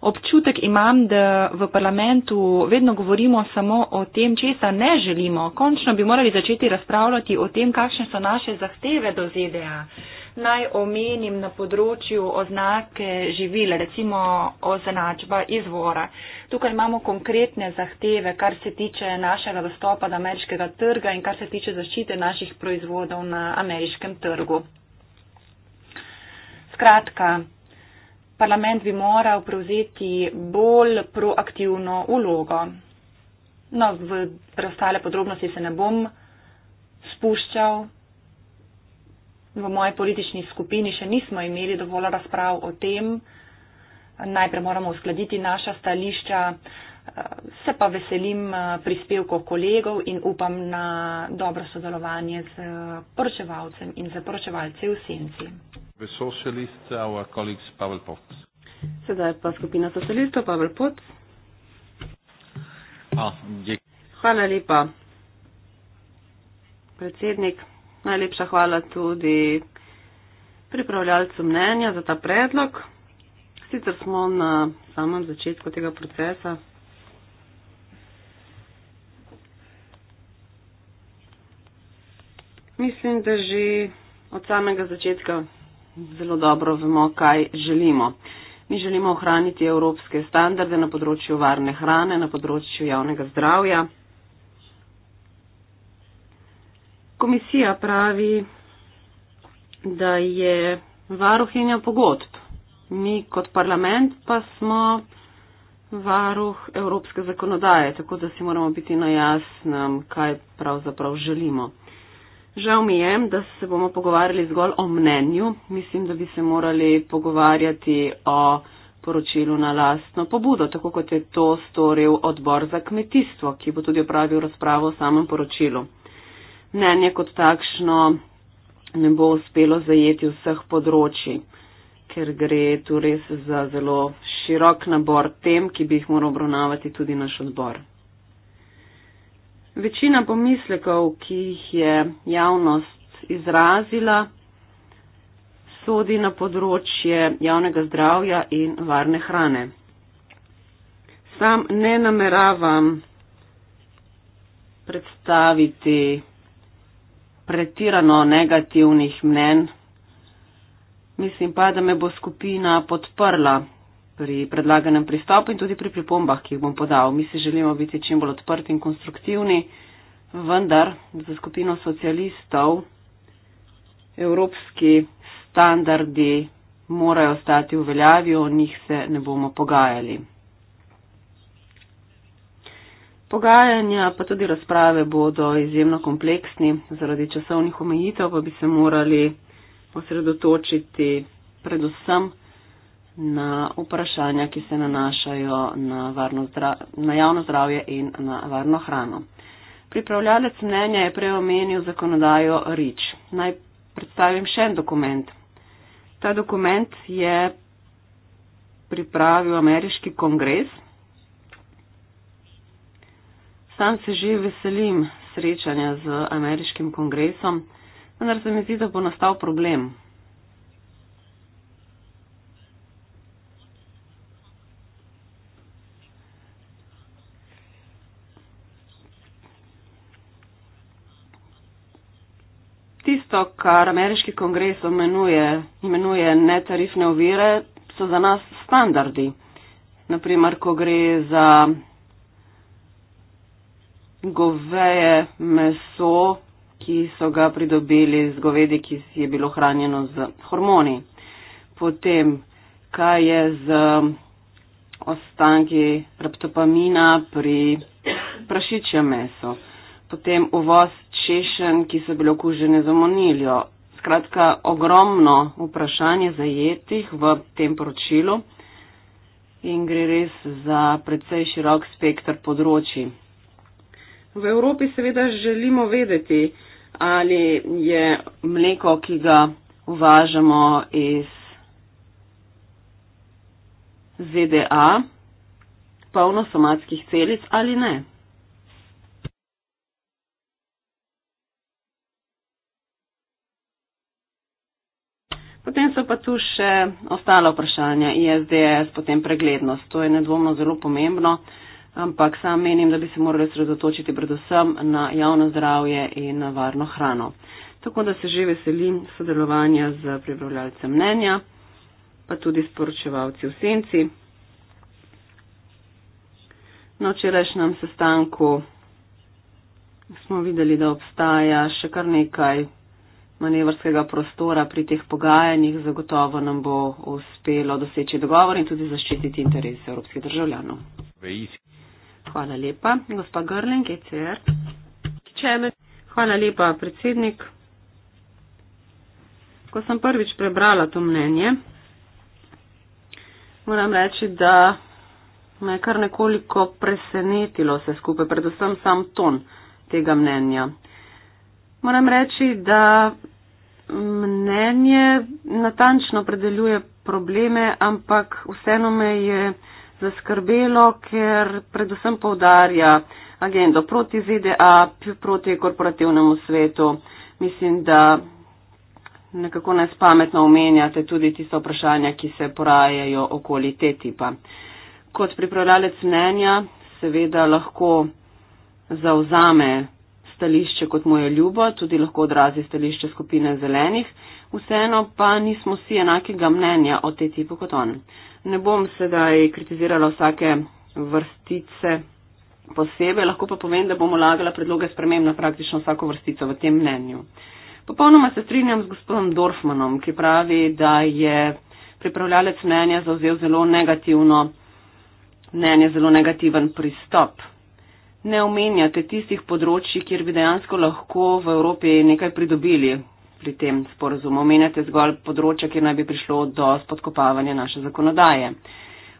Občutek imam, da v parlamentu vedno govorimo samo o tem, česa ne želimo. Končno bi morali začeti razpravljati o tem, kakšne so naše zahteve do ZDA. Uh, Naj omenim na področju oznake živil, recimo označba izvora. Tukaj imamo konkretne zahteve, kar se tiče našega dostopa do ameriškega trga in kar se tiče zaščite naših proizvodov na ameriškem trgu. Skratka, parlament bi moral prevzeti bolj proaktivno ulogo. No, v preostale podrobnosti se ne bom spuščal, v moji politični skupini še nismo imeli dovolj razprav o tem. Najprej moramo uskladiti naša stališča, eh, se pa veselim eh, prispevkov kolegov in upam na dobro sodelovanje z eh, poročevalcem in z poročevalci v senci. Sedaj pa skupina socialistov, Pavel Pot. Ah, Hvala lepa, predsednik. Najlepša hvala tudi pripravljalcu mnenja za ta predlog. Sicer smo na samem začetku tega procesa. Mislim, da že od samega začetka zelo dobro vemo, kaj želimo. Mi želimo ohraniti evropske standarde na področju varne hrane, na področju javnega zdravja. komisija pravi, da je varuhinja pogodb. Mi kot parlament pa smo varuh evropske zakonodaje, tako da si moramo biti na jasnem, kaj pravzaprav želimo. Žal mi je, da se bomo pogovarjali zgolj o mnenju. Mislim, da bi se morali pogovarjati o poročilu na lastno pobudo, tako kot je to storil odbor za kmetijstvo, ki bo tudi opravil razpravo o samem poročilu mnenje kot takšno ne bo uspelo zajeti vseh področji, ker gre tu res za zelo širok nabor tem, ki bi jih moral obravnavati tudi naš odbor. Večina pomislekov, ki jih je javnost izrazila, sodi na področje javnega zdravja in varne hrane. Sam ne nameravam predstaviti pretirano negativnih mnenj. Mislim pa, da me bo skupina podprla pri predlaganem pristopu in tudi pri pripombah, ki jih bom podal. Mi si želimo biti čim bolj odprti in konstruktivni, vendar za skupino socialistov evropski standardi morajo ostati v veljavi, o njih se ne bomo pogajali. Pogajanja pa tudi razprave bodo izjemno kompleksni, zaradi časovnih omejitev pa bi se morali osredotočiti predvsem na vprašanja, ki se nanašajo na, na javno zdravje in na varno hrano. Pripravljalec mnenja je prej omenil zakonodajo REACH. Naj predstavim še en dokument. Ta dokument je pripravil ameriški kongres Sam se že veselim srečanja z ameriškim kongresom, vendar se mi zdi, da bo nastal problem. Tisto, kar ameriški kongres omenuje, imenuje netarifne ovire, so za nas standardi. Naprimer, ko gre za goveje meso, ki so ga pridobili z govedi, ki je bilo hranjeno z hormoni. Potem, kaj je z ostanki reptopamina pri prašičjem meso. Potem uvoz češen, ki so bile okužene z omonilijo. Skratka, ogromno vprašanje zajetih v tem poročilu in gre res za precej širok spektr področji. V Evropi seveda želimo vedeti, ali je mleko, ki ga uvažamo iz ZDA, polno somatskih celic ali ne. Potem so pa tu še ostala vprašanja, ISDS, potem preglednost. To je nedvomno zelo pomembno ampak sam menim, da bi se morali sredotočiti predvsem na javno zdravje in na varno hrano. Tako da se že veselim sodelovanja z pripravljalcem mnenja, pa tudi s poročevalci v senci. Na včerajšnjem sestanku smo videli, da obstaja še kar nekaj manevrskega prostora pri teh pogajanjih. Zagotovo nam bo uspelo doseči dogovor in tudi zaščititi interese evropskih državljanov. Veisi. Hvala lepa. Gospa Grlen, GCR. Hvala lepa, predsednik. Ko sem prvič prebrala to mnenje, moram reči, da me je kar nekoliko presenetilo vse skupaj, predvsem sam ton tega mnenja. Moram reči, da mnenje natančno predeljuje probleme, ampak vseeno me je zaskrbelo, ker predvsem povdarja agendo proti ZDA, proti korporativnemu svetu. Mislim, da nekako nespametno omenjate tudi tiste vprašanja, ki se porajajo okoli te tipa. Kot pripravljalec mnenja seveda lahko zauzame stališče, kot mu je ljubo, tudi lahko odrazi stališče skupine zelenih, vseeno pa nismo vsi enakega mnenja o tej tipu kot on. Ne bom sedaj kritizirala vsake vrstice posebej, lahko pa povem, da bom vlagala predloge sprememb na praktično vsako vrstico v tem mnenju. Popolnoma se strinjam z gospodom Dorfmanom, ki pravi, da je pripravljalec mnenja zauzel zelo negativno mnenje, zelo negativen pristop. Ne omenjate tistih področji, kjer bi dejansko lahko v Evropi nekaj pridobili, pri tem sporozumu. Omenjate zgolj področja, kjer naj bi prišlo do spodkopavanja naše zakonodaje.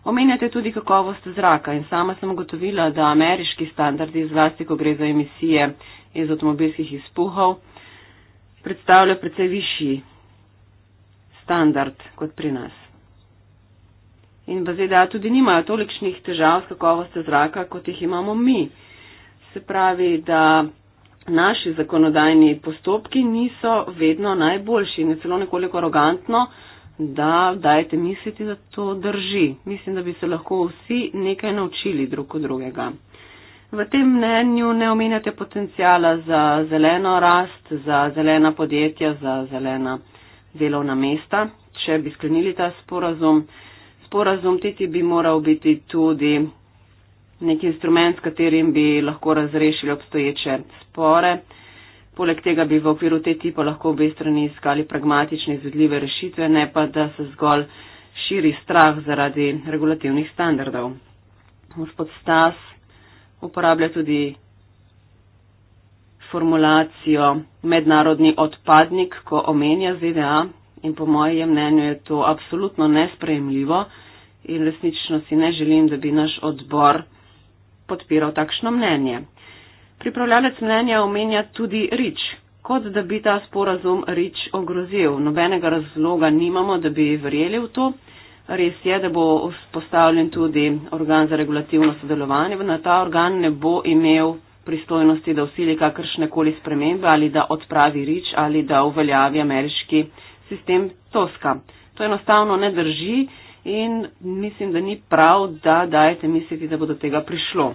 Omenjate tudi kakovost zraka in sama sem ugotovila, da ameriški standardi, zlasti ko gre za emisije iz avtomobilskih izpuhov, predstavljajo precej višji standard kot pri nas. In v ZDA tudi nimajo tolikšnih težav s kakovostjo zraka, kot jih imamo mi. Se pravi, da naši zakonodajni postopki niso vedno najboljši in je celo nekoliko arogantno, da dajete misliti, da to drži. Mislim, da bi se lahko vsi nekaj naučili drug od drugega. V tem mnenju ne omenjate potencijala za zeleno rast, za zelena podjetja, za zelena delovna mesta, če bi sklenili ta sporazum. Sporazum TTIP bi moral biti tudi nek instrument, s katerim bi lahko razrešili obstoječe spore. Poleg tega bi v okviru te tipa lahko obe strani iskali pragmatične izvedljive rešitve, ne pa da se zgolj širi strah zaradi regulativnih standardov. Gospod Stas uporablja tudi formulacijo mednarodni odpadnik, ko omenja ZDA in po mojem mnenju je to absolutno nesprejemljivo in resnično si ne želim, da bi naš odbor podpiral takšno mnenje. Pripravljalec mnenja omenja tudi rič, kot da bi ta sporazum rič ogrozil. Nobenega razloga nimamo, da bi verjeli v to. Res je, da bo vzpostavljen tudi organ za regulativno sodelovanje, vendar ta organ ne bo imel pristojnosti, da usili kakršne koli spremembe ali da odpravi rič ali da uveljavi ameriški sistem TOSKA. To enostavno ne drži in mislim, da ni prav, da dajete misliti, da bo do tega prišlo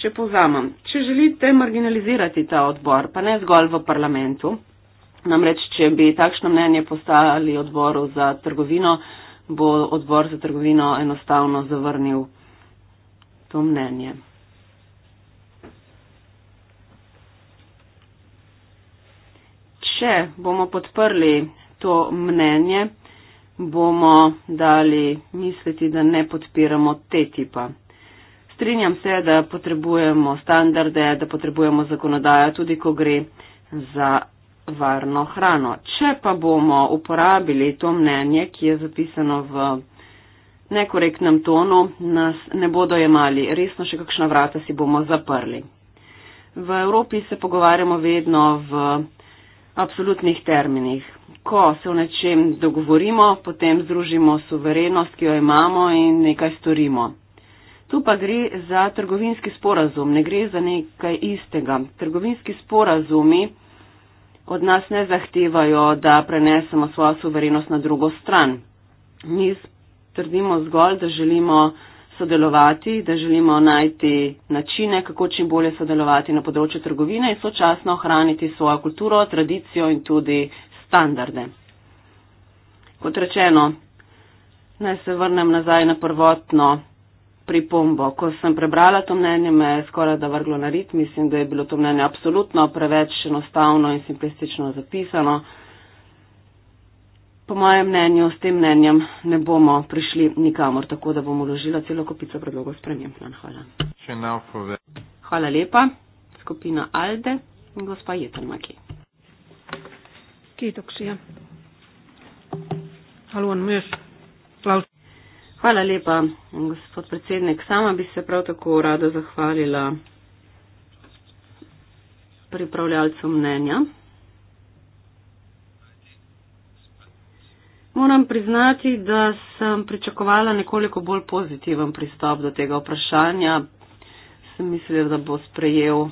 če povzamem, če želite marginalizirati ta odbor, pa ne zgolj v parlamentu, namreč, če bi takšno mnenje postali odboru za trgovino, bo odbor za trgovino enostavno zavrnil to mnenje. Če bomo podprli to mnenje, bomo dali misliti, da ne podpiramo te tipa strinjam se, da potrebujemo standarde, da potrebujemo zakonodajo, tudi ko gre za varno hrano. Če pa bomo uporabili to mnenje, ki je zapisano v nekorektnem tonu, nas ne bodo jemali, resno še kakšna vrata si bomo zaprli. V Evropi se pogovarjamo vedno v absolutnih terminih. Ko se v nečem dogovorimo, potem združimo suverenost, ki jo imamo in nekaj storimo. Tu pa gre za trgovinski sporazum, ne gre za nekaj istega. Trgovinski sporazumi od nas ne zahtevajo, da prenesemo svojo suverenost na drugo stran. Mi trdimo zgolj, da želimo sodelovati, da želimo najti načine, kako čim bolje sodelovati na področju trgovine in sočasno ohraniti svojo kulturo, tradicijo in tudi standarde. Kot rečeno, naj se vrnem nazaj na prvotno pripombo. Ko sem prebrala to mnenje, me je skoraj da vrglo na rit, mislim, da je bilo to mnenje absolutno preveč enostavno in simplistično zapisano. Po mojem mnenju s tem mnenjem ne bomo prišli nikamor, tako da bom uložila celo kopico predlogov sprememb. No, no, hvala. Hvala lepa. Skupina Alde in gospa Jetrmaki. Kiitoksia. Haluan myös lausua. Hvala lepa, gospod predsednik. Sama bi se prav tako rada zahvalila pripravljalcu mnenja. Moram priznati, da sem pričakovala nekoliko bolj pozitiven pristop do tega vprašanja. Sem mislila, da bo sprejel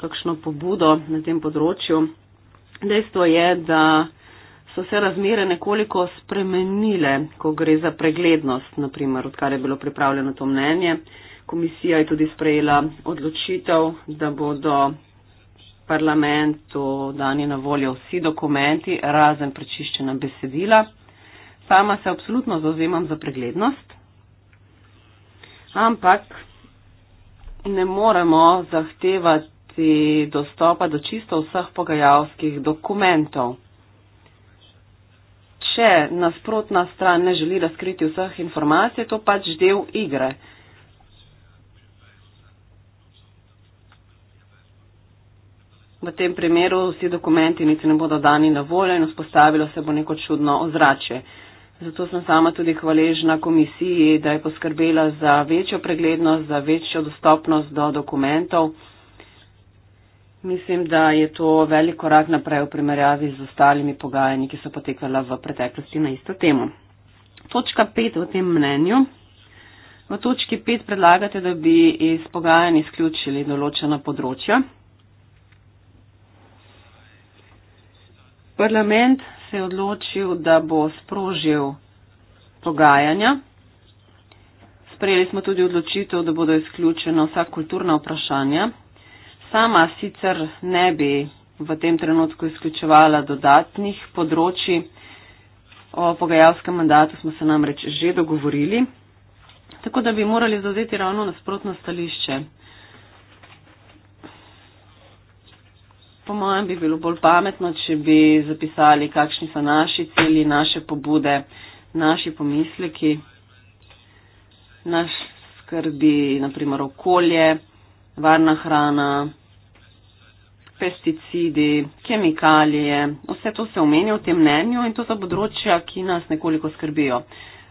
kakšno pobudo na tem področju. Dejstvo je, da so se razmere nekoliko spremenile, ko gre za preglednost, naprimer, odkar je bilo pripravljeno to mnenje. Komisija je tudi sprejela odločitev, da bodo parlamentu dani na voljo vsi dokumenti, razen prečiščena besedila. Sama se absolutno zauzemam za preglednost, ampak ne moremo zahtevati dostopa do čisto vseh pogajalskih dokumentov če nasprotna stran ne želi razkriti vseh informacij, je to pač del igre. V tem primeru vsi dokumenti niti ne bodo dani na voljo in vzpostavilo se bo neko čudno ozračje. Zato sem sama tudi hvaležna komisiji, da je poskrbela za večjo preglednost, za večjo dostopnost do dokumentov. Mislim, da je to velik korak naprej v primerjavi z ostalimi pogajanji, ki so potekala v preteklosti na isto temo. Točka pet v tem mnenju. V točki pet predlagate, da bi iz pogajanj izključili določena področja. Parlament se je odločil, da bo sprožil pogajanja. Sprejeli smo tudi odločitev, da bodo izključena vsa kulturna vprašanja sama sicer ne bi v tem trenutku izključevala dodatnih področji. O pogajalskem mandatu smo se namreč že dogovorili, tako da bi morali zauzeti ravno nasprotno stališče. Po mojem bi bilo bolj pametno, če bi zapisali, kakšni so naši cilji, naše pobude, naši pomisleki, naš skrbi, naprimer okolje, varna hrana, pesticidi, kemikalije, vse to se omenja v tem mnenju in to so področja, ki nas nekoliko skrbijo.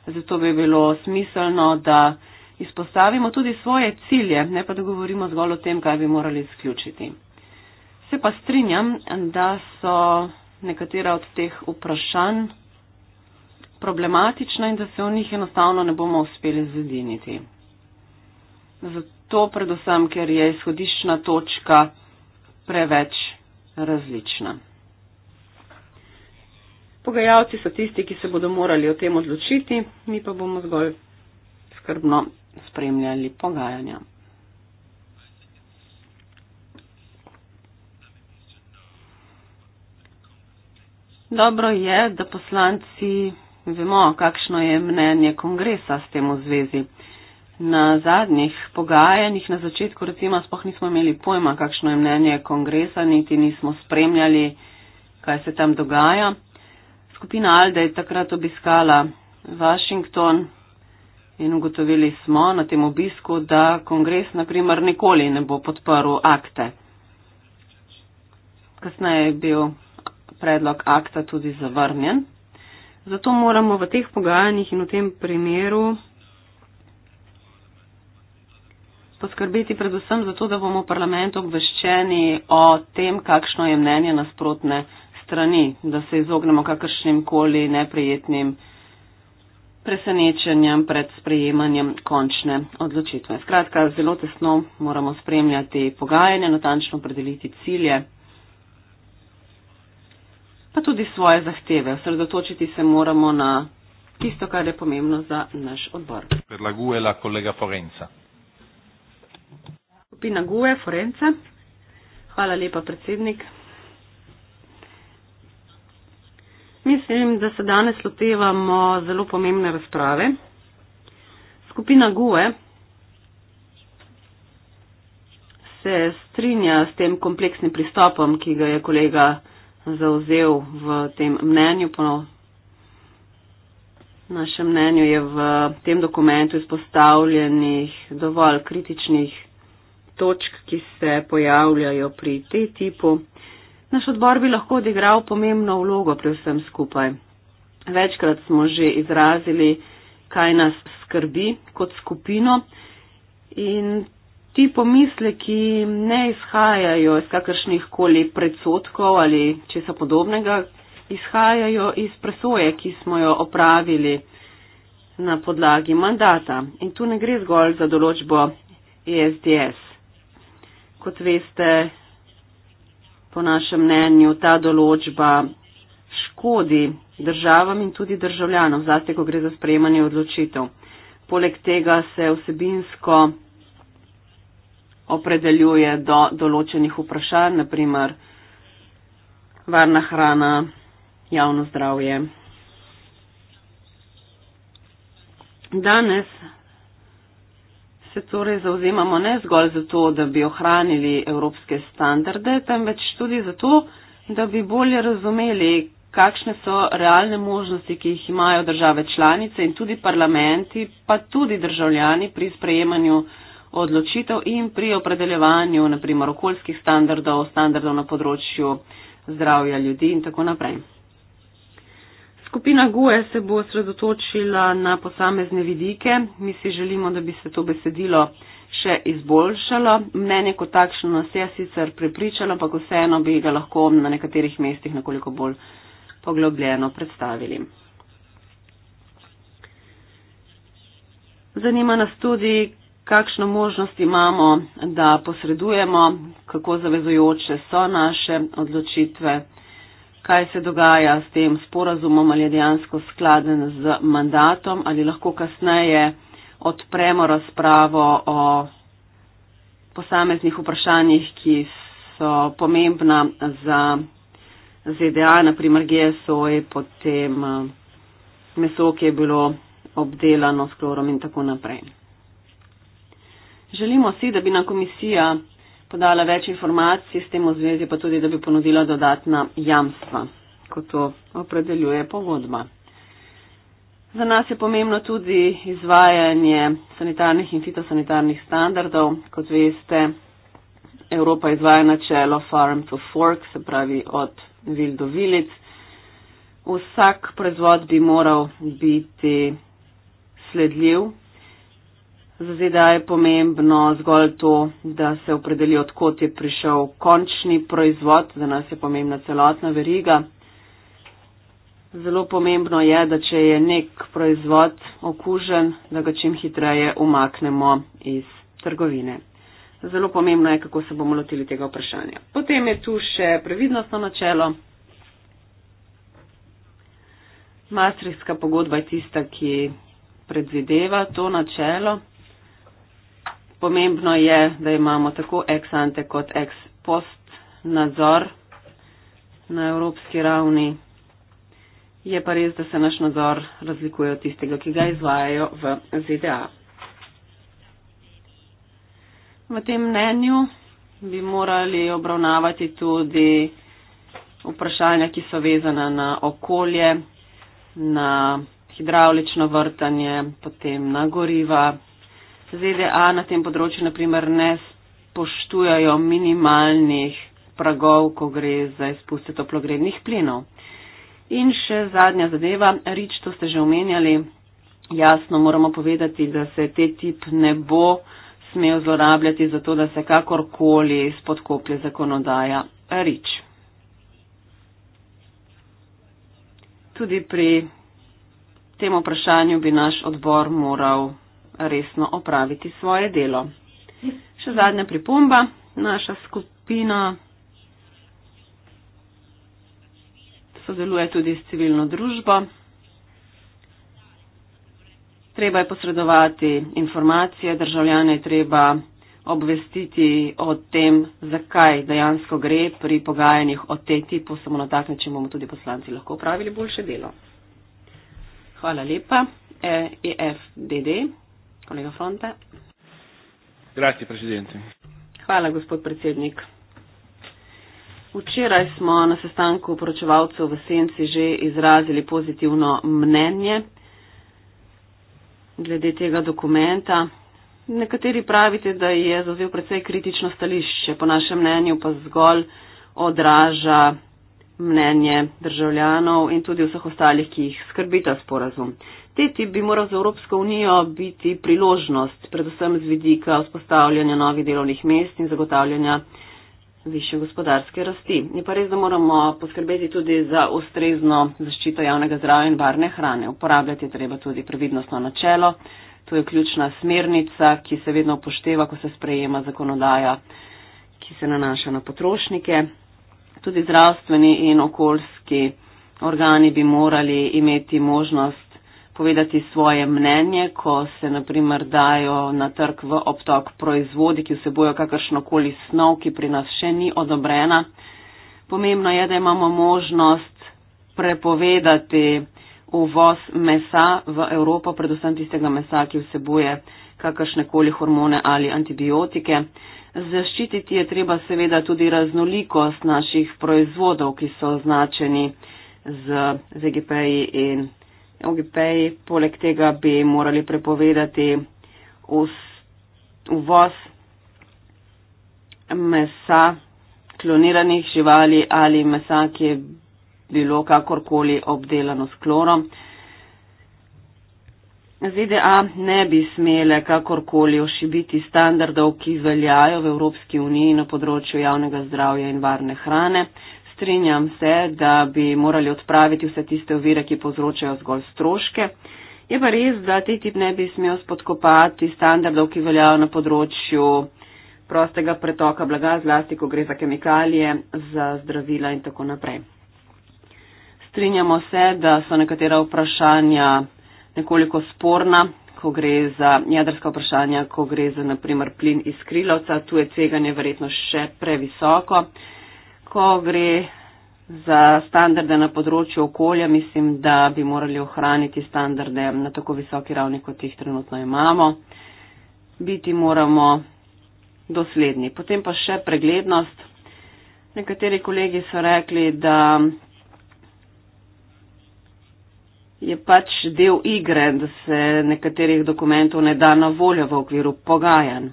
Zato bi bilo smiselno, da izpostavimo tudi svoje cilje, ne pa da govorimo zgolj o tem, kaj bi morali izključiti. Se pa strinjam, da so nekatera od teh vprašanj problematična in da se v njih enostavno ne bomo uspeli zediniti. Zato predvsem, ker je izhodiščna točka preveč različna. Pogajalci so tisti, ki se bodo morali o tem odločiti, mi pa bomo zgolj skrbno spremljali pogajanja. Dobro je, da poslanci vemo, kakšno je mnenje kongresa s tem v zvezi. Na zadnjih pogajanjih na začetku recimo spoh nismo imeli pojma, kakšno je mnenje kongresa, niti nismo spremljali, kaj se tam dogaja. Skupina Alde je takrat obiskala Washington in ugotovili smo na tem obisku, da kongres naprimer nikoli ne bo podprl akte. Kasneje je bil predlog akta tudi zavrnjen. Zato moramo v teh pogajanjih in v tem primeru poskrbeti predvsem za to, da bomo v parlamentu obveščeni o tem, kakšno je mnenje nasprotne strani, da se izognemo kakršnim koli neprijetnim presenečenjem pred sprejemanjem končne odločitve. Skratka, zelo tesno moramo spremljati pogajanje, natančno predeliti cilje, pa tudi svoje zahteve. Sredotočiti se moramo na tisto, kar je pomembno za naš odbor. Predlaguje la kolega Forenca. Pina Guje, Forence. Hvala lepa, predsednik. Mislim, da se danes lotevamo zelo pomembne razprave. Skupina GUE se strinja s tem kompleksnim pristopom, ki ga je kolega zauzel v tem mnenju. Po našem mnenju je v tem dokumentu izpostavljenih dovolj kritičnih točk, ki se pojavljajo pri tej tipu, naš odbor bi lahko odigral pomembno vlogo pri vsem skupaj. Večkrat smo že izrazili, kaj nas skrbi kot skupino in ti pomisle, ki ne izhajajo iz kakršnih koli predsotkov ali česa podobnega, izhajajo iz presoje, ki smo jo opravili na podlagi mandata. In tu ne gre zgolj za določbo ESDS kot veste, po našem mnenju ta določba škodi državam in tudi državljanom, zlasti ko gre za sprejemanje odločitev. Poleg tega se vsebinsko opredeljuje do določenih vprašanj, naprimer varna hrana, javno zdravje. Danes se torej zauzemamo ne zgolj zato, da bi ohranili evropske standarde, temveč tudi zato, da bi bolje razumeli, kakšne so realne možnosti, ki jih imajo države članice in tudi parlamenti, pa tudi državljani pri sprejemanju odločitev in pri opredeljevanju naprimer okoljskih standardov, standardov na področju zdravja ljudi in tako naprej skupina GUE se bo sredotočila na posamezne vidike. Mi si želimo, da bi se to besedilo še izboljšalo. Mnenje kot takšno nas je sicer prepričalo, ampak vseeno bi ga lahko na nekaterih mestih nekoliko bolj poglobljeno predstavili. Zanima nas tudi, kakšno možnost imamo, da posredujemo, kako zavezujoče so naše odločitve kaj se dogaja s tem sporazumom, ali je dejansko skladen z mandatom, ali lahko kasneje odpremo razpravo o posameznih vprašanjih, ki so pomembna za ZDA, naprimer GSOE, potem eh, meso, ki je bilo obdelano s klorom in tako naprej. Želimo si, da bi na komisija podala več informacij s tem v zvezi, pa tudi, da bi ponudila dodatna jamstva, kot to opredeljuje pogodba. Za nas je pomembno tudi izvajanje sanitarnih in fitosanitarnih standardov. Kot veste, Evropa izvaja načelo farm to fork, se pravi od vil do vilic. Vsak proizvod bi moral biti sledljiv Za ZDA je pomembno zgolj to, da se opredeli, odkot je prišel končni proizvod, za nas je pomembna celotna veriga. Zelo pomembno je, da če je nek proizvod okužen, da ga čim hitreje umaknemo iz trgovine. Zelo pomembno je, kako se bomo lotili tega vprašanja. Potem je tu še previdnostno načelo. Maastrichtska pogodba je tista, ki predvideva to načelo. Pomembno je, da imamo tako ex ante kot ex post nadzor na evropski ravni. Je pa res, da se naš nadzor razlikuje od tistega, ki ga izvajajo v ZDA. V tem mnenju bi morali obravnavati tudi vprašanja, ki so vezana na okolje, na hidravlično vrtanje, potem na goriva, ZDA na tem področju naprimer ne spoštujajo minimalnih pragov, ko gre za izpuste toplogrednih plinov. In še zadnja zadeva, Rič, to ste že omenjali, jasno moramo povedati, da se te tip ne bo smel zlorabljati za to, da se kakorkoli spodkoplje zakonodaja Rič. Tudi pri tem vprašanju bi naš odbor moral resno opraviti svoje delo. Še zadnja pripomba. Naša skupina sodeluje tudi s civilno družbo. Treba je posredovati informacije, državljane je treba obvestiti o tem, zakaj dejansko gre pri pogajanjih o tej tipu, samo na tak način bomo tudi poslanci lahko opravili boljše delo. Hvala lepa. EFDD. E, e Kolega Fonta. Grazie, predsednik. Hvala, gospod predsednik. Včeraj smo na sestanku poročevalcev v Senci že izrazili pozitivno mnenje glede tega dokumenta. Nekateri pravite, da je zauzel precej kritično stališče, po našem mnenju pa zgolj odraža mnenje državljanov in tudi vseh ostalih, ki jih skrbi ta sporazum. TTIP bi moral za Evropsko unijo biti priložnost, predvsem z vidika vzpostavljanja novih delovnih mest in zagotavljanja više gospodarske rasti. Je pa res, da moramo poskrbeti tudi za ustrezno zaščito javnega zdravja in varne hrane. Uporabljati je treba tudi previdnostno načelo. To je ključna smernica, ki se vedno upošteva, ko se sprejema zakonodaja, ki se nanaša na potrošnike. Tudi zdravstveni in okoljski organi bi morali imeti možnost povedati svoje mnenje, ko se naprimer dajo na trg v obtok proizvodi, ki vsebojo kakršnokoli snov, ki pri nas še ni odobrena. Pomembno je, da imamo možnost prepovedati uvoz mesa v Evropo, predvsem tistega mesa, ki vseboje kakršnekoli hormone ali antibiotike. Zaščititi je treba seveda tudi raznolikost naših proizvodov, ki so označeni z ZGP-ji in. OGP-ji, poleg tega bi morali prepovedati uvoz mesa kloniranih živali ali mesa, ki je bilo kakorkoli obdelano s klorom. ZDA ne bi smele kakorkoli ošibiti standardov, ki veljajo v Evropski uniji na področju javnega zdravja in varne hrane strinjam se, da bi morali odpraviti vse tiste ovire, ki povzročajo zgolj stroške. Je pa res, da ti tip ne bi smel spodkopati standardov, ki veljajo na področju prostega pretoka blaga, zlasti, ko gre za kemikalije, za zdravila in tako naprej. Strinjamo se, da so nekatera vprašanja nekoliko sporna, ko gre za jedrska vprašanja, ko gre za naprimer plin iz krilovca, tu je tveganje verjetno še previsoko ko gre za standarde na področju okolja, mislim, da bi morali ohraniti standarde na tako visoki ravni, kot jih trenutno imamo. Biti moramo dosledni. Potem pa še preglednost. Nekateri kolegi so rekli, da je pač del igre, da se nekaterih dokumentov ne da na voljo v okviru pogajanj.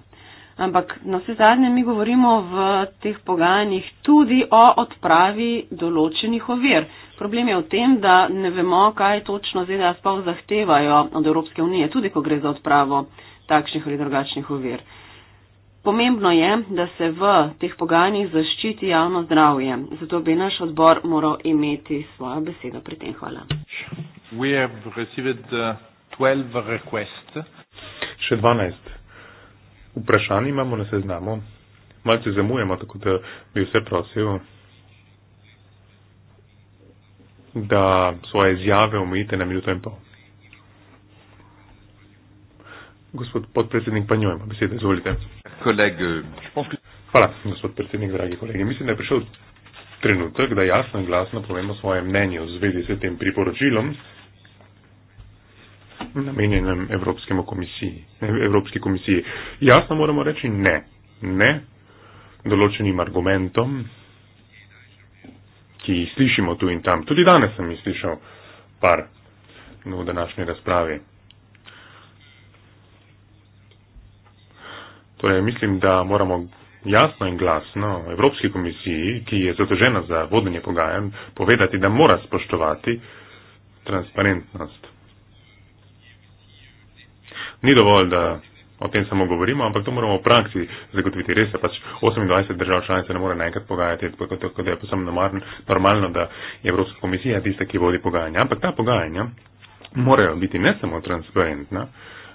Ampak na vse zadnje mi govorimo v teh pogajanjih tudi o odpravi določenih ovir. Problem je v tem, da ne vemo, kaj točno ZDA sploh zahtevajo od Evropske unije, tudi ko gre za odpravo takšnih ali drugačnih ovir. Pomembno je, da se v teh pogajanjih zaščiti javno zdravje. Zato bi naš odbor moral imeti svojo besedo pri tem. Hvala. Uh, Še 12 vprašanj imamo na seznamu. Malce zamujamo, tako da bi vse prosil, da svoje izjave omejite na minuto in pol. Gospod podpredsednik, pa njojmo besede, izvolite. Eh, Hvala, gospod predsednik, dragi kolegi. Mislim, da je prišel trenutek, da jasno in glasno povemo svoje mnenje v zvezi s tem priporočilom, namenjenem Evropskemu komisiji, Evropski komisiji. Jasno moramo reči ne, ne določenim argumentom, ki jih slišimo tu in tam. Tudi danes sem jih slišal par no, v današnji razpravi. Torej, mislim, da moramo jasno in glasno Evropski komisiji, ki je zadolžena za vodenje pogajanj, povedati, da mora spoštovati transparentnost ni dovolj, da o tem samo govorimo, ampak to moramo v praksi zagotoviti. Res je, pač 28 držav članice ne more naenkrat pogajati, tako da je posem normalno, da je Evropska komisija tista, ki vodi pogajanja. Ampak ta pogajanja morajo biti ne samo transparentna,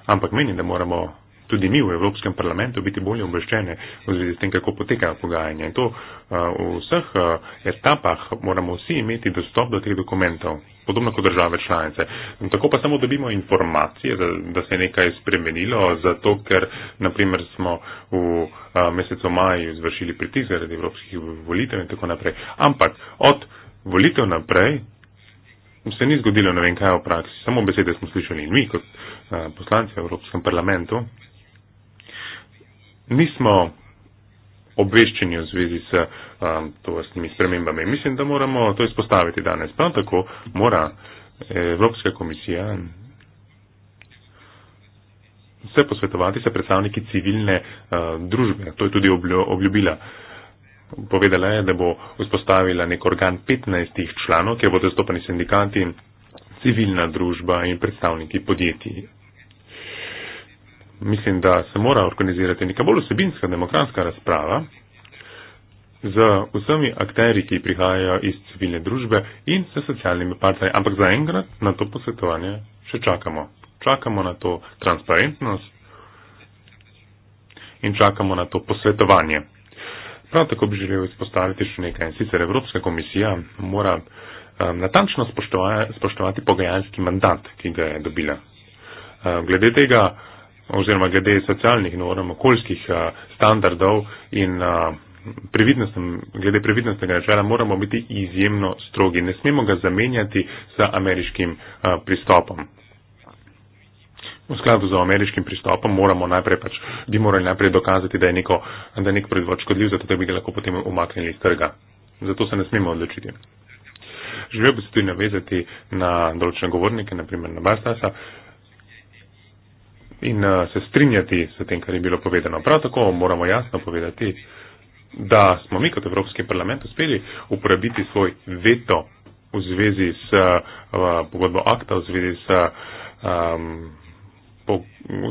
ampak meni, da moramo tudi mi v Evropskem parlamentu biti bolje obveščene v zvezi s tem, kako potekajo pogajanja. In to eh, v vseh eh, etapah moramo vsi imeti dostop do teh dokumentov, podobno kot države članice. In tako pa samo dobimo informacije, da, da se je nekaj spremenilo, zato ker naprimer smo v eh, mesecu maju izvršili pritisk zaradi evropskih volitev in tako naprej. Ampak od volitev naprej. Se ni zgodilo, ne vem kaj v praksi, samo besede smo slišali in mi kot poslanci v Evropskem parlamentu, nismo obveščeni v zvezi s um, tovrstnimi spremembami. Mislim, da moramo to izpostaviti danes. Prav tako mora Evropska komisija se posvetovati s predstavniki civilne uh, družbe. To je tudi obljubila. Povedala je, da bo vzpostavila nek organ 15 članov, kjer bodo zastopani sindikati, civilna družba in predstavniki podjetij mislim, da se mora organizirati neka bolj osebinska demokratska razprava z vsemi akteri, ki prihajajo iz civilne družbe in s socialnimi partnerji. Ampak zaenkrat na to posvetovanje še čakamo. Čakamo na to transparentnost in čakamo na to posvetovanje. Prav tako bi želel izpostaviti še nekaj in sicer Evropska komisija mora um, natančno spoštovati pogajalski mandat, ki ga je dobila. Um, glede tega, oziroma glede socialnih norm, okoljskih standardov in glede previdnostnega načela moramo biti izjemno strogi. Ne smemo ga zamenjati z ameriškim pristopom. V skladu z ameriškim pristopom moramo najprej pač, bi morali najprej dokazati, da je, neko, da je nek proizvod škodljiv, zato da bi ga lahko potem umaknili iz trga. Zato se ne smemo odločiti. Želel bi se tudi navezati na določene govornike, naprimer na Bastasa, uh, in uh, se strinjati s tem, kar je bilo povedano. Prav tako moramo jasno povedati, da smo mi kot Evropski parlament uspeli uporabiti svoj veto v zvezi s uh, pogodbo akta, v zvezi s um, po,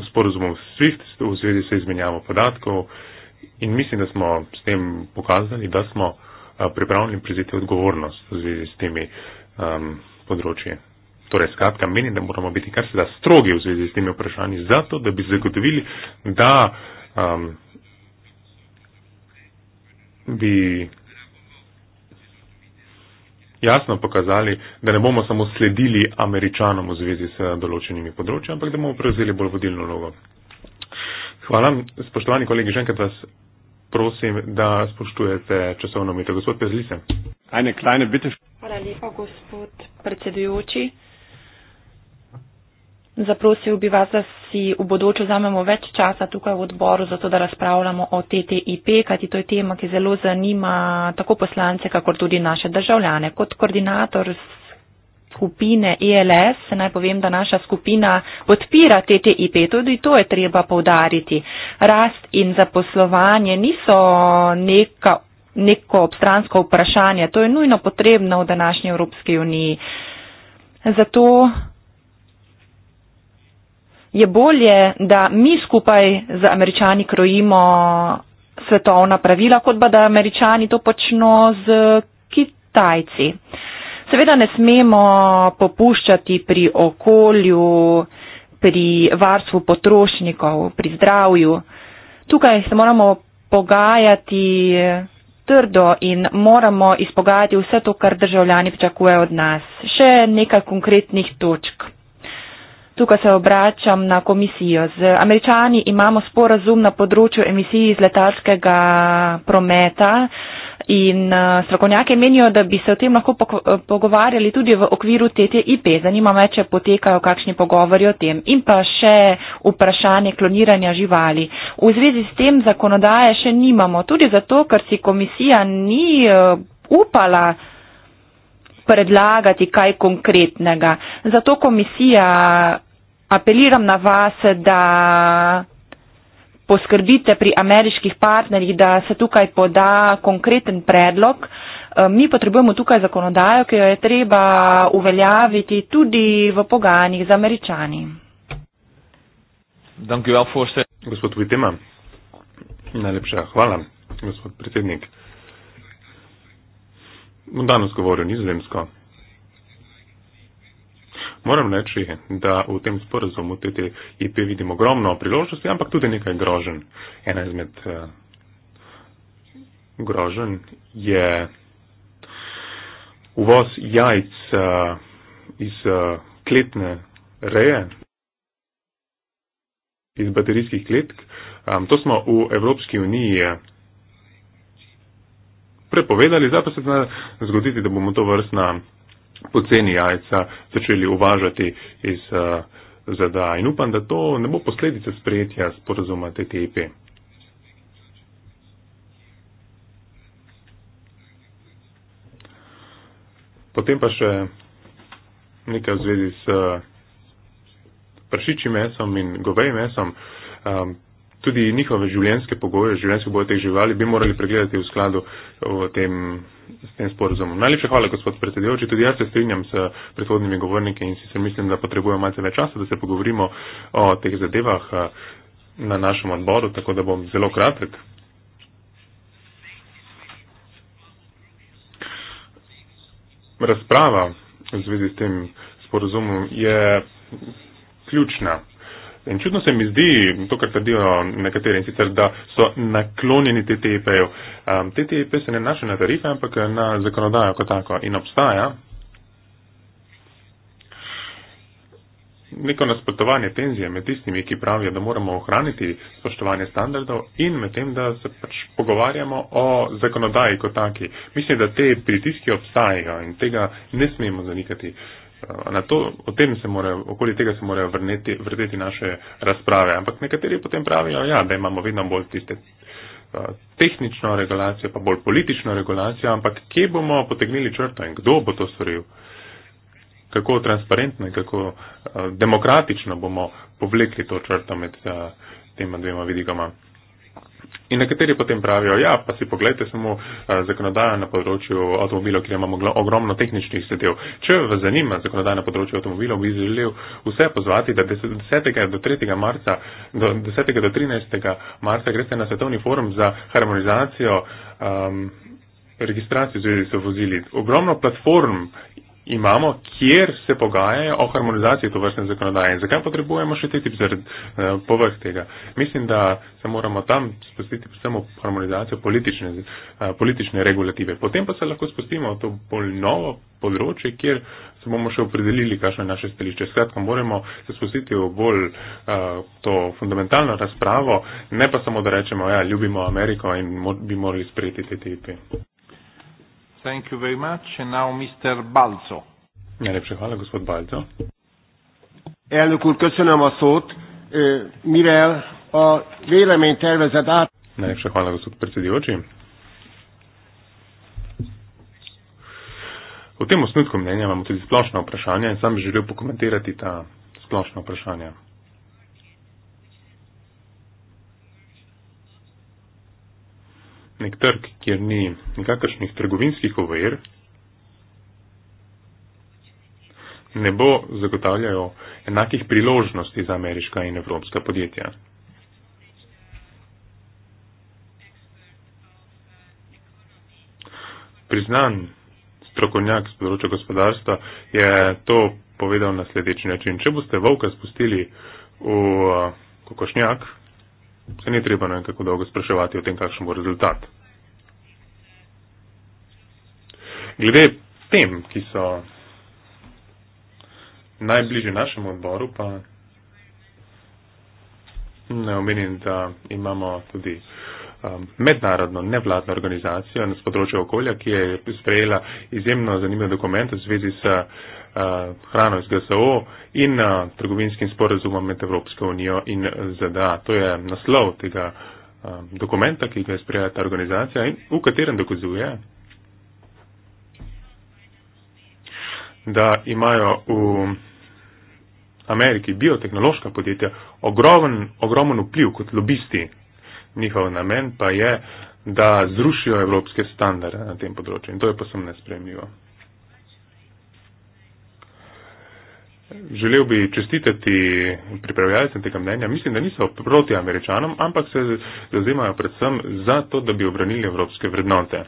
sporozumom SWIFT, v zvezi s izmenjavo podatkov in mislim, da smo s tem pokazali, da smo uh, pripravljeni prizeti odgovornost v zvezi s temi um, področji. Torej, skratka, menim, da moramo biti kar se da strogi v zvezi s temi vprašanji, zato da bi zagotovili, da um, bi jasno pokazali, da ne bomo samo sledili američanom v zvezi s določenimi področji, ampak da bomo prevzeli bolj vodilno vlogo. Hvala, spoštovani kolegi, že enkrat vas prosim, da spoštujete časovno mito. Gospod Pezlise. Hvala lepa, gospod predsedujoči. Zaprosil bi vas, da si v bodoče vzamemo več časa tukaj v odboru, zato da razpravljamo o TTIP, kajti to je tema, ki zelo zanima tako poslance, kakor tudi naše državljane. Kot koordinator skupine ELS se naj povem, da naša skupina podpira TTIP, tudi to je treba povdariti. Rast in zaposlovanje niso neka, neko obstransko vprašanje, to je nujno potrebno v današnji Evropski uniji. Zato je bolje, da mi skupaj z američani krojimo svetovna pravila, kot pa da američani to počno z Kitajci. Seveda ne smemo popuščati pri okolju, pri varstvu potrošnikov, pri zdravju. Tukaj se moramo pogajati trdo in moramo izpogajati vse to, kar državljani pričakujejo od nas. Še nekaj konkretnih točk. Tukaj se obračam na komisijo. Z američani imamo sporazum na področju emisij iz letalskega prometa in eh, strokovnjake menijo, da bi se o tem lahko eh, pogovarjali tudi v okviru TTIP. Zanima me, če potekajo kakšni pogovori o tem. In pa še vprašanje kloniranja živali. V zvezi s tem zakonodaje še nimamo, tudi zato, ker si komisija ni eh, upala predlagati kaj konkretnega. Zato komisija apeliram na vas, da poskrbite pri ameriških partnerjih, da se tukaj poda konkreten predlog. Eh, mi potrebujemo tukaj zakonodajo, ki jo je treba uveljaviti tudi v pogajanjih z američani. Gospod Vitema, najlepša hvala, gospod predsednik. Bom danes govoril nizozemsko. Moram reči, da v tem sporazumu TTIP vidim ogromno priložnosti, ampak tudi nekaj grožen. Ena izmed uh, eh, grožen je uvoz jajc uh, iz uh, kletne reje, iz baterijskih kletk. Um, to smo v Evropski uniji prepovedali, zato se zna zgoditi, da bomo to vrstna poceni jajca začeli uvažati iz uh, eh, ZDA in upam, da to ne bo posledica sprejetja sporozuma TTIP. E Potem pa še nekaj v zvezi s eh, prašičjim mesom in govejim mesom. Um, tudi njihove življenjske pogoje, življenjske pogoje teh živali bi morali pregledati v skladu v tem, s tem sporozumom. Najlepša hvala, gospod predsedujoči. Tudi jaz se strinjam s predhodnimi govorniki in sicer mislim, da potrebujemo malce več časa, da se pogovorimo o teh zadevah na našem odboru, tako da bom zelo kratek. Razprava v zvezi s tem sporozumom je ključna. In čudno se mi zdi, to kar trdijo nekateri in sicer, da so naklonjeni TTIP-ju. E um, TTIP e se ne naša na tarife, ampak na zakonodajo kot tako in obstaja. Neko nasprotovanje tenzije med tistimi, ki pravijo, da moramo ohraniti spoštovanje standardov in med tem, da se pač pogovarjamo o zakonodaji kot taki. Mislim, da te pritiski obstajajo in tega ne smemo zanikati. Uh, Eh, na to, o tem se morajo, okoli tega se morajo vrneti, vrteti naše razprave. Ampak nekateri potem pravijo, ja, da imamo vedno bolj tiste eh, tehnično regulacijo, pa bolj politično regulacijo, ampak kje bomo potegnili črto in kdo bo to storil? Kako transparentno in kako eh, demokratično bomo povlekli to črto med tema dvema vidikoma? In nekateri potem pravijo, ja, pa si pogledajte samo eh, zakonodajo na področju avtomobilov, kjer imamo ogromno tehničnih sedel. Če vas zanima zakonodajo na področju avtomobilov, bi želel vse pozvati, da 10. do 3. marca, do 10. do 13. marca greste na svetovni forum za harmonizacijo. Um, ehm, registracijo zvezi so vozili. Ogromno platform imamo, kjer se pogajajo o harmonizaciji to vrstne zakonodaje. In zakaj potrebujemo še TTIP zaradi eh, povrh tega? Mislim, da se moramo tam spustiti predvsem v harmonizacijo politične, eh, politične regulative. Potem pa se lahko spustimo v to bolj novo področje, kjer se bomo še opredelili, kakšno je naše stališče. Skratka, moramo se spustiti v bolj eh, to fundamentalno razpravo, ne pa samo, da rečemo, ja, ljubimo Ameriko in bi morali sprejeti TTIP. Thank you very much. Now Mr. Balzo. Najlepša hvala, gospod Balzo. Elnök úr, köszönöm a szót. Mivel a vélemény tervezet át... Najlepša hvala, gospod predsedujoči. V tem osnutku mnenja imamo tudi splošna vprašanja in sam bi želel pokomentirati ta splošna vprašanja. nek trg, kjer ni nikakršnih trgovinskih ovir, ne bo zagotavljajo enakih priložnosti za ameriška in evropska podjetja. Priznan strokovnjak z področja gospodarstva je to povedal na sledeči način. Če boste volka spustili v eh, kokošnjak, se ni treba ne tako dolgo spraševati o tem, kakšen bo rezultat. Glede tem, ki so najbližje našemu odboru, pa ne omenim, da imamo tudi um, mednarodno nevladno organizacijo na področju okolja, ki je sprejela izjemno zanimiv dokument v zvezi s uh, Eh, hrano iz GSO in uh, trgovinskim sporazumom med Evropsko unijo in ZDA. To je naslov tega uh, dokumenta, ki ga je sprejela ta organizacija in v katerem dokazuje, da imajo v Ameriki biotehnološka podjetja ogromen, ogromen vpliv kot lobisti. Njihov namen pa je, da zrušijo evropske standarde na tem področju in to je posebno nespremljivo. Želel bi čestitati pripravljalcem tega mnenja. Mislim, da niso proti američanom, ampak se zauzemajo predvsem za to, da bi obranili evropske vrednote.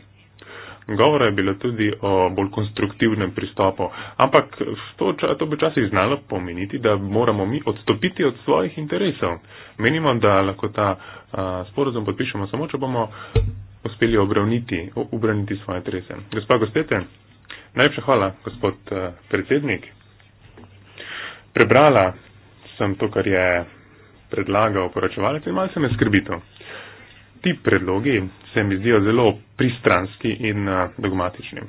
Govora je bilo tudi o bolj konstruktivnem pristopu, ampak to, to bi časi znalo pomeniti, da moramo mi odstopiti od svojih interesov. Menimo, da lahko ta a, sporozum podpišemo samo, če bomo uspeli obravniti, obraniti svoje interese. Gospa Gostete, najlepša hvala, gospod a, predsednik prebrala sem to, kar je predlagal poročevalec in malce me skrbi to. Ti predlogi se mi zdijo zelo pristranski in eh, dogmatični.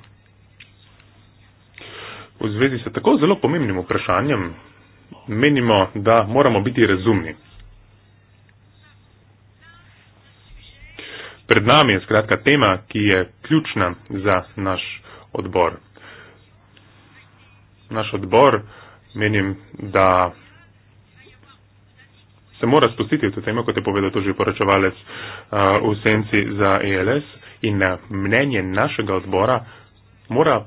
V zvezi s tako zelo pomembnim vprašanjem menimo, da moramo biti razumni. Pred nami je skratka tema, ki je ključna za naš odbor. Naš odbor menim, da se mora spustiti v to temo, kot je povedal tudi poročevalec uh, v senci za ELS in eh, mnenje našega odbora mora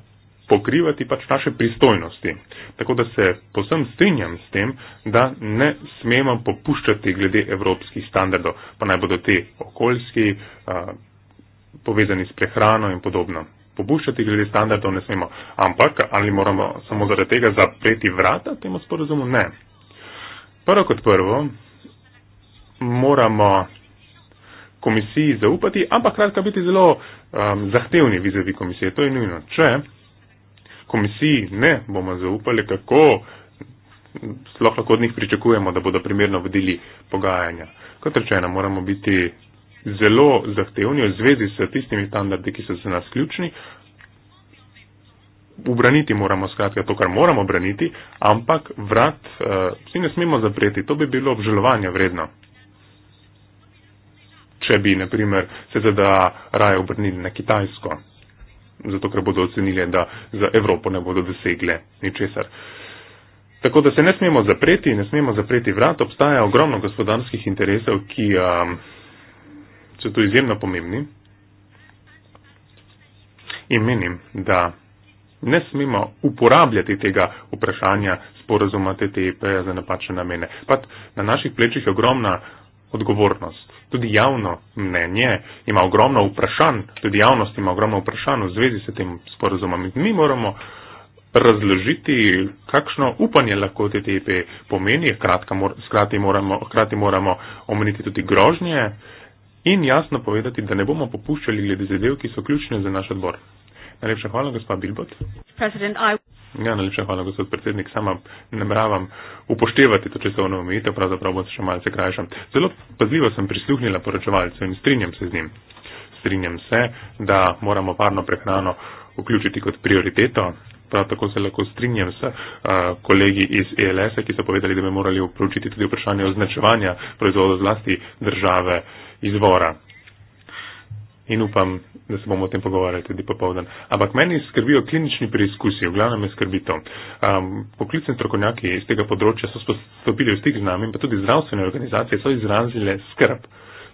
pokrivati pač naše pristojnosti. Tako da se posem strinjam s tem, da ne smemo popuščati glede evropskih standardov, pa naj bodo te okoljski, uh, povezani s prehrano in podobno popuščati glede standardov ne smemo. Ampak ali moramo samo zaradi tega zapreti vrata temu sporozumu? Ne. Prvo kot prvo moramo komisiji zaupati, ampak kratka biti zelo um, zahtevni vizavi komisije. To je nujno. Če komisiji ne bomo zaupali, kako sploh lahko od njih pričakujemo, da bodo primerno vodili pogajanja. Kot rečeno, moramo biti zelo zahtevni v zvezi s tistimi standardi, ki so za nas ključni. Ubraniti moramo skratka to, kar moramo braniti, ampak vrat uh, si ne smemo zapreti. To bi bilo obžalovanja vredno. Če bi, na primer, se ZDA raje obrnili na Kitajsko, zato ker bodo ocenili, da za Evropo ne bodo dosegle ničesar. Tako da se ne smemo zapreti, ne smemo zapreti vrat, obstaja ogromno gospodarskih interesov, ki. Um, so tu izjemno pomembni in menim, da ne smemo uporabljati tega vprašanja sporazuma TTIP-ja za napačne namene. Pa na naših plečih je ogromna odgovornost. Tudi javno mnenje ima ogromno vprašanj, tudi javnost ima ogromno vprašanj v zvezi s tem sporazumom. Mi moramo razložiti, kakšno upanje lahko TTIP pomeni, hkrati mor, moramo, moramo omeniti tudi grožnje, uh, in jasno povedati, da ne bomo popuščali glede zadev, ki so ključne za naš odbor. Najlepša hvala, gospod Bilbot. Ja, najlepša hvala, gospod predsednik. Sama nameravam upoštevati to časovno omejitev, pravzaprav bom se še malce krajšal. Zelo pazljivo sem prisluhnila poročevalcu in strinjam se z njim. Strinjam se, da moramo varno prehrano vključiti kot prioriteto. Prav tako se lahko strinjam s uh, kolegi iz ELS, ki so povedali, da bi morali vključiti tudi vprašanje označevanja proizvodov zlasti države izvora. In upam, da se bomo o tem pogovarjali tudi popovdan. Ampak meni skrbijo klinični preizkusi, v glavnem me skrbi to. Um, poklicni trokonjaki iz tega področja so stopili v stik z nami in pa tudi zdravstvene organizacije so izrazile skrb.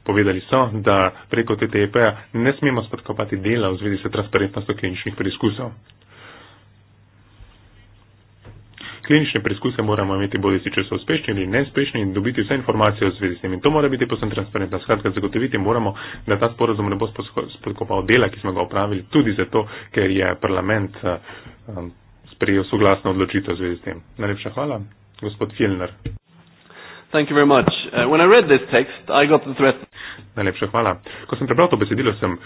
Povedali so, da preko TTIP-a e ne smemo spodkopati dela v zvezi s transparentnostjo kliničnih preizkusov klinične preizkuse moramo imeti bodi si, če so uspešni ali neuspešni in dobiti vse informacije o zvezi s tem. In to mora biti posebno transparentno. Skratka, zagotoviti moramo, da ta sporozum ne bo spodkopal dela, ki smo ga opravili, tudi zato, ker je parlament eh, sprejel soglasno odločitev v zvezi s tem. Najlepša hvala, gospod Filner. Thank you very much. Uh, when I read this text, I got the threat. Najlepša hvala. Ko sem prebral to besedilo, sem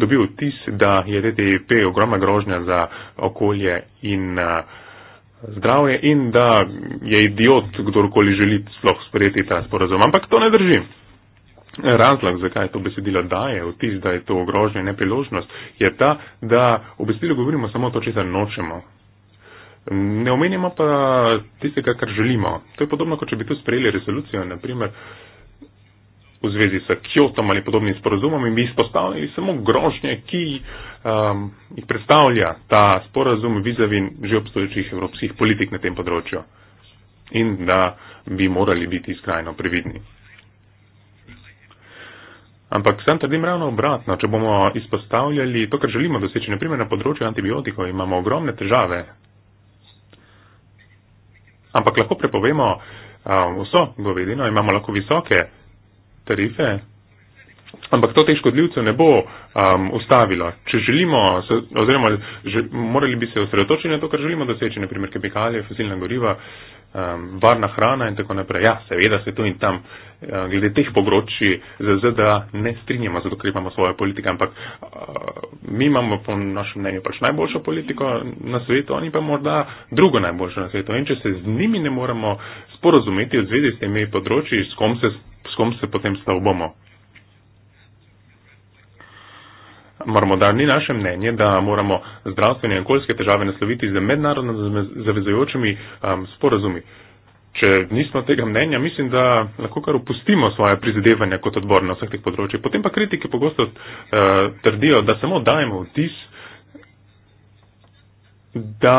dobil tis, da je DTP ogromna grožnja za okolje in uh zdravje in da je idiot, kdorkoli želi sploh sprejeti ta sporazum. Ampak to ne drži. Razlog, zakaj to besedilo daje vtis, da je to ogrožnja in nepriložnost, je ta, da v besedilu govorimo samo to, če se nočemo. Ne omenjamo pa tistega, kar želimo. To je podobno, kot če bi tu sprejeli resolucijo, naprimer, v zvezi s Kyotom ali podobnim sporazumom in bi izpostavili samo grožnje, ki um, jih predstavlja ta sporazum vizavin že obstoječih evropskih politik na tem področju in da bi morali biti skrajno previdni. Ampak sam trdim ravno obratno, če bomo izpostavljali to, kar želimo doseči, naprimer na področju antibiotikov, imamo ogromne težave. Ampak lahko prepovemo um, vso govedino, imamo lahko visoke tarife. Ampak to teh škodljivcev ne bo um, ustavilo. Če želimo, oziroma že, morali bi se osredotočiti na to, kar želimo doseči, naprimer kemikalije, fosilna goriva, um, varna hrana in tako naprej. Ja, seveda se tu in tam uh, glede teh področji za ZDA ne strinjamo, zato ker imamo svojo politiko, ampak uh, mi imamo po našem mnenju pač najboljšo politiko na svetu, oni pa morda drugo najboljšo na svetu. In če se z njimi ne moremo sporozumeti v zvezi s temi področji, s kom se kom se potem stavbamo. Marmodar ni naše mnenje, da moramo zdravstvene in okoljske težave nasloviti z mednarodno zavezojočimi um, sporazumi. Če nismo tega mnenja, mislim, da lahko kar upustimo svoje prizadevanja kot odbor na vseh teh področjih. Potem pa kritiki pogosto uh, trdijo, da samo dajemo vtis, da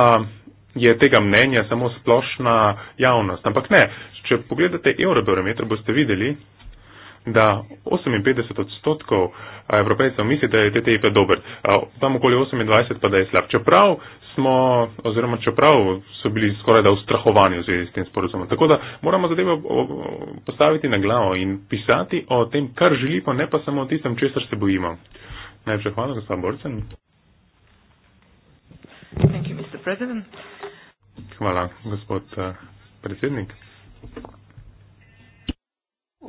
je tega mnenja samo splošna javnost. Ampak ne, Če pogledate eurobarometer, boste videli, da 58 odstotkov evropejcev misli, da je TTIP dober, tam okoli 28 pa da je slab. Čeprav smo, oziroma čeprav so bili skoraj da ustrahovani v zvezi s tem sporozumom. Tako da moramo zadevo postaviti na glavo in pisati o tem, kar želimo, ne pa samo o tistem, česar se bojimo. Najprej hvala, gospod Borcen. Eh, hvala, gospod predsednik.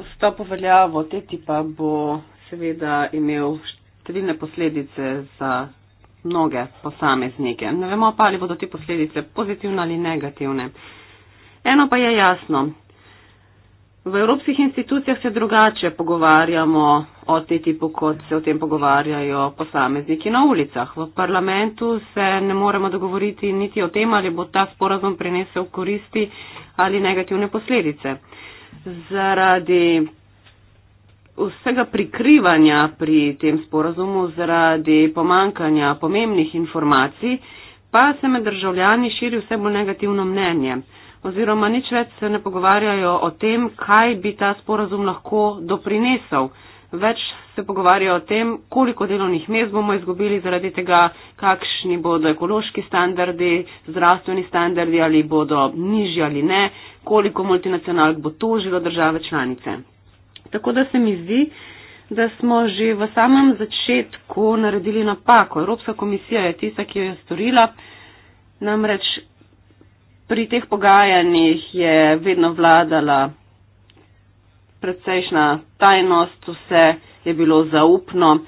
Vstop v veljavo TTIP-a bo seveda imel številne posledice za mnoge posameznike. Ne vemo pa, ali bodo te posledice pozitivne ali negativne. Eno pa je jasno, V evropskih institucijah se drugače pogovarjamo o TTIP-u, kot se o tem pogovarjajo posamezniki na ulicah. V parlamentu se ne moremo dogovoriti niti o tem, ali bo ta sporazum prinesel koristi ali negativne posledice. Zaradi vsega prikrivanja pri tem sporazumu, zaradi pomankanja pomembnih informacij, pa se med državljani širi vse bolj negativno mnenje oziroma nič več se ne pogovarjajo o tem, kaj bi ta sporazum lahko doprinesel. Več se pogovarjajo o tem, koliko delovnih mest bomo izgubili zaradi tega, kakšni bodo ekološki standardi, zdravstveni standardi ali bodo nižji ali ne, koliko multinacionalk bo tožilo države članice. Tako da se mi zdi, da smo že v samem začetku naredili napako. Evropska komisija je tista, ki jo je storila. Namreč pri teh pogajanjih je vedno vladala precejšna tajnost, vse je bilo zaupno,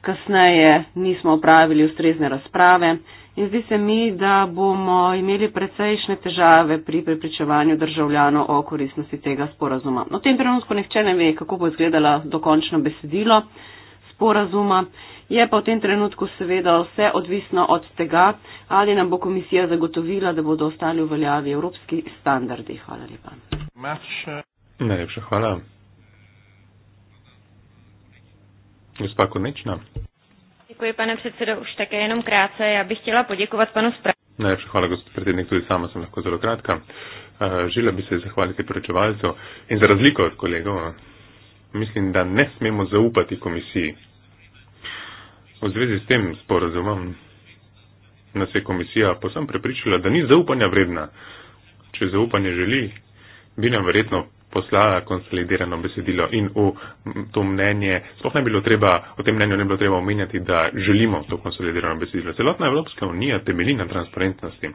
kasneje nismo opravili ustrezne razprave in zdi se mi, da bomo imeli precejšne težave pri prepričevanju državljanov o koristnosti tega sporazuma. No, v tem trenutku nihče ne ve, kako bo izgledala dokončno besedilo sporazuma. Je pa v tem trenutku seveda vse odvisno od tega, ali nam bo komisija zagotovila, da bodo ostali v veljavi evropski standardi. Hvala lepa. Najlepša hvala. Gospa Konečna. Děkuji, pane předsedo, už také jenom krátce. Já bych chtěla poděkovat panu zpravodaji. Najlepša hvala, gospod predsednik, tudi sama sem lahko zelo kratka. Eh, Žila bi se zahvaliti prečevalcu in za razliko od kolegov, eh, mislim, da ne smemo zaupati komisiji. V zvezi s tem sporazumom nas je komisija posem prepričala, da ni zaupanja vredna. Če zaupanje želi, bi nam verjetno poslala konsolidirano besedilo in v to mnenje, sploh ne bilo treba, o tem mnenju ne bilo treba omenjati, da želimo to konsolidirano besedilo. Celotna Evropska unija temelji na transparentnosti.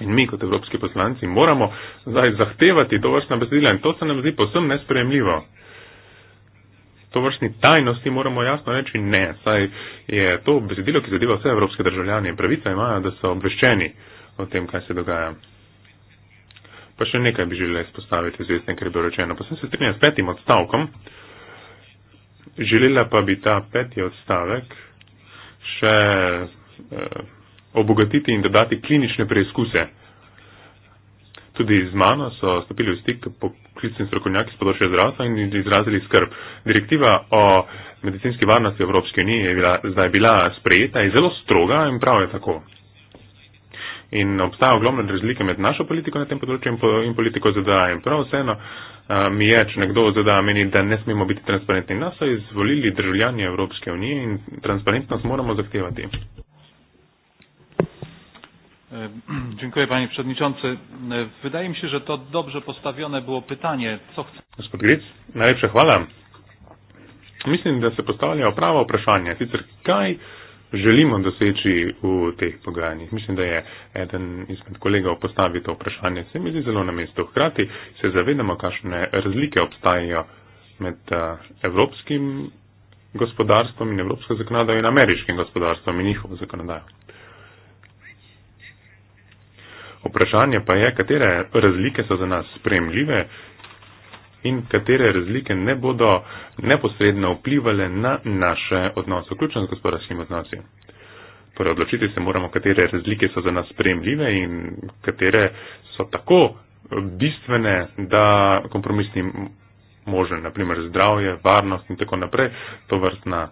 In mi kot evropski poslanci moramo zdaj zahtevati to vrstna besedila in to se nam zdi posem nespremljivo to vrstni tajnosti moramo jasno reči ne. Saj je to besedilo, ki zadeva vse evropske državljane in pravica imajo, da so obveščeni o tem, kaj se dogaja. Pa še nekaj bi želela izpostaviti, zvezdne, ker je bilo rečeno. Pa sem se strinjal s petim odstavkom. Želela pa bi ta peti odstavek še eh, obogatiti in dodati klinične preizkuse. Tudi z mano so stopili v stik poklicni strokovnjaki z področja zdravstva in izrazili skrb. Direktiva o medicinski varnosti Evropske unije je bila, zdaj bila sprejeta, je zelo stroga in prav je tako. In obstaja ogromna razlika med našo politiko na tem področju in, po, in politiko ZDA. In prav vseeno uh, mi je, če nekdo v ZDA meni, da ne smemo biti transparentni. Nas so izvolili državljani Evropske unije in transparentnost moramo zahtevati. Dziękuję panie przewodniczący. Wydaje mi się, że to dobrze postawione było pytanie, co chce. Gospod Gric, najlepsze chwala. Mislim, da se postavlja prava vprašanja, sicer kaj želimo doseči v teh pogajanjih. Mislim, da je eden izmed kolegov postavil to vprašanje, se mi zdi zelo na mestu. Hkrati se zavedamo, kakšne razlike obstajajo med eh, evropskim gospodarstvom in evropsko zakonodajo in ameriškim gospodarstvom in njihovo zakonodajo. Vprašanje pa je, katere razlike so za nas spremljive in katere razlike ne bodo neposredno vplivale na naše odnose, vključno z gospodarskimi odnosi. Torej, odločiti se moramo, katere razlike so za nas spremljive in katere so tako bistvene, da kompromisni možen, naprimer zdravje, varnost in tako naprej, to vrstna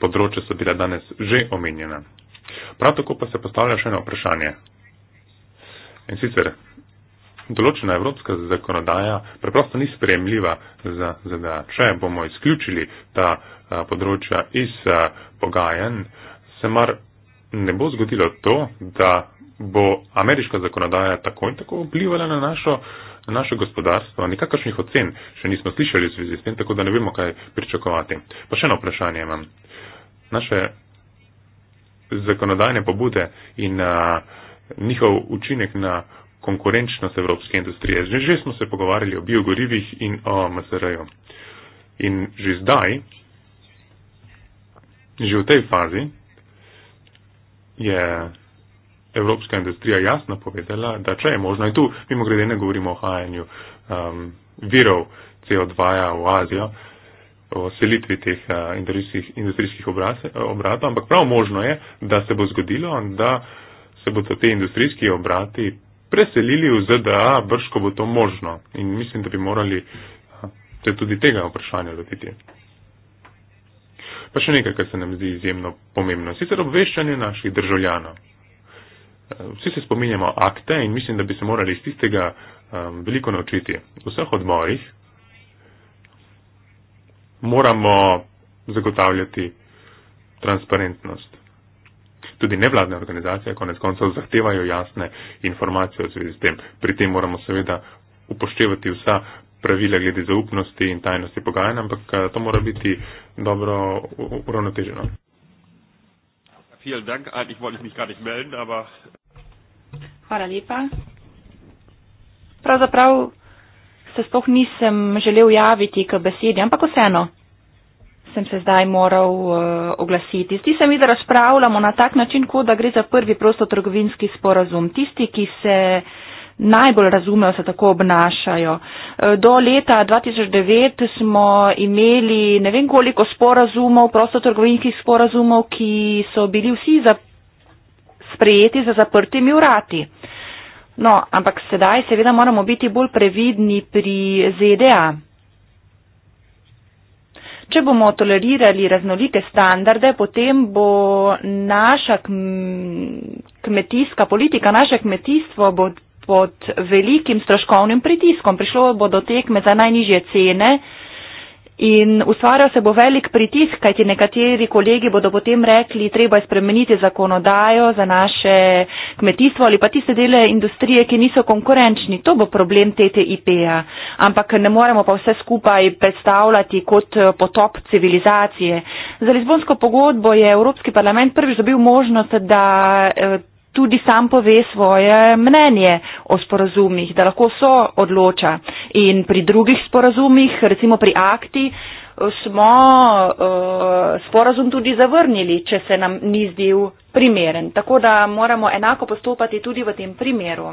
področja so bila danes že omenjena. Prav tako pa se postavlja še eno vprašanje. In sicer določena evropska zakonodaja preprosto ni spremljiva za, za da, če bomo izključili ta a, področja iz a, pogajen, se mar ne bo zgodilo to, da bo ameriška zakonodaja tako in tako vplivala na našo, na našo gospodarstvo. Nikakršnih ocen še nismo slišali v zvezi s tem, tako da ne vemo, kaj pričakovati. Pa še eno vprašanje imam. Naše zakonodajne pobude in a, njihov učinek na konkurenčnost evropske industrije. Že, že smo se pogovarjali o biogorivih in o MSR-ju. In že zdaj, že v tej fazi, je evropska industrija jasno povedala, da če je možno, in tu mimo grede ne govorimo o hajanju um, virov CO2 -ja v Azijo, o selitvi teh uh, industrijskih obratov, ampak prav možno je, da se bo zgodilo, da se bodo te industrijski obrati preselili v ZDA, brško bo to možno. In mislim, da bi morali se tudi tega vprašanja lotiti. Pa še nekaj, kar se nam zdi izjemno pomembno. Sicer obveščanje naših državljanov. Vsi se spominjamo akte in mislim, da bi se morali iz tistega veliko naučiti. V vseh odmorih moramo zagotavljati transparentnost tudi nevladne organizacije konec koncev zahtevajo jasne informacije o zvezi s tem. Pri tem moramo seveda upoštevati vsa pravila glede zaupnosti in tajnosti pogajanja, ampak eh, to mora biti dobro uravnoteženo. Hvala lepa. Pravzaprav se sploh nisem želel javiti k besedi, ampak vseeno sem se zdaj moral uh, oglasiti. Zdi se mi, da razpravljamo na tak način, kot da gre za prvi prostotrgovinski sporazum. Tisti, ki se najbolj razumejo, se tako obnašajo. Eh, do leta 2009 smo imeli ne vem koliko sporazumov, prostotrgovinskih sporazumov, ki so bili vsi za, sprejeti za zaprtimi vrati. No, ampak sedaj seveda moramo biti bolj previdni pri ZDA. Če bomo tolerirali raznolike standarde, potem bo naša kmetijska politika, naše kmetijstvo bo pod velikim stroškovnim pritiskom. Prišlo bo do tekme za najnižje cene. In ustvarjal se bo velik pritisk, kajti nekateri kolegi bodo potem rekli, treba je spremeniti zakonodajo za naše kmetijstvo ali pa tiste dele industrije, ki niso konkurenčni. To bo problem TTIP-a. Ampak ne moremo pa vse skupaj predstavljati kot eh, potop civilizacije. Za Lizbonsko pogodbo je Evropski parlament prvič dobil možnost, da. Eh, tudi sam pove svoje mnenje o sporazumih, da lahko so odloča. In pri drugih sporazumih, recimo pri akti, smo uh, sporazum tudi zavrnili, če se nam ni zdel primeren. Tako da moramo enako postopati tudi v tem primeru.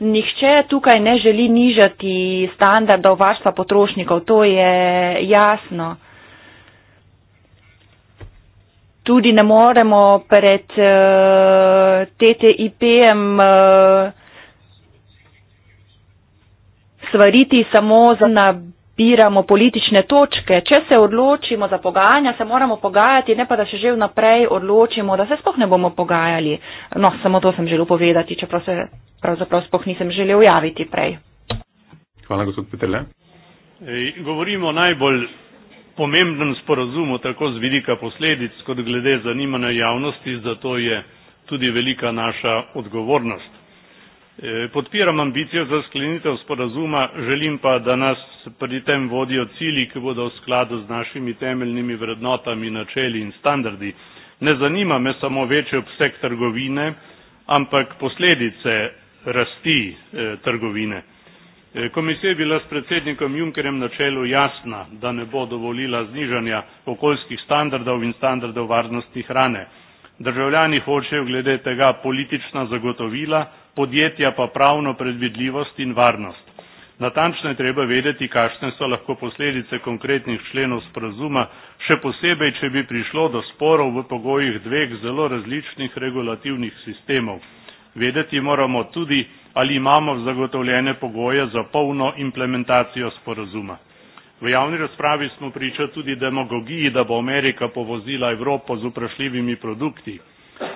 Nihče tukaj ne želi nižati standardov varstva potrošnikov, to je jasno tudi ne moremo pred uh, eh, TTIP-em uh, eh, svariti samo za nabiramo politične točke. Če se odločimo za pogajanja, se moramo pogajati, ne pa da se že vnaprej odločimo, da se spoh ne bomo pogajali. No, samo to sem želel povedati, čeprav se pravzaprav spoh nisem želel javiti prej. Hvala, gospod Petele. Govorimo najbolj pomemben sporazum, tako z vidika posledic, kot glede zanimanja javnosti, zato je tudi velika naša odgovornost. E, podpiram ambicijo za sklenitev sporazuma, želim pa, da nas pri tem vodijo cili, ki bodo v skladu z našimi temeljnimi vrednotami, načeli in standardi. Ne zanima me samo večji obseg trgovine, ampak posledice rasti e, trgovine. E, komisija je bila s predsednikom Junckerjem na čelu jasna, da ne bo dovolila znižanja okoljskih standardov in standardov varnosti hrane. Državljani hočejo glede tega politična zagotovila, podjetja pa pravno predvidljivost in varnost. Natančno je treba vedeti, kakšne so lahko posledice konkretnih členov sporazuma, še posebej, če bi prišlo do sporov v pogojih dveh zelo različnih regulativnih sistemov. Vedeti moramo tudi, ali imamo zagotovljene pogoje za polno implementacijo sporazuma. V javni razpravi smo priča tudi demagogiji, da bo Amerika povozila Evropo z vprašljivimi produkti.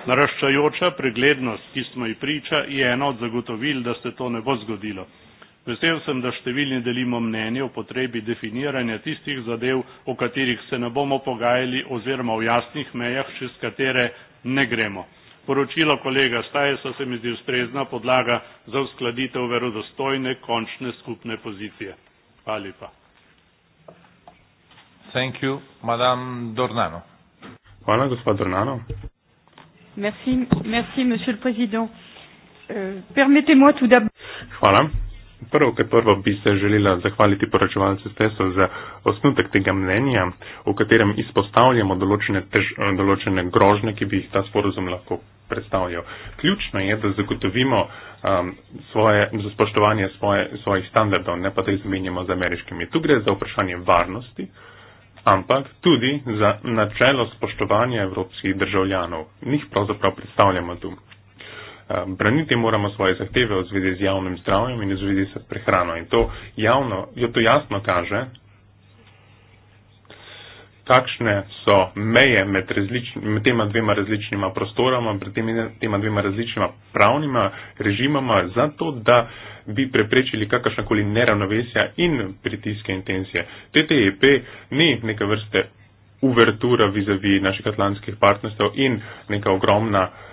Naraščajoča preglednost, ki smo ji priča, je eno od zagotovil, da se to ne bo zgodilo. Vesel sem, da številni delimo mnenje o potrebi definiranja tistih zadev, o katerih se ne bomo pogajali oziroma v jasnih mejah, čez katere ne gremo. Poročilo kolega Stajesa se mi zdi ustrezna podlaga za uskladitev verodostojne končne skupne pozicije. Hvala lepa. Thank you, Madame Dornano. Hvala, gospod Dornano. Merci, merci, monsieur le président. Euh, Permettez-moi tout d'abord. Hvala, Prvo, kar prvo bi se želela zahvaliti poročevalcu STS-u za osnutek tega mnenja, v katerem izpostavljamo določene, tež, določene grožne, ki bi jih ta sporozum lahko predstavljal. Ključno je, da zagotovimo um, svoje, za spoštovanje svoje, svojih standardov, ne pa da jih zamenjamo z ameriškimi. Tu gre za vprašanje varnosti, ampak tudi za načelo spoštovanja evropskih državljanov. Njih pravzaprav predstavljamo tu. Eh, braniti moramo svoje zahteve v zvezi z javnim zdravjem in v zvezi s prehrano. In to javno, jo to jasno kaže, kakšne so meje med, različni, med tema dvema različnima prostoroma, med tema dvema različnima pravnima režimama, zato da bi preprečili kakršnakoli neravnovesja in pritiske in tensije. TTIP e ni neke vrste uvertura vizavi naših atlantskih partnerstv in neka ogromna uh,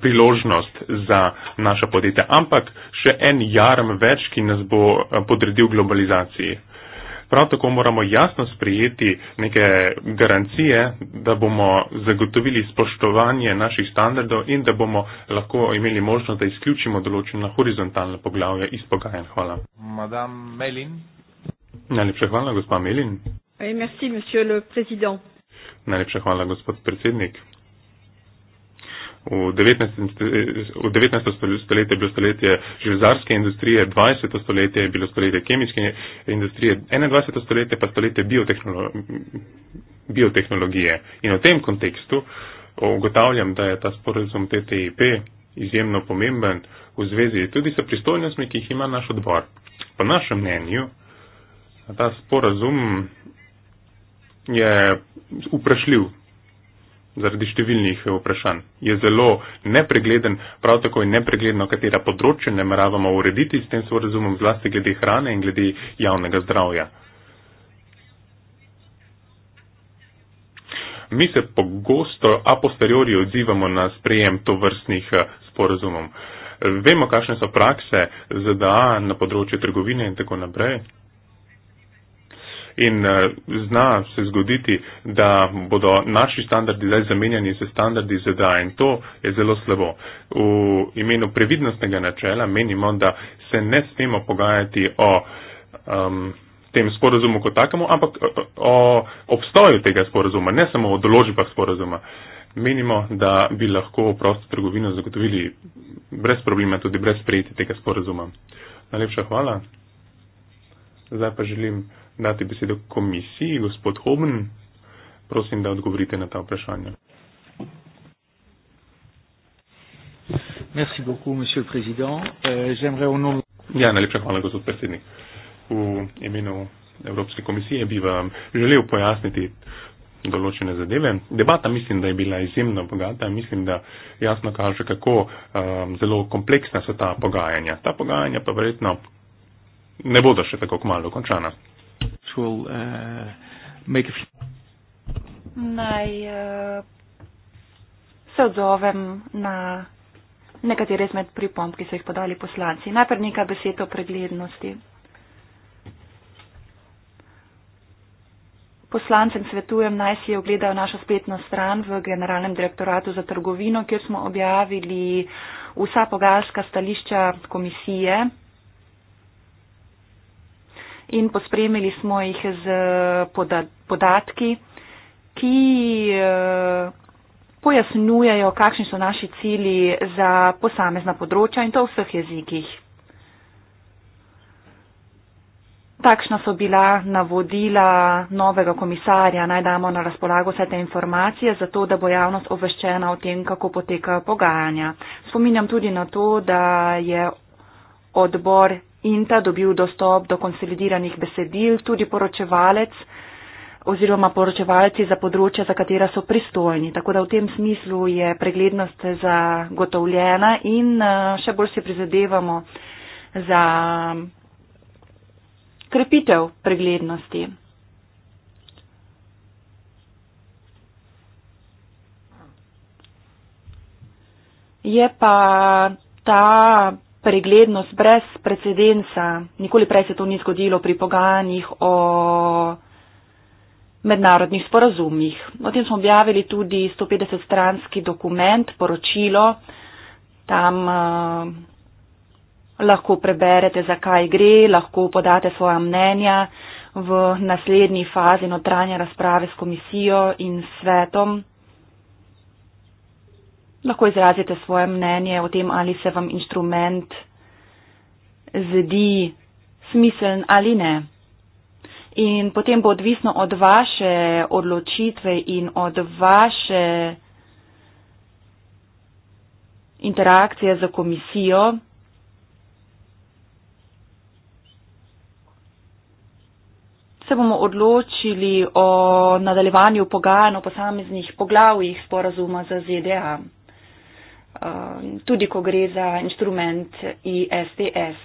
priložnost za naša podjetja, ampak še en jarm več, ki nas bo podredil globalizaciji. Prav tako moramo jasno sprijeti neke garancije, da bomo zagotovili spoštovanje naših standardov in da bomo lahko imeli možnost, da izključimo določena horizontalna poglavja iz pogajanj. Hvala. Najlepša hvala, gospa Melin. Eh, merci, Najlepša hvala, gospod predsednik. V 19. 19. stoletje je bilo stoletje železarske industrije, 20. stoletje je bilo stoletje kemijske industrije, 21. stoletje pa stoletje biotehnolo biotehnologije. In v tem kontekstu ugotavljam, da je ta sporozum TTIP izjemno pomemben v zvezi tudi s pristojnostmi, ki jih ima naš odbor. Po našem mnenju, ta sporozum je uprašljiv zaradi številnih eh, vprašanj. Je zelo nepregleden, prav tako je nepregledno, katera področja nameravamo urediti s tem sporozumom, zlasti glede hrane in glede javnega zdravja. Mi se pogosto a posteriori odzivamo na sprejem to vrstnih eh, sporozumov. Vemo, kakšne so prakse ZDA na področju trgovine in tako naprej in eh, zna se zgoditi, da bodo naši standardi zdaj zamenjani z standardi ZDA in to je zelo slabo. V imenu previdnostnega načela menimo, da se ne smemo pogajati o um, tem sporozumu kot takemu, ampak eh, o obstoju tega sporozuma, ne samo o določbah sporozuma. Menimo, da bi lahko prosto trgovino zagotovili brez problema, tudi brez prijeti tega sporozuma. Najlepša hvala. Zdaj pa želim dati besedo komisiji. Gospod Hoben, prosim, da odgovorite na ta vprašanja. Euh, ja, najlepša hvala, gospod predsednik. V imenu Evropske komisije bi vam želel pojasniti določene zadeve. Debata mislim, da je bila izjemno bogata. Mislim, da jasno kaže, kako um, zelo kompleksna so ta pogajanja. Ta pogajanja pa verjetno ne bodo še tako kmalo končana will uh, make a few. Naj uh, se odzovem na nekatere izmed pripomb, ki so jih podali poslanci. Najprej nekaj besed o preglednosti. Poslancem svetujem naj si ogledajo našo spletno stran v Generalnem direktoratu za trgovino, kjer smo objavili vsa pogajalska stališča komisije in pospremili smo jih z podatki, ki eh, pojasnjujejo, kakšni so naši cilji za posamezna področja in to v vseh jezikih. Takšna so bila navodila novega komisarja, naj damo na razpolago vse te informacije, zato da bo javnost oveščena o tem, kako potekajo pogajanja. Spominjam tudi na to, da je odbor in ta dobil dostop do konsolidiranih besedil, tudi poročevalec oziroma poročevalci za področja, za katera so pristojni. Tako da v tem smislu je preglednost zagotovljena in eh, še bolj si prizadevamo za krepitev preglednosti. Je pa ta preglednost brez precedensa. Nikoli prej se to ni zgodilo pri pogajanjih o mednarodnih sporazumih. O tem smo objavili tudi 150 stranski dokument, poročilo. Tam uh, lahko preberete, zakaj gre, lahko podate svoja mnenja v naslednji fazi notranje razprave s komisijo in svetom lahko izrazite svoje mnenje o tem, ali se vam instrument zdi smiseln ali ne. In potem bo odvisno od vaše odločitve in od vaše interakcije z komisijo, se bomo odločili o nadaljevanju pogajanj o posameznih poglavjih sporazuma za ZDA um, tudi ko gre za inštrument ISDS.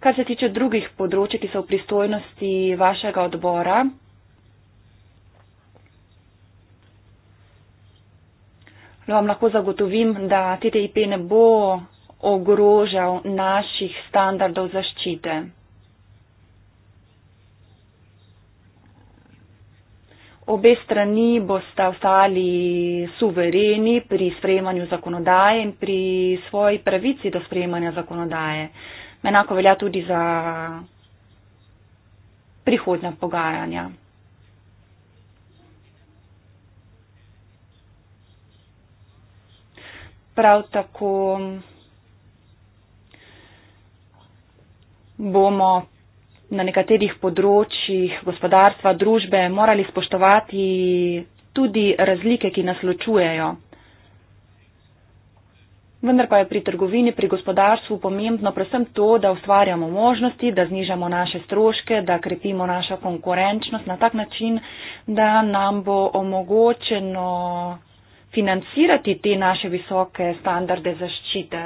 Kar se tiče drugih področji, ki so v pristojnosti vašega odbora, vam lahko zagotovim, da TTIP ne bo ogrožal naših standardov zaščite. obe strani boste ostali suvereni pri sprejemanju zakonodaje in pri svoji pravici do sprejemanja zakonodaje. Enako velja tudi za prihodna pogajanja. Prav tako bomo na nekaterih področjih gospodarstva, družbe morali spoštovati tudi razlike, ki nas ločujejo. Vendar pa je pri trgovini, pri gospodarstvu pomembno predvsem to, da ustvarjamo možnosti, da znižamo naše stroške, da krepimo našo konkurenčnost na tak način, da nam bo omogočeno financirati te naše visoke standarde zaščite.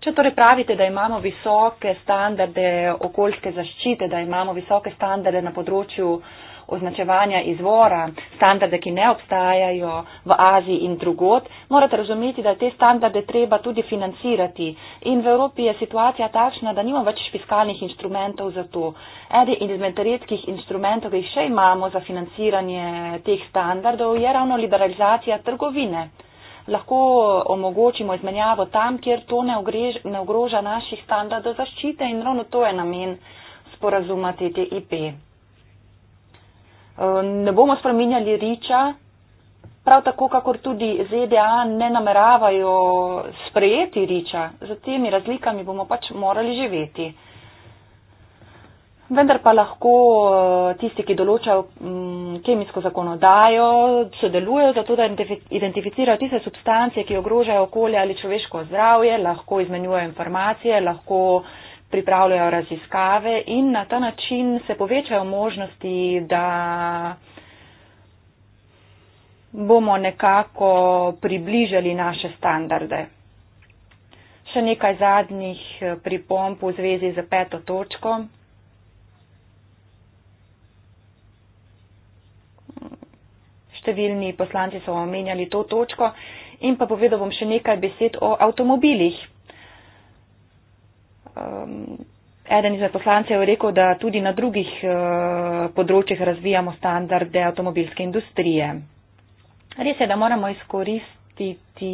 Če torej pravite, da imamo visoke standarde okoljske zaščite, da imamo visoke standarde na področju označevanja izvora, standarde, ki ne obstajajo v Aziji in drugot, morate razumeti, da te standarde treba tudi financirati. In v Evropi je situacija takšna, da nimamo več fiskalnih instrumentov za to. Eden izmed redkih instrumentov, ki jih še imamo za financiranje teh standardov, je ravno liberalizacija trgovine lahko omogočimo izmenjavo tam, kjer to ne, ogrež, ne ogroža naših standardov zaščite in ravno to je namen sporazuma TTIP. Eh, ne bomo spreminjali riča, prav tako, kako tudi ZDA ne nameravajo sprejeti riča, z temi razlikami bomo pač morali živeti. Vendar pa lahko eh, tisti, ki določajo m, mm, kemijsko zakonodajo, sodelujejo zato, da identificirajo tiste substance, ki ogrožajo okolje ali človeško zdravje, lahko izmenjujejo informacije, lahko pripravljajo raziskave in na ta način se povečajo možnosti, da bomo nekako približali naše standarde. Še nekaj zadnjih pripomp v zvezi z peto točko. številni poslanci so omenjali to točko in pa povedal bom še nekaj besed o avtomobilih. Um, eden izmed poslancev je rekel, da tudi na drugih uh, področjih razvijamo standarde avtomobilske industrije. Res je, da moramo izkoristiti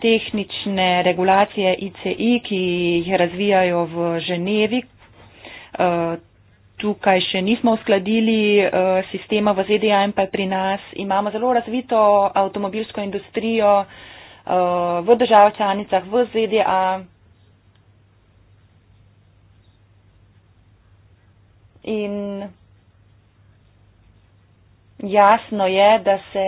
tehnične regulacije ICI, ki jih razvijajo v Ženevi. Uh, tukaj še nismo uskladili eh, sistema v ZDA in pa pri nas. Imamo zelo razvito avtomobilsko industrijo eh, v državah članicah v ZDA. In jasno je, da se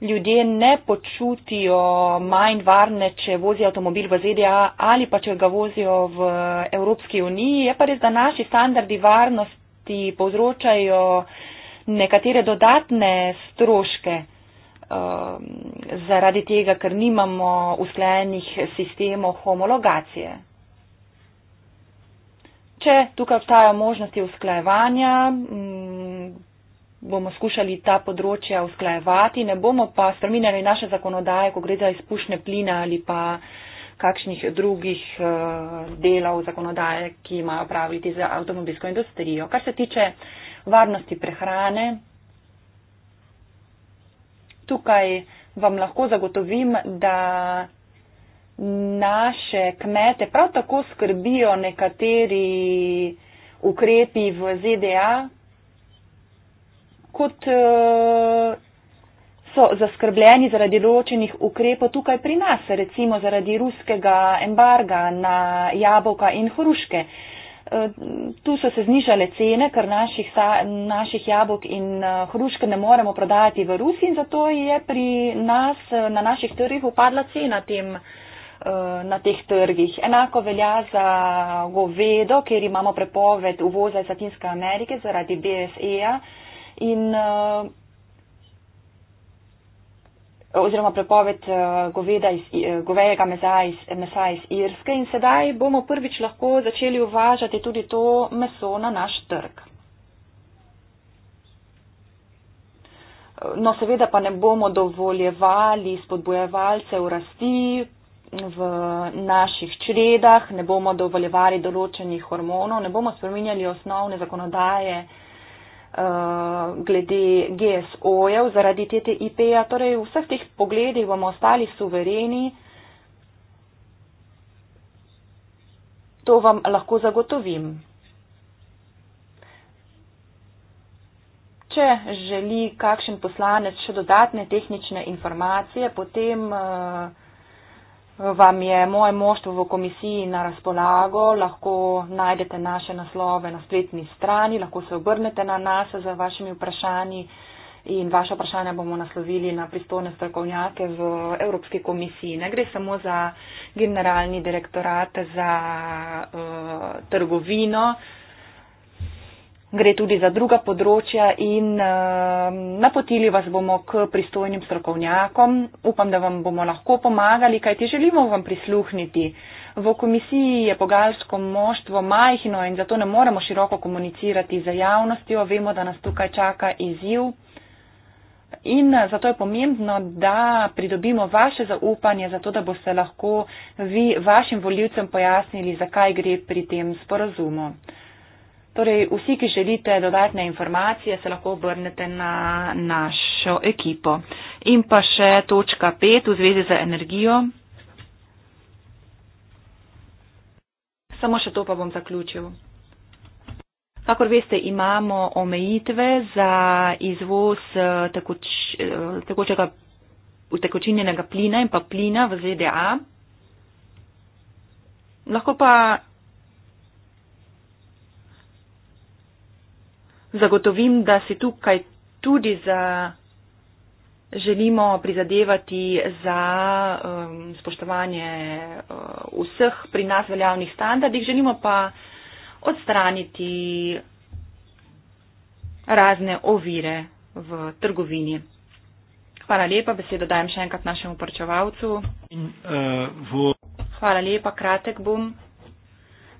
ljudje ne počutijo manj varne, če vozi avtomobil v ZDA ali pa če ga vozijo v Evropski uniji. Je pa res, da naši standardi varnosti povzročajo nekatere dodatne stroške um, zaradi tega, ker nimamo usklajenih sistemov homologacije. Če tukaj obstajajo možnosti usklajevanja, um, bomo skušali ta področja usklajevati, ne bomo pa spreminjali naše zakonodaje, ko gre za izpušne plina ali pa kakšnih drugih eh, delov zakonodaje, ki imajo praviti za avtomobilsko industrijo. Kar se tiče varnosti prehrane, tukaj vam lahko zagotovim, da naše kmete prav tako skrbijo nekateri ukrepi v ZDA, kot eh, so zaskrbljeni zaradi določenih ukrepov tukaj pri nas, recimo zaradi ruskega embarga na jabolka in hruške. Eh, tu so se znižale cene, ker naših, naših jabolk in eh, hruške ne moremo prodati v Rusi in zato je pri nas na naših trgih upadla cena tem, na teh trgih. Enako velja za govedo, ker imamo prepoved uvoza iz Latinske Amerike zaradi BSE-ja in uh, oziroma prepoved uh, goveda iz, uh, govejega meza iz, mesa iz Irske in sedaj bomo prvič lahko začeli uvažati tudi to meso na naš trg. No, seveda pa ne bomo dovoljevali spodbojevalce v rasti v naših čredah, ne bomo dovoljevali določenih hormonov, ne bomo spreminjali osnovne zakonodaje uh, Eh, glede GSO-jev zaradi TTIP-ja. Torej, v vseh teh pogledih bomo ostali suvereni. To vam lahko zagotovim. Če želi kakšen poslanec še dodatne tehnične informacije, potem. Uh, vam je moje moštvo v komisiji na razpolago, lahko najdete naše naslove na spletni strani, lahko se obrnete na nas za vašimi vprašanji in vaše vprašanja bomo naslovili na pristojne strokovnjake v Evropski komisiji. Ne gre samo za generalni direktorat za uh, trgovino, uh, gre tudi za druga področja in eh, napotili vas bomo k pristojnim strokovnjakom. Upam, da vam bomo lahko pomagali, kajti želimo vam prisluhniti. V komisiji je pogalsko moštvo majhno in zato ne moremo široko komunicirati za javnostjo. Vemo, da nas tukaj čaka izziv. In eh, zato je pomembno, da pridobimo vaše zaupanje, zato da boste lahko vi vašim voljivcem pojasnili, zakaj gre pri tem sporazumu. Torej, vsi, ki želite dodatne informacije, se lahko obrnete na našo ekipo. In pa še točka pet v zvezi z energijo. Samo še to pa bom zaključil. Kakor veste, imamo omejitve za izvoz eh, tekoč, eh, tekočega utekočinjenega plina in pa plina v ZDA. Lahko pa zagotovim, da si tukaj tudi za, želimo prizadevati za um, spoštovanje uh, vseh pri nas veljavnih standardih, želimo pa odstraniti razne ovire v trgovini. Hvala lepa, besedo dajem še enkrat našemu prčevalcu. Eh, Hvala lepa, kratek bom.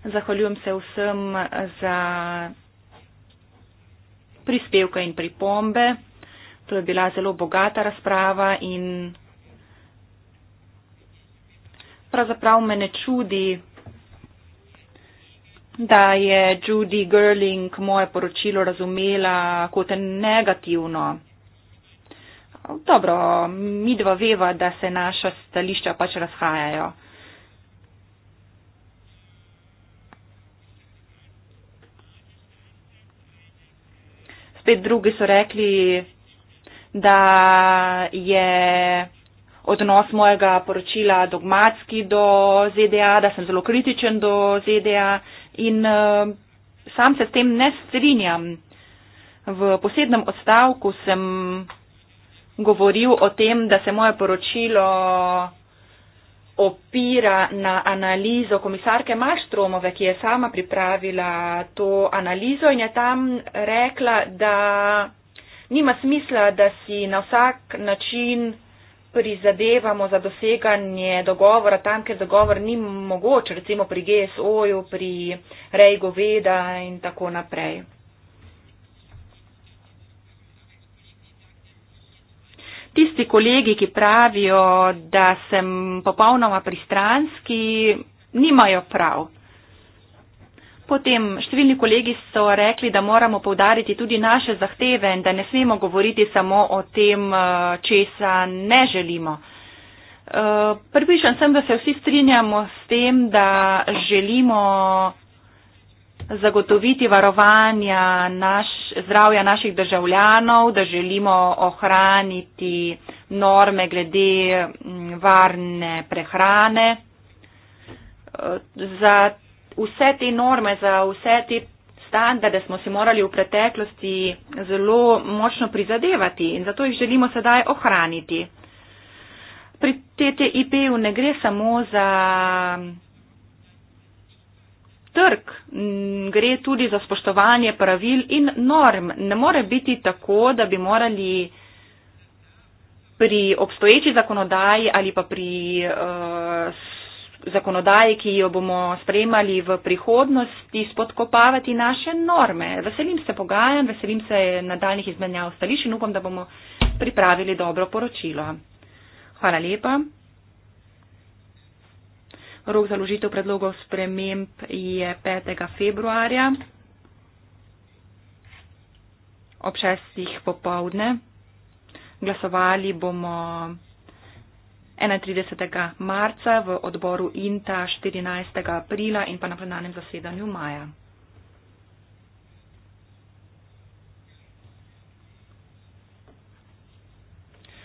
Zahvaljujem se vsem za prispevke in pripombe. To je bila zelo bogata razprava in pravzaprav me ne čudi, da je Judy Gerling moje poročilo razumela kot negativno. Dobro, mi dva veva, da se naša stališča pač razhajajo. spet drugi so rekli, da je odnos mojega poročila dogmatski do ZDA, da sem zelo kritičen do ZDA in uh, sam se s tem ne strinjam. V posebnem odstavku sem govoril o tem, da se moje poročilo opira na analizo komisarke Maštromove, ki je sama pripravila to analizo in je tam rekla, da nima smisla, da si na vsak način prizadevamo za doseganje dogovora tam, ker dogovor ni mogoč, recimo pri GSO-ju, pri Rej Goveda in tako naprej. tisti kolegi, ki pravijo, da sem popolnoma pristranski, nimajo prav. Potem številni kolegi so rekli, da moramo povdariti tudi naše zahteve in da ne smemo govoriti samo o tem, eh, česa ne želimo. Eh, Pripišen sem, da se vsi strinjamo s tem, da želimo zagotoviti varovanja naš, zdravja naših državljanov, da želimo ohraniti norme glede mm, varne prehrane. Eh, za vse te norme, za vse te standarde smo si morali v preteklosti zelo močno prizadevati in zato jih želimo sedaj ohraniti. Pri TTIP-u ne gre samo za trg gre tudi za spoštovanje pravil in norm. Ne more biti tako, da bi morali pri obstoječi zakonodaji ali pa pri uh, zakonodaji, ki jo bomo sprejemali v prihodnosti, spodkopavati naše norme. Veselim se pogajan, veselim se nadaljnih izmenjav stališ in upam, da bomo pripravili dobro poročilo. Hvala lepa. Rok za ložitev predlogov sprememb je 5. februarja ob 6. popovdne. Glasovali bomo 31. marca v odboru INTA 14. aprila in pa na plenarnem zasedanju maja.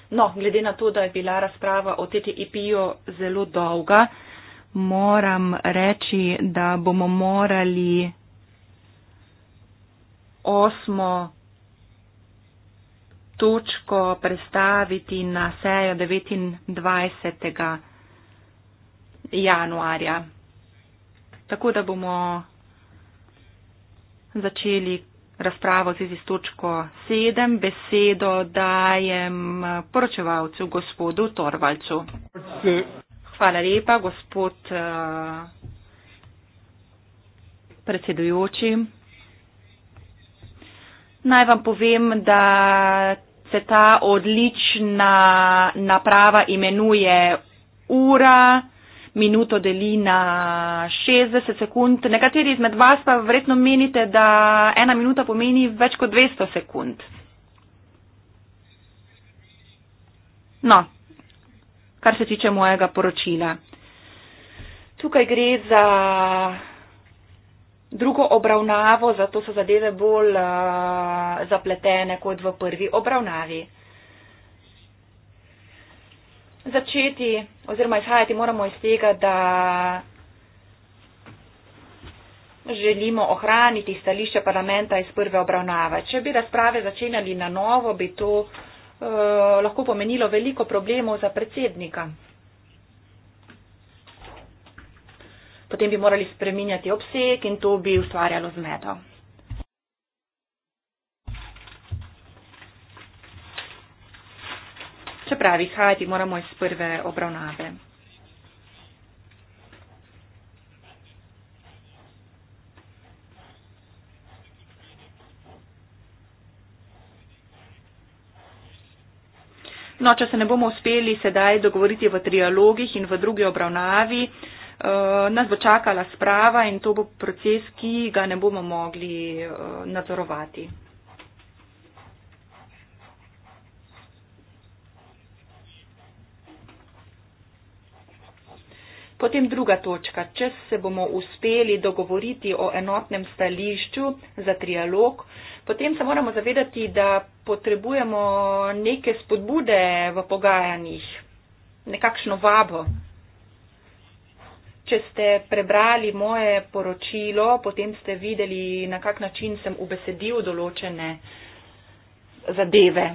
No, glede na to, da je bila razprava o TTIP-ju zelo dolga, moram reči, da bomo morali osmo točko prestaviti na sejo 29. januarja. Tako da bomo začeli razpravo v zvezi s točko 7. Besedo dajem poročevalcu gospodu Torvalcu. Okay. Hvala lepa, gospod uh, predsedujoči. Naj vam povem, da se ta odlična naprava imenuje ura, minuto deli na 60 sekund. Nekateri izmed vas pa verjetno menite, da ena minuta pomeni več kot 200 sekund. No, kar se tiče mojega poročila. Tukaj gre za drugo obravnavo, zato so zadeve bolj uh, zapletene kot v prvi obravnavi. Začeti oziroma izhajati moramo iz tega, da želimo ohraniti stališče parlamenta iz prve obravnave. Če bi razprave začenjali na novo, bi to Eh, lahko pomenilo veliko problemov za predsednika. Potem bi morali spreminjati obseg in to bi ustvarjalo zmedo. Čeprav izhajati moramo iz prve obravnave. No, če se ne bomo uspeli sedaj dogovoriti v trialogih in v drugi obravnavi, eh, nas bo čakala sprava in to bo proces, ki ga ne bomo mogli eh, nadzorovati. Potem druga točka. Če se bomo uspeli dogovoriti o enotnem stališču za trialog, potem se moramo zavedati, da potrebujemo neke spodbude v pogajanjih, nekakšno vabo. Če ste prebrali moje poročilo, potem ste videli, na kak način sem ubesedil določene zadeve.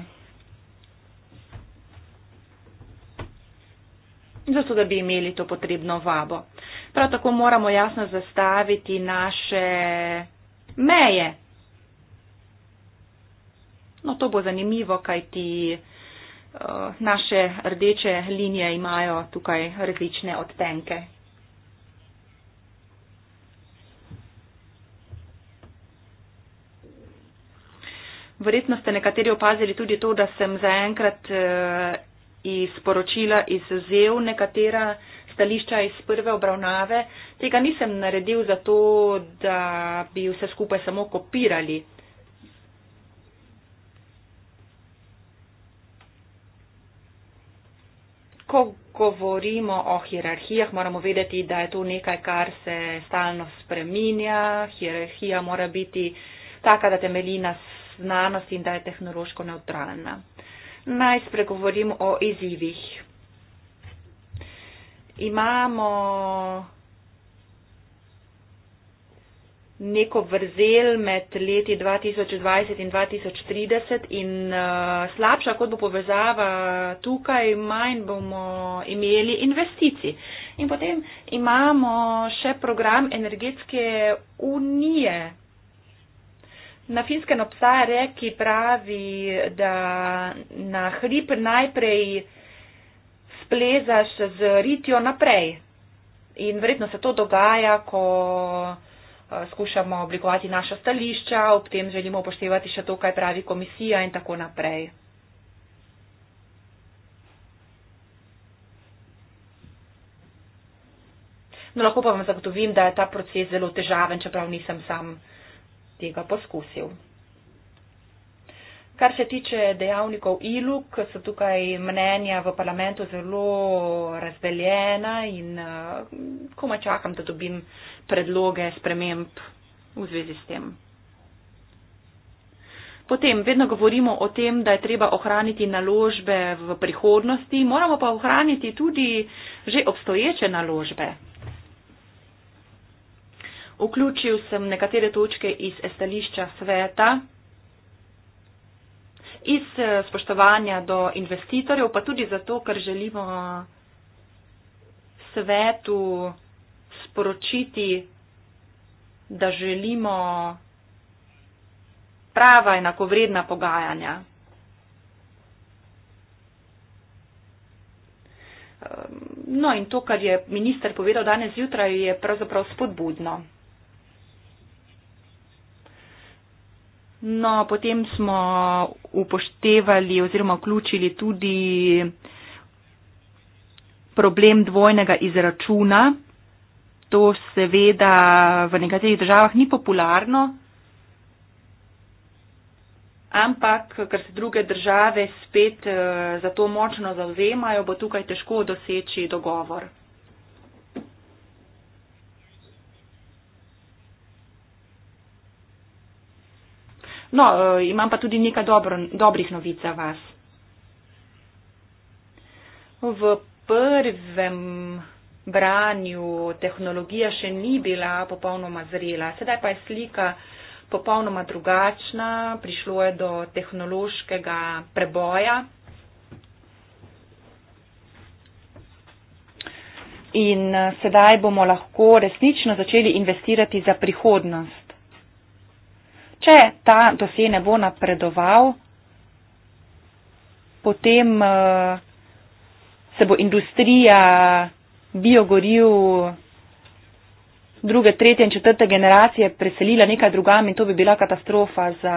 zato da bi imeli to potrebno vabo. Prav tako moramo jasno zastaviti naše meje. No, to bo zanimivo, kaj ti uh, eh, naše rdeče linije imajo tukaj različne odtenke. Verjetno ste nekateri opazili tudi to, da sem zaenkrat uh, iz poročila izzev nekatera stališča iz prve obravnave. Tega nisem naredil zato, da bi vse skupaj samo kopirali. Ko govorimo o hierarhijah, moramo vedeti, da je to nekaj, kar se stalno spreminja. Hierarhija mora biti taka, da temelji na znanosti in da je tehnološko neutralna naj spregovorim o izzivih. Imamo neko vrzel med leti 2020 in 2030 in uh, slabša kot bo povezava tukaj, manj bomo imeli investicij. In potem imamo še program energetske unije, Na finskem obstaja rek, ki pravi, da na hrib najprej splezaš z ritjo naprej. In verjetno se to dogaja, ko eh, skušamo oblikovati naša stališča, ob tem želimo upoštevati še to, kaj pravi komisija in tako naprej. No, lahko pa vam zagotovim, da je ta proces zelo težaven, čeprav nisem sam tega poskusil. Kar se tiče dejavnikov ILUK, so tukaj mnenja v parlamentu zelo razdeljena in eh, komaj čakam, da dobim predloge sprememb v zvezi s tem. Potem vedno govorimo o tem, da je treba ohraniti naložbe v prihodnosti, moramo pa ohraniti tudi že obstoječe naložbe. Vključil sem nekatere točke iz stališča sveta, iz eh, spoštovanja do investitorjev, pa tudi zato, ker želimo svetu sporočiti, da želimo prava enakovredna pogajanja. Ehm, no in to, kar je minister povedal danes zjutraj, je pravzaprav spodbudno. No, potem smo upoštevali oziroma vključili tudi problem dvojnega izračuna. To seveda v nekaterih državah ni popularno, ampak ker se druge države spet eh, za to močno zauzemajo, bo tukaj težko doseči dogovor. No, e, imam pa tudi nekaj dobro, dobrih novic za vas. V prvem branju tehnologija še ni bila popolnoma zrela, sedaj pa je slika popolnoma drugačna, prišlo je do tehnološkega preboja. In e, sedaj bomo lahko resnično začeli investirati za prihodnost. Če ta dosje ne bo napredoval, potem eh, se bo industrija biogoril druge, tretje in četrte generacije preselila nekaj drugam in to bi bila katastrofa za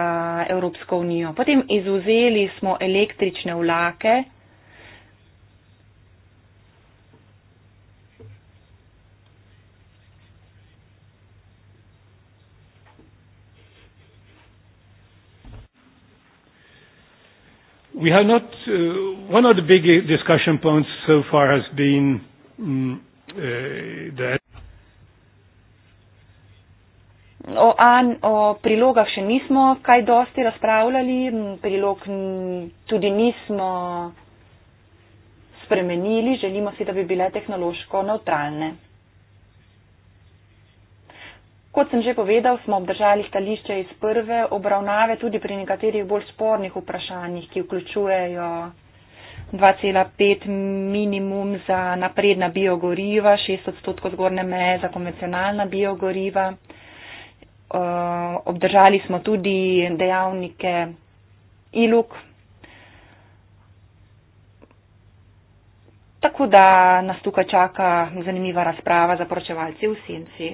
Evropsko unijo. Potem izuzeli smo električne vlake. we have not uh, one of the big uh, discussion points so far has been um, uh, that O An, o prilogah še nismo kaj dosti razpravljali, prilog tudi nismo spremenili, želimo si, da bi bile tehnološko neutralne. Kot sem že povedal, smo obdržali stališče iz prve obravnave tudi pri nekaterih bolj spornih vprašanjih, ki vključujejo 2,5 minimum za napredna biogoriva, 6 odstotkov zgornje meje za konvencionalna biogoriva. Obdržali smo tudi dejavnike ILUK. Tako da nas tukaj čaka zanimiva razprava za poročevalce v senci.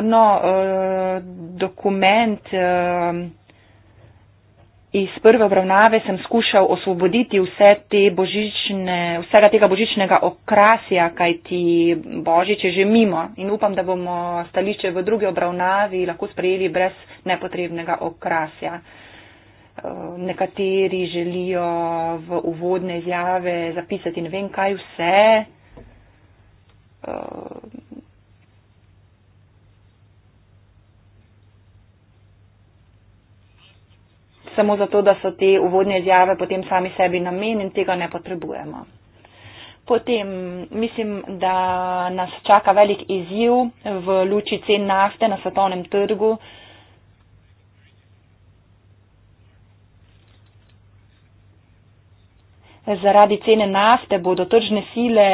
no, eh, dokument eh, iz prve obravnave sem skušal osvoboditi vse te božične, vsega tega božičnega okrasja, kaj ti božič je že mimo in upam, da bomo stališče v drugi obravnavi lahko sprejeli brez nepotrebnega okrasja. Eh, nekateri želijo v uvodne izjave zapisati ne vem kaj vse. samo zato, da so te uvodne izjave potem sami sebi namen in tega ne potrebujemo. Potem mislim, da nas čaka velik izjiv v luči cen nafte na svetovnem trgu. Zaradi cene nafte bodo tržne sile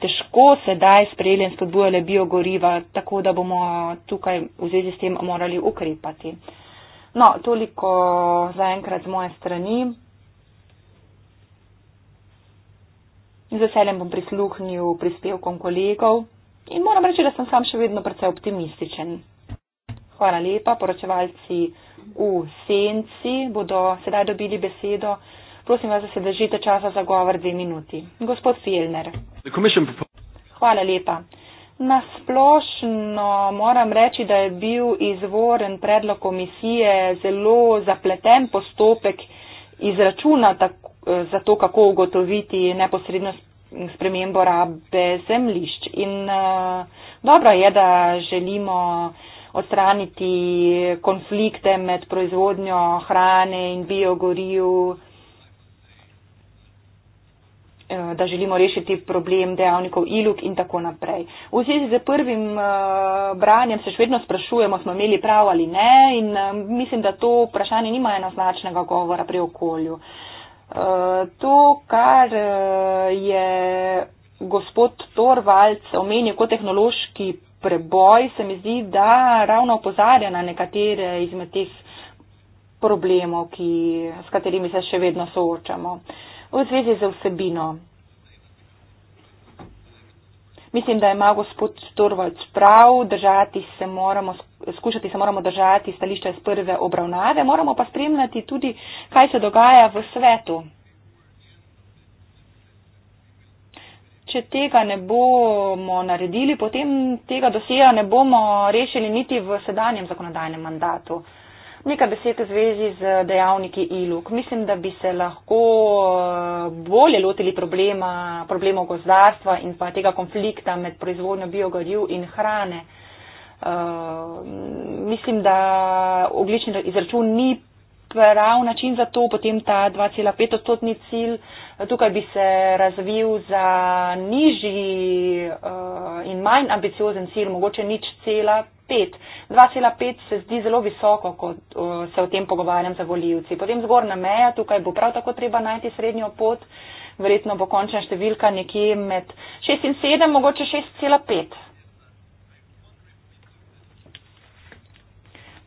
težko sedaj sprejeli in spodbujali biogoriva, tako da bomo tukaj v zvezi s tem morali ukrepati. No, toliko zaenkrat z moje strani. Z veseljem bom prisluhnil prispevkom kolegov in moram reči, da sem sam še vedno precej optimističen. Hvala lepa. Poročevalci v senci bodo sedaj dobili besedo. Prosim vas, da se držite časa za govor dve minuti. Gospod Filner. Hvala lepa. Nasplošno moram reči, da je bil izvoren predlog komisije zelo zapleten postopek izračuna za to, kako ugotoviti neposredno spremembo rabe zemlišč. In eh, dobro je, da želimo odstraniti konflikte med proizvodnjo hrane in biogoriv. Eh, da želimo rešiti problem dejavnikov ilug in tako naprej. V zvezi z prvim eh, branjem se še vedno sprašujemo, smo imeli prav ali ne in eh, mislim, da to vprašanje nima enoznačnega govora pri okolju. To, kar je gospod Torvalc omenil kot tehnološki preboj, se mi zdi, da ravno opozarja na nekatere izmed teh problemov, ki, s katerimi se še vedno soočamo. Uh, v zvezi z vsebino. Mislim, da ima gospod Torvalc prav, držati se moramo, skušati se moramo držati stališča iz prve obravnave, moramo pa spremljati tudi, kaj se dogaja v svetu. Če tega ne bomo naredili, potem tega dosega ne bomo rešili niti v sedanjem zakonodajnem mandatu nekaj besed v zvezi z dejavniki ilug. Mislim, da bi se lahko eh, bolje lotili problema, problemov gozdarstva in pa tega konflikta med proizvodnjo biogorju in hrane. Uh, mislim, da oglični izračun ni prav način za to, potem ta 2,5 odstotni cilj tukaj bi se razvil za nižji uh, in manj ambiciozen cilj, mogoče nič cela 2,5 se zdi zelo visoko, ko se o tem pogovarjam za voljivci. Potem zgornja meja, tukaj bo prav tako treba najti srednjo pot, verjetno bo končna številka nekje med 6 in 7, mogoče 6,5.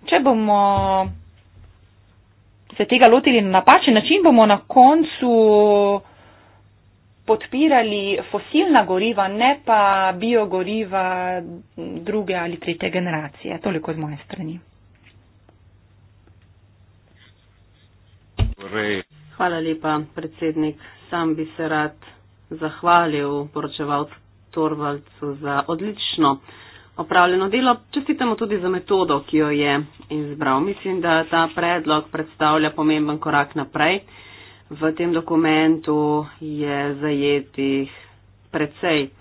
Če bomo se tega lotili na napačen način, bomo na koncu podpirali fosilna goriva, ne pa biogoriva druge ali tretje generacije. Toliko z moje strani. Hvala lepa, predsednik. Sam bi se rad zahvalil poročevalcu Torvaldcu za odlično opravljeno delo. Čestitamo tudi za metodo, ki jo je izbral. Mislim, da ta predlog predstavlja pomemben korak naprej v tem dokumentu je zajetih precej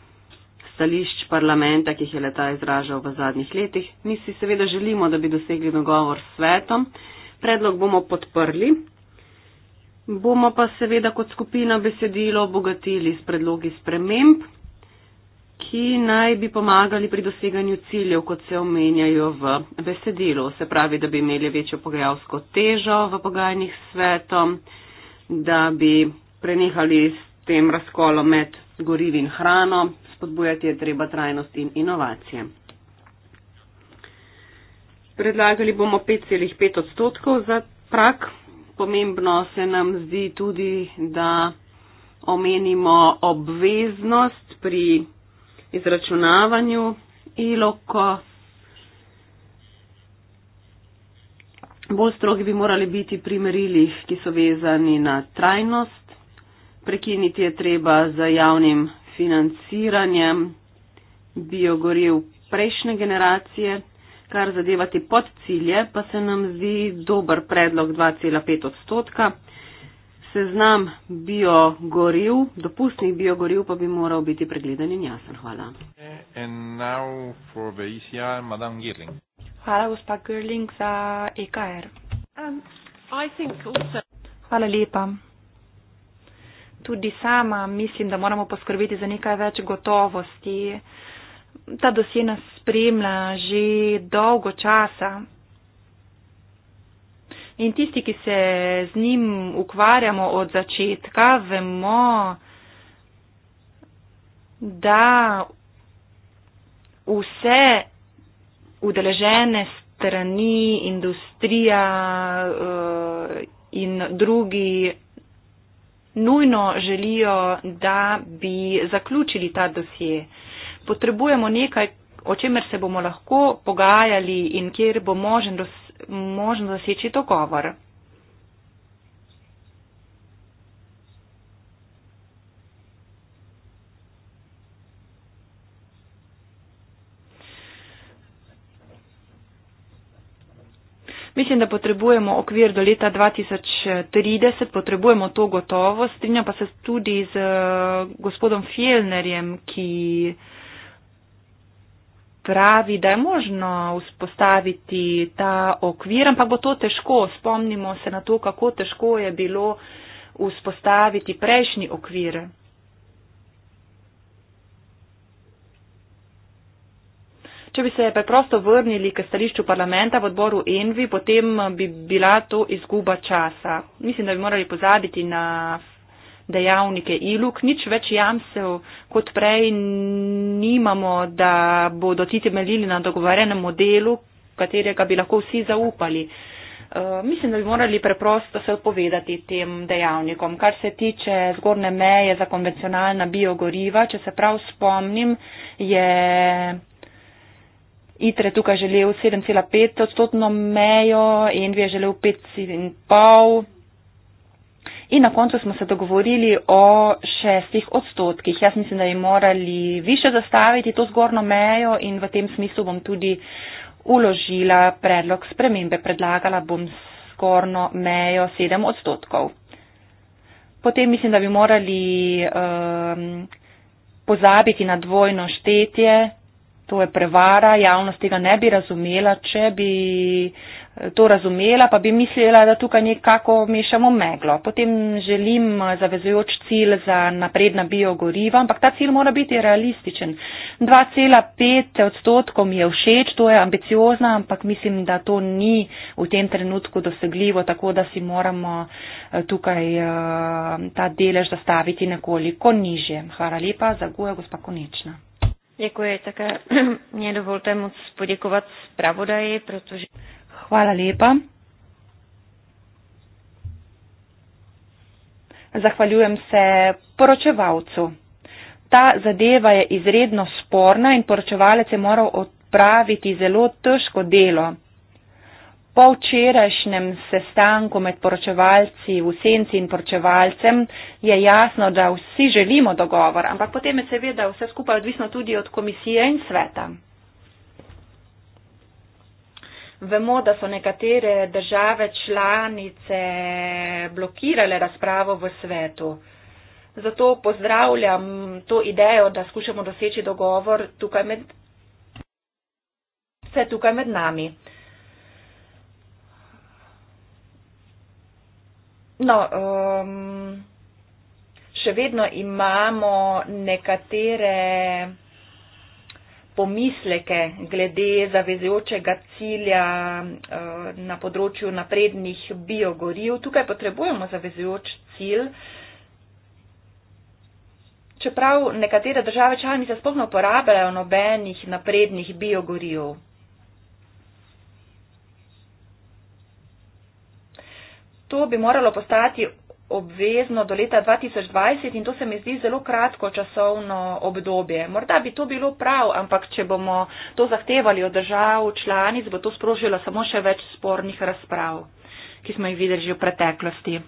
stališč parlamenta, ki jih je leta izražal v zadnjih letih. Mi si seveda želimo, da bi dosegli dogovor s svetom. Predlog bomo podprli. Bomo pa seveda kot skupina besedilo obogatili s predlogi sprememb, ki naj bi pomagali pri doseganju ciljev, kot se omenjajo v besedilu. Se pravi, da bi imeli večjo pogajalsko težo v pogajanjih s svetom da bi prenehali s tem razkolom med goriv in hrano, spodbujati je treba trajnost in inovacije. Predlagali bomo 5,5 odstotkov za prak. Pomembno se nam zdi tudi, da omenimo obveznost pri izračunavanju ILOKO Bolj strogi bi morali biti pri merilih, ki so vezani na trajnost. Prekiniti je treba z javnim financiranjem biogorjev prejšnje generacije, kar zadevati pod cilje, pa se nam zdi dober predlog 2,5 odstotka seznam biogoriv, dopustnih biogoriv pa bi moral biti pregledan in jasen. Hvala. ECR, e Hvala, gospa Girling, za EKR. Um, also... Hvala lepa. Tudi sama mislim, da moramo poskrbeti za nekaj več gotovosti. Ta dosje nas spremlja že dolgo časa. In tisti, ki se z njim ukvarjamo od začetka, vemo, da vse udeležene strani, industrija eh, in drugi nujno želijo, da bi zaključili ta dosje. Potrebujemo nekaj, o čemer se bomo lahko pogajali in kjer bo možen dosje можно засечь и договор. Mislim, da potrebujemo okvir do leta 2030, potrebujemo to gotovo. Strinjam pa se tudi z eh, gospodom Fjellnerjem, ki uh, pravi, da je možno vzpostaviti ta okvir, ampak bo to težko. Spomnimo se na to, kako težko je bilo vzpostaviti prejšnji okvir. Če bi se preprosto vrnili k stališču parlamenta v odboru Envi, potem bi bila to izguba časa. Mislim, da bi morali pozabiti na dejavnike ilug, nič več jamsev kot prej nimamo, da bodo ti temeljili na dogovorenem modelu, katerega bi lahko vsi zaupali. Uh, mislim, da bi morali preprosto se odpovedati tem dejavnikom. Kar se tiče zgornje meje za konvencionalna biogoriva, če se prav spomnim, je ITRE tukaj želel 7,5 odstotno mejo, ENVI je želel 5,5 odstotno mejo in na koncu smo se dogovorili o šestih odstotkih. Jaz mislim, da bi morali više zastaviti to zgornjo mejo in v tem smislu bom tudi uložila predlog spremembe. Predlagala bom zgornjo mejo sedem odstotkov. Potem mislim, da bi morali um, pozabiti na dvojno štetje. To je prevara, javnost tega ne bi razumela, če bi to razumela, pa bi mislila, da tukaj nekako mešamo meglo. Potem želim eh, zavezujoč cilj za napredna biogoriva, ampak ta cilj mora biti realističen. 2,5 odstotkov mi je všeč, to je ambiciozna, ampak mislim, da to ni v tem trenutku dosegljivo, tako da si moramo eh, tukaj eh, ta delež zastaviti nekoliko niže. Hvala lepa, zaguja gospa Konečna. Děkuji, také mě dovolte moc poděkovat zpravodaji, protože. Hvala lepa. Zahvaljujem se poročevalcu. Ta zadeva je izredno sporna in poročevalec je moral odpraviti zelo težko delo. Po včerajšnjem sestanku med poročevalci v senci in poročevalcem je jasno, da vsi želimo dogovor, ampak potem je seveda vse skupaj odvisno tudi od komisije in sveta. Vemo, da so nekatere države članice blokirale razpravo v svetu. Zato pozdravljam to idejo, da skušamo doseči dogovor tukaj med, vse tukaj med nami. No, um, še vedno imamo nekatere pomisleke glede zavezujočega cilja eh, na področju naprednih biogoriv. Tukaj potrebujemo zavezujoč cilj. Čeprav nekatere države članice sploh ne uporabljajo nobenih naprednih biogoriv. To bi moralo postati obvezno do leta 2020 in to se mi zdi zelo kratko časovno obdobje. Morda bi to bilo prav, ampak če bomo to zahtevali od držav članic, bo to sprožilo samo še več spornih razprav, ki smo jih videli že v preteklosti.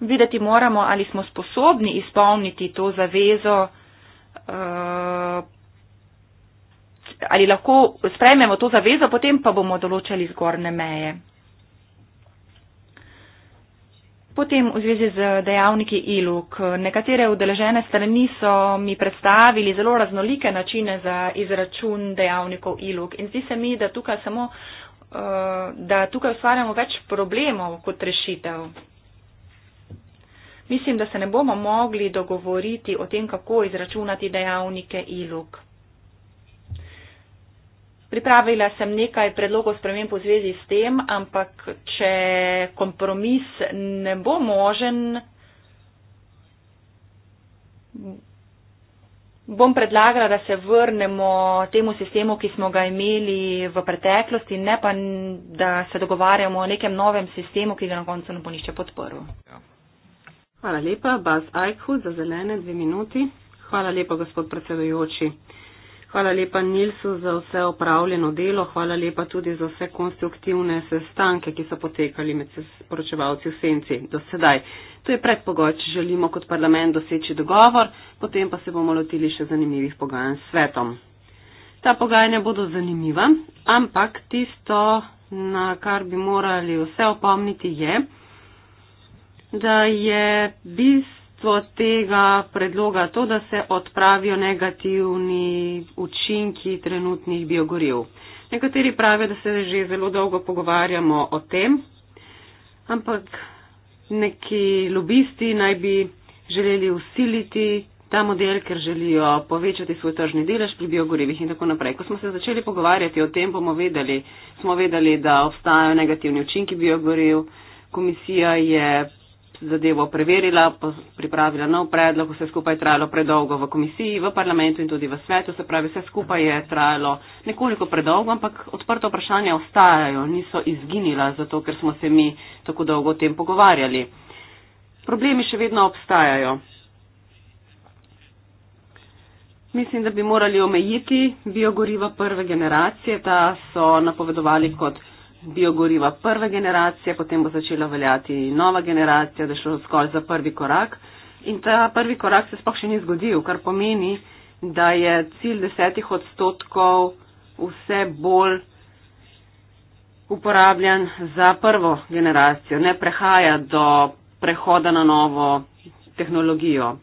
Videti moramo, ali smo sposobni izpolniti to zavezo, eh, ali lahko sprejmemo to zavezo, potem pa bomo določali zgorne meje. Potem v zvezi z dejavniki ILUK. Nekatere udeležene strani so mi predstavili zelo raznolike načine za izračun dejavnikov ILUK in zdi se mi, da tukaj, samo, eh, da tukaj ustvarjamo več problemov kot rešitev. Mislim, da se ne bomo mogli dogovoriti o tem, kako izračunati dejavnike ILUK. Pripravila sem nekaj predlogov sprememb v zvezi s tem, ampak če kompromis ne bo možen, bom predlagala, da se vrnemo temu sistemu, ki smo ga imeli v preteklosti, ne pa, da se dogovarjamo o nekem novem sistemu, ki ga na koncu ne bo nišče podprl. Ja. Hvala lepa, Baz Ajkhu, za zelene dve minuti. Hvala lepa, gospod predsedujoči. Hvala lepa Nilsu za vse opravljeno delo, hvala lepa tudi za vse konstruktivne sestanke, ki so potekali med sporočevalci v senci do sedaj. To je predpogoj, če želimo kot parlament doseči dogovor, potem pa se bomo lotili še zanimivih pogajanj s svetom. Ta pogajanja bodo zanimiva, ampak tisto, na kar bi morali vse opomniti, je, da je bis bistvo tega predloga to, da se odpravijo negativni učinki trenutnih biogoriv. Nekateri pravijo, da se že zelo dolgo pogovarjamo o tem, ampak neki lobisti naj bi želeli usiliti ta model, ker želijo povečati svoj tržni delež pri biogorivih in tako naprej. Ko smo se začeli pogovarjati o tem, bomo vedeli, smo vedeli, da obstajajo negativni učinki biogoriv. Komisija je zadevo preverila, pripravila nov predlog, vse skupaj je trajalo predolgo v komisiji, v parlamentu in tudi v svetu, se pravi, vse skupaj je trajalo nekoliko predolgo, ampak odprta vprašanja ostajajo, niso izginila, zato ker smo se mi tako dolgo o tem pogovarjali. Problemi še vedno obstajajo. Mislim, da bi morali omejiti biogoriva prve generacije, ta so napovedovali kot biogoriva prve generacije, potem bo začela veljati nova generacija, da je šlo skolj za prvi korak. In ta prvi korak se sploh še ni zgodil, kar pomeni, da je cilj desetih odstotkov vse bolj uporabljen za prvo generacijo, ne prehaja do prehoda na novo tehnologijo.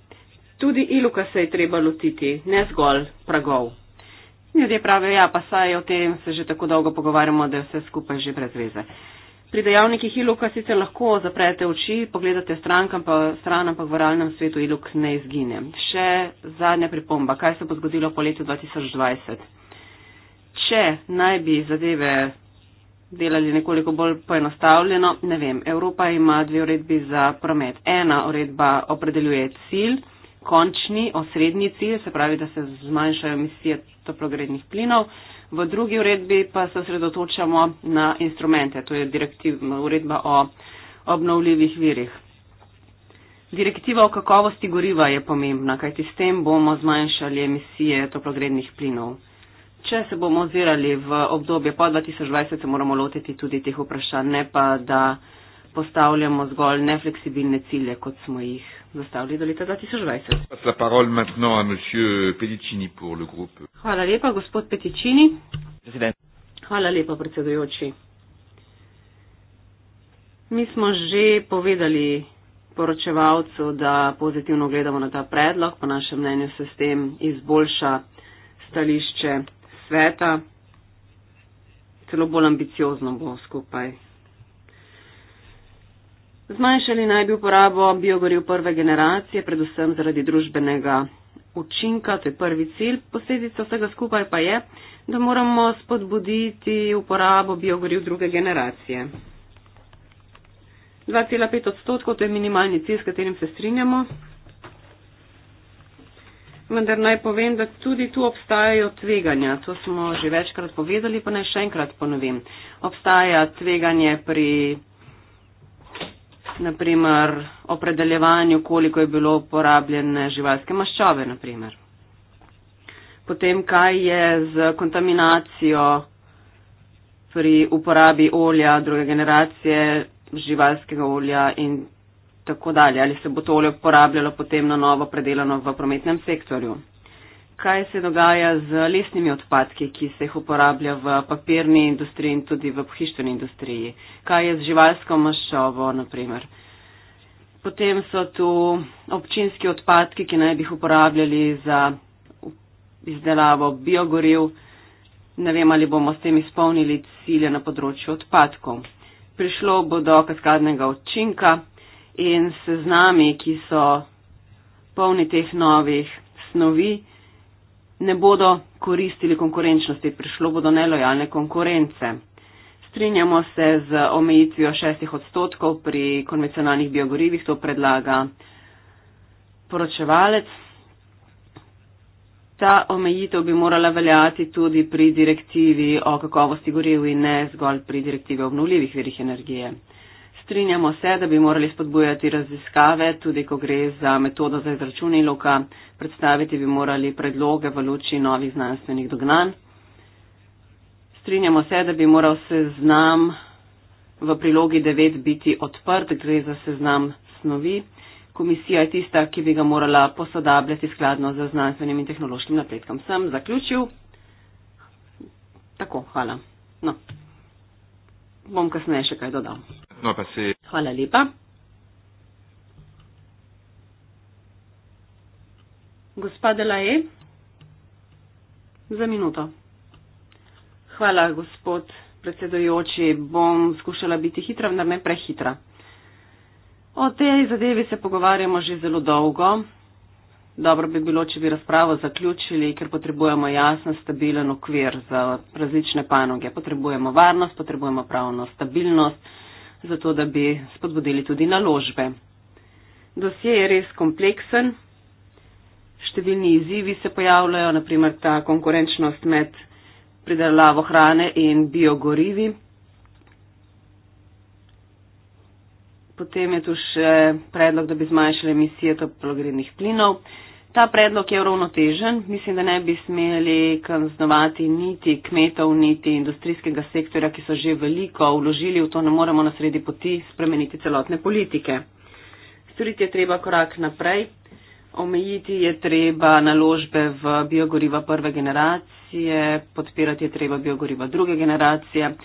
Tudi iluka se je treba lotiti, ne zgolj pragov. Ljudje pravijo, ja, pa saj o tem se že tako dolgo pogovarjamo, da je vse skupaj že brez veze. Pri dejavnikih iluka sicer lahko zaprete oči, pogledate strankam pa stran, ampak v realnem svetu iluk ne izgine. Še zadnja pripomba, kaj se bo zgodilo po letu 2020. Če naj bi zadeve delali nekoliko bolj poenostavljeno, ne vem, Evropa ima dve uredbi za promet. Ena uredba opredeljuje cilj, končni, osrednji cilj, se pravi, da se zmanjšajo emisije toplogrednih plinov. V drugi uredbi pa se osredotočamo na instrumente, to je uredba o obnovljivih virih. Direktiva o kakovosti goriva je pomembna, kajti s tem bomo zmanjšali emisije toplogrednih plinov. Če se bomo ozirali v obdobje po 2020, se moramo lotiti tudi teh vprašanj, ne pa da postavljamo zgolj nefleksibilne cilje, kot smo jih nastavili do leta 2020. Hvala lepa, gospod Peticini. Hvala lepa, predsedujoči. Mi smo že povedali poročevalcu, da pozitivno gledamo na ta predlog. Po našem mnenju se s tem izboljša stališče sveta. Celo bolj ambiciozno bo skupaj Zmanjšali naj bi uporabo biogoriv prve generacije, predvsem zaradi družbenega učinka, to je prvi cilj. Posledica vsega skupaj pa je, da moramo spodbuditi uporabo biogoriv druge generacije. 2,5 odstotkov to je minimalni cilj, s katerim se strinjamo. Vendar naj povem, da tudi tu obstajajo tveganja. To smo že večkrat povedali, pa naj še enkrat ponovim. Obstaja tveganje pri naprimer opredeljevanju, koliko je bilo porabljene živalske maščobe, naprimer. Potem, kaj je z kontaminacijo pri uporabi olja druge generacije, živalskega olja in tako dalje. Ali se bo to olje uporabljalo potem na novo predelano v prometnem sektorju kaj se dogaja z lesnimi odpadki, ki se jih uporablja v papirni industriji in tudi v pohištveni industriji. Kaj je z živalsko maščobo, naprimer. Potem so tu občinski odpadki, ki naj bi jih uporabljali za izdelavo biogoriv. Ne vem, ali bomo s tem izpolnili cilje na področju odpadkov. Prišlo bo do kaskadnega učinka in se z nami, ki so polni teh novih snovi, ne bodo koristili konkurenčnosti, prišlo bodo nelojalne konkurence. Strinjamo se z omejitvijo šestih odstotkov pri konvencionalnih biogorivih, to predlaga poročevalec. Ta omejitev bi morala veljati tudi pri direktivi o kakovosti goriv in ne zgolj pri direktivi o obnuljivih virih energije. Strinjamo se, da bi morali spodbujati raziskave, tudi ko gre za metodo za izračun iloka, predstaviti bi morali predloge v luči novih znanstvenih dognanj. Strinjamo se, da bi moral seznam v prilogi 9 biti odprt, gre za seznam snovi. Komisija je tista, ki bi ga morala posodabljati skladno z znanstvenim in tehnološkim napredkom. Sem zaključil. Tako, hvala. No. Bom kasneje še kaj dodal maintenant no, à passer. Hvala lepa. Gospod Delaje, za minuto. Hvala, gospod predsedojoči. Bom skušala biti hitra, vendar ne prehitra. O tej zadevi se pogovarjamo že zelo dolgo. Dobro bi bilo, če bi razpravo zaključili, ker potrebujemo jasen, stabilen okvir za različne panoge. Potrebujemo varnost, potrebujemo pravno stabilnost zato da bi spodbudili tudi naložbe. Dosje je res kompleksen, številni izzivi se pojavljajo, naprimer ta konkurenčnost med pridelavo hrane in biogorivi. Potem je tu še predlog, da bi zmanjšali emisije toplogrednih plinov. Ta predlog je uravnotežen. Mislim, da ne bi smeli kaznovati niti kmetov, niti industrijskega sektorja, ki so že veliko vložili v to, ne moremo na sredi poti spremeniti celotne politike. Storiti je treba korak naprej. Omejiti je treba naložbe v biogoriva prve generacije, podpirati je treba biogoriva druge generacije.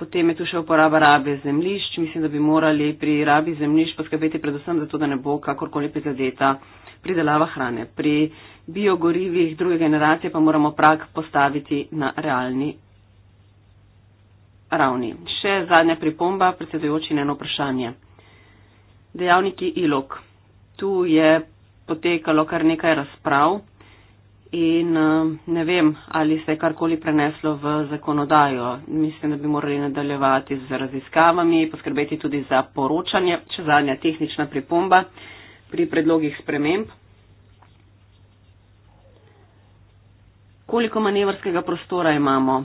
Potem je tu še uporaba rabe zemlišč. Mislim, da bi morali pri rabi zemlišč poskrbeti predvsem za to, da ne bo kakorkoli prizadeta pridelava hrane. Pri biogorivih druge generacije pa moramo prak postaviti na realni ravni. Še zadnja pripomba, predsedujoči, eno vprašanje. Dejavniki ilok. Tu je potekalo kar nekaj razprav in uh, ne vem, ali se je karkoli preneslo v zakonodajo. Mislim, da bi morali nadaljevati z raziskavami, poskrbeti tudi za poročanje, če zadnja tehnična pripomba pri predlogih sprememb. Koliko manevrskega prostora imamo?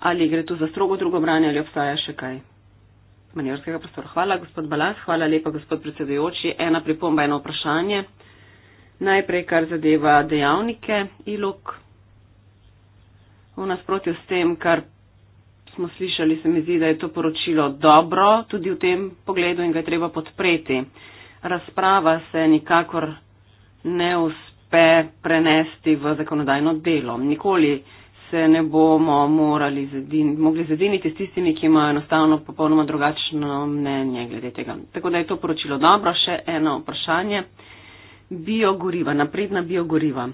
Ali gre tu za strogo drugo branje ali obstaja še kaj? Manevrskega prostora. Hvala, gospod Balas, hvala lepa, gospod predsedujoči. Ena pripomba, eno vprašanje. Najprej, kar zadeva dejavnike ilok. V nasprotju s tem, kar smo slišali, se mi zdi, da je to poročilo dobro tudi v tem pogledu in ga je treba podpreti. Razprava se nikakor ne uspe prenesti v zakonodajno delo. Nikoli se ne bomo morali zedin, mogli zediniti s tistimi, ki imajo enostavno popolnoma drugačno mnenje glede tega. Tako da je to poročilo dobro. Še eno vprašanje biogoriva, napredna biogoriva.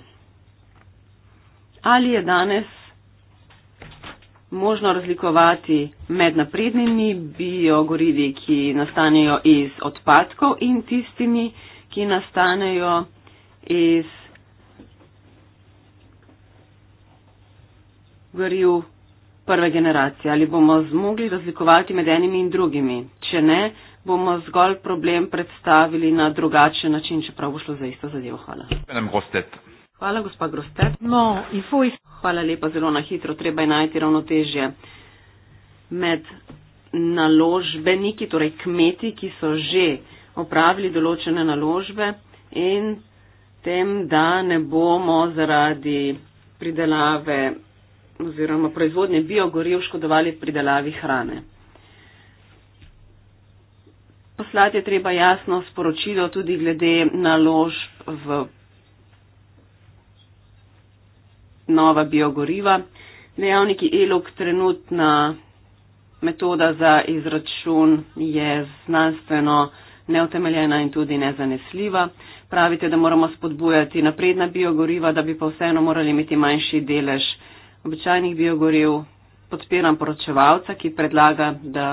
Ali je danes možno razlikovati med naprednimi biogorivi, ki nastanejo iz odpadkov in tistimi, ki nastanejo iz goriv prve generacije? Ali bomo zmogli razlikovati med enimi in drugimi? Če ne, bomo zgolj problem predstavili na drugačen način, čeprav bo šlo za isto zadevo. Hvala. Hvala, gospa Grostet. No, Hvala lepa, zelo na hitro, treba je najti ravnotežje med naložbeniki, torej kmeti, ki so že opravili določene naložbe in tem, da ne bomo zaradi pridelave oziroma proizvodnje biogoriv škodovali pridelavi hrane poslati je treba jasno sporočilo tudi glede naložb v nova biogoriva. Dejavniki ELUK trenutna metoda za izračun je znanstveno neutemeljena in tudi nezanesljiva. Pravite, da moramo spodbujati napredna biogoriva, da bi pa vseeno morali imeti manjši delež običajnih biogoriv. Podpiram poročevalca, ki predlaga, da.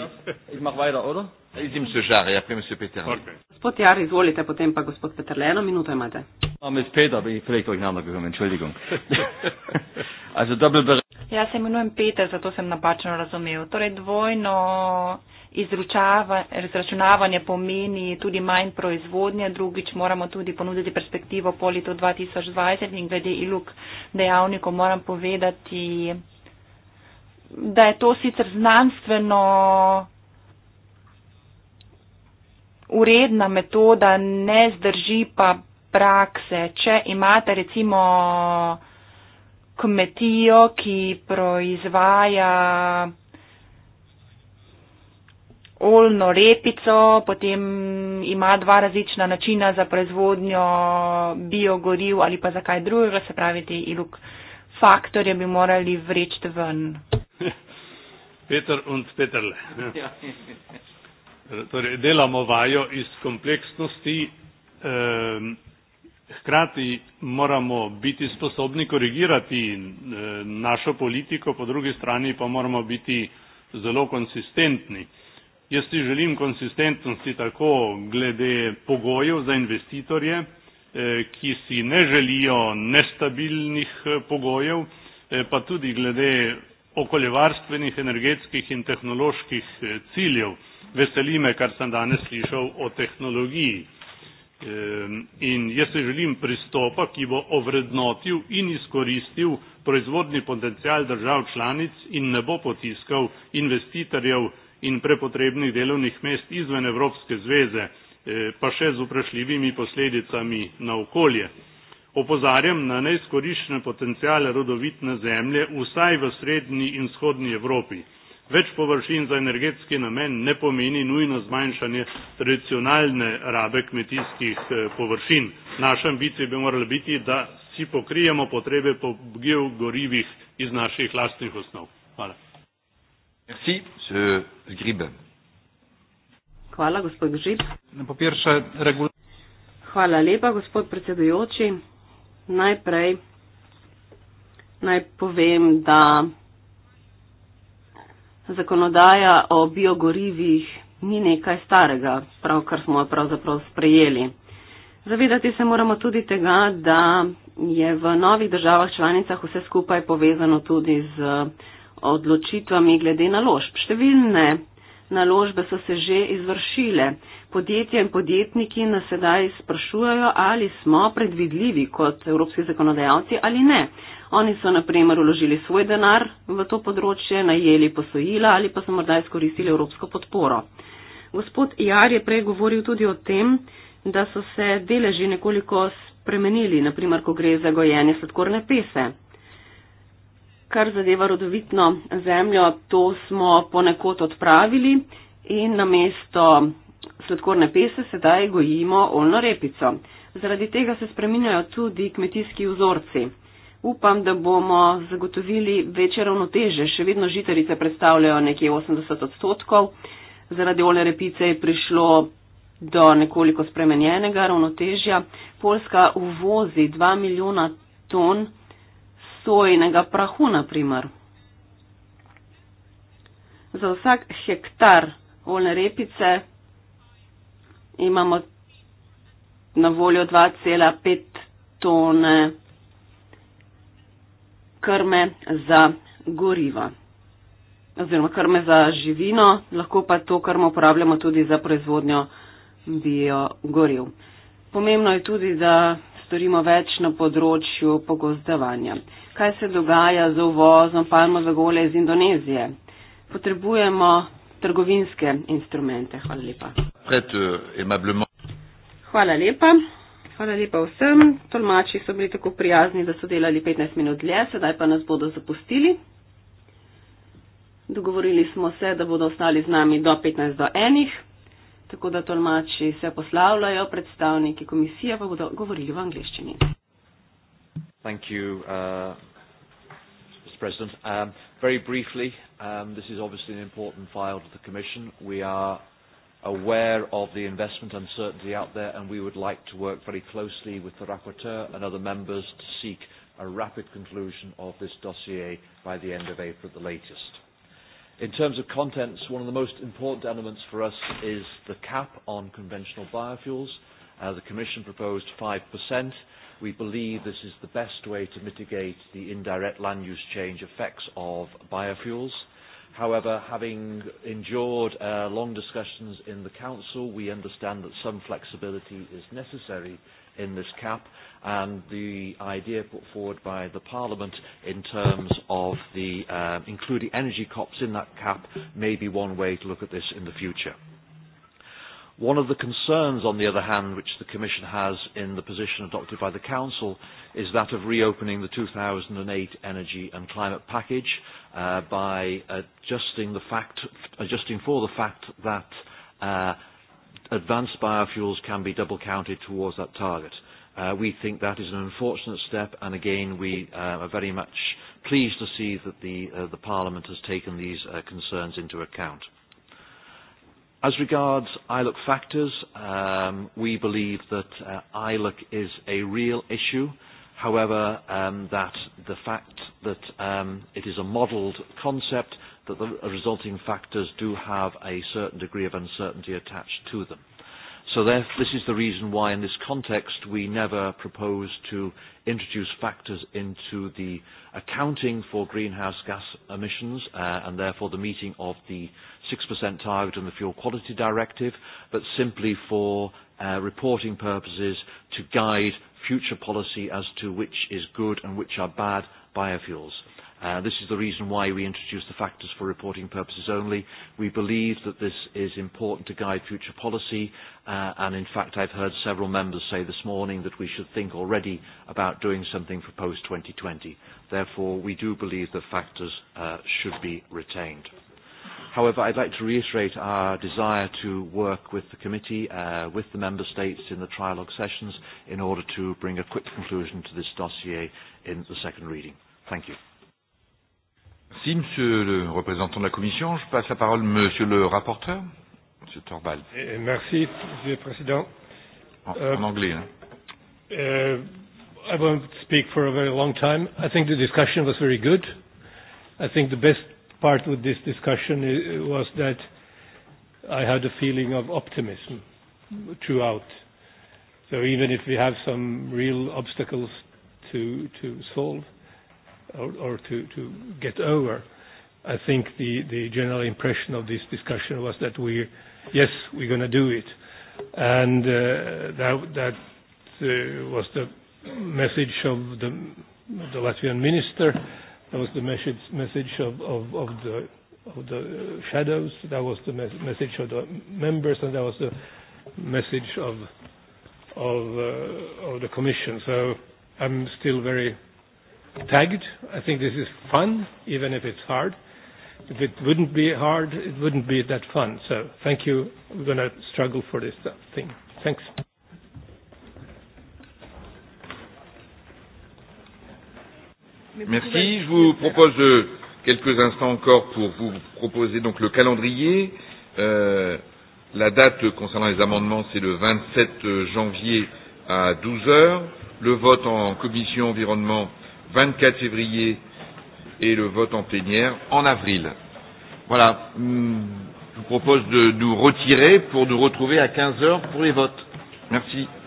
Ja. Ich mach weiter, oder? Izim se žare, ja, prej mi se Peter. Gospod Jar, izvolite, potem pa gospod Peter Leno, minuto imate. Imam jaz Peter, bi prej to ignalno govorim, entschuldigung. also, ja, se imenujem Peter, zato sem napačno razumel. Torej, dvojno izračunavanje pomeni tudi manj proizvodnje, drugič moramo tudi ponuditi perspektivo po letu 2020 in glede ilug dejavnikov moram povedati da je to sicer znanstveno uredna metoda, ne zdrži pa prakse. Če imate recimo kmetijo, ki proizvaja olno repico, potem ima dva različna načina za proizvodnjo biogoriv ali pa za kaj drugega, se pravi, ti iluk faktorje bi morali vreči ven. Peter und Peterle. Ja. Torej, delamo vajo iz kompleksnosti, ehm, hkrati moramo biti sposobni korigirati eh, našo politiko, po drugi strani pa moramo biti zelo konsistentni. Jaz si želim konsistentnosti tako glede pogojev za investitorje, eh, ki si ne želijo nestabilnih eh, pogojev, pa tudi glede okoljevarstvenih, energetskih in tehnoloških eh, ciljev. Veseli me, kar sem danes slišal o tehnologiji. In jaz se želim pristopa, ki bo ovrednotil in izkoristil proizvodni potencial držav članic in ne bo potiskal investitorjev in prepotrebnih delovnih mest izven Evropske zveze, eh, pa še z vprašljivimi posledicami na okolje opozarjam na neizkoriščene potencijale rodovitne zemlje vsaj v srednji in vzhodni Evropi. Več površin za energetski namen ne pomeni nujno zmanjšanje tradicionalne rabe kmetijskih eh, površin. Naša ambicija bi morala biti, da si pokrijemo potrebe po geogorivih iz naših lastnih osnov. Hvala. Merci, Hvala, gospod Žip. Hvala lepa, gospod predsedujoči najprej naj povem, da zakonodaja o biogorivih ni nekaj starega, prav kar smo jo pravzaprav sprejeli. Zavedati se moramo tudi tega, da je v novih državah članicah vse skupaj povezano tudi z odločitvami glede naložb. Številne naložbe so se že izvršile. Podjetje in podjetniki nas sedaj sprašujejo, ali smo predvidljivi kot evropski zakonodajalci ali ne. Oni so naprimer uložili svoj denar v to področje, najeli posojila ali pa so morda izkoristili evropsko podporo. Gospod Jar je prej govoril tudi o tem, da so se deleži nekoliko spremenili, naprimer, ko gre za gojenje sladkorne pese kar zadeva rodovitno zemljo, to smo ponekod odpravili in na mesto sladkorne pese sedaj gojimo oljno repico. Zaradi tega se spreminjajo tudi kmetijski vzorci. Upam, da bomo zagotovili večje ravnoteže. Še vedno žitarice predstavljajo nekje 80 odstotkov. Zaradi oljne repice je prišlo do nekoliko spremenjenega ravnotežja. Polska uvozi 2 milijona ton sojnega prahu, naprimer. Za vsak hektar oljne repice imamo na voljo 2,5 tone krme za goriva oziroma krme za živino, lahko pa to krmo uporabljamo tudi za proizvodnjo biogoriv. Pomembno je tudi, da storimo več na področju pogozdavanja kaj se dogaja z uvozom palmovega olja iz Indonezije. Potrebujemo trgovinske instrumente. Hvala lepa. Euh, Hvala lepa. Hvala lepa vsem. Tolmači so bili tako prijazni, da so delali 15 minut dlje, sedaj pa nas bodo zapustili. Dogovorili smo se, da bodo ostali z nami do 15 do enih, tako da tolmači se poslavljajo, predstavniki komisije pa bodo govorili v angliščini. Thank you. Uh... President. Um, very briefly, um, this is obviously an important file to the Commission. We are aware of the investment uncertainty out there and we would like to work very closely with the rapporteur and other members to seek a rapid conclusion of this dossier by the end of April at the latest. In terms of contents, one of the most important elements for us is the cap on conventional biofuels. Uh, the Commission proposed 5% we believe this is the best way to mitigate the indirect land use change effects of biofuels. However, having endured uh, long discussions in the Council, we understand that some flexibility is necessary in this cap, and the idea put forward by the Parliament in terms of the, uh, including energy COPs in that cap may be one way to look at this in the future. One of the concerns, on the other hand, which the Commission has in the position adopted by the Council is that of reopening the 2008 Energy and Climate Package uh, by adjusting, the fact, adjusting for the fact that uh, advanced biofuels can be double counted towards that target. Uh, we think that is an unfortunate step and again we uh, are very much pleased to see that the, uh, the Parliament has taken these uh, concerns into account. As regards ILUC factors, um, we believe that uh, ILUC is a real issue. However, um, that the fact that um, it is a modelled concept, that the resulting factors do have a certain degree of uncertainty attached to them. So this is the reason why in this context we never propose to introduce factors into the accounting for greenhouse gas emissions uh, and therefore the meeting of the 6% target in the Fuel Quality Directive, but simply for uh, reporting purposes to guide future policy as to which is good and which are bad biofuels. Uh, this is the reason why we introduced the factors for reporting purposes only. We believe that this is important to guide future policy, uh, and in fact I've heard several members say this morning that we should think already about doing something for post-2020. Therefore, we do believe the factors uh, should be retained. However, I'd like to reiterate our desire to work with the committee, uh, with the member states in the trialogue sessions in order to bring a quick conclusion to this dossier in the second reading. Thank you. Merci, Monsieur le représentant de la Commission. Je passe la parole à Monsieur le rapporteur, Monsieur Torbal. Eh, eh, merci, Monsieur le Président. En, uh, en anglais, hein. uh, I won't speak for a very long time. I think the discussion was very good. I think the best part with this discussion was that I had a feeling of optimism throughout. So even if we have some real obstacles to to solve or, or to to get over, I think the the general impression of this discussion was that we, yes, we're going to do it, and uh, that that uh, was the message of the the Latvian minister. That was the message, message of, of, of, the, of the uh, shadows, that was the me message of the members, and that was the message of, of, uh, of the commission. So I'm still very tagged. I think this is fun, even if it's hard. If it wouldn't be hard, it wouldn't be that fun. So thank you. We're going to struggle for this uh, thing. Thanks. Merci. Je vous propose euh, quelques instants encore pour vous proposer donc le calendrier. Euh, la date concernant les amendements, c'est le 27 euh, janvier à 12 heures. Le vote en commission environnement, 24 février, et le vote en plénière, en avril. Voilà. Hmm, je vous propose de nous retirer pour nous retrouver à 15 heures pour les votes. Merci.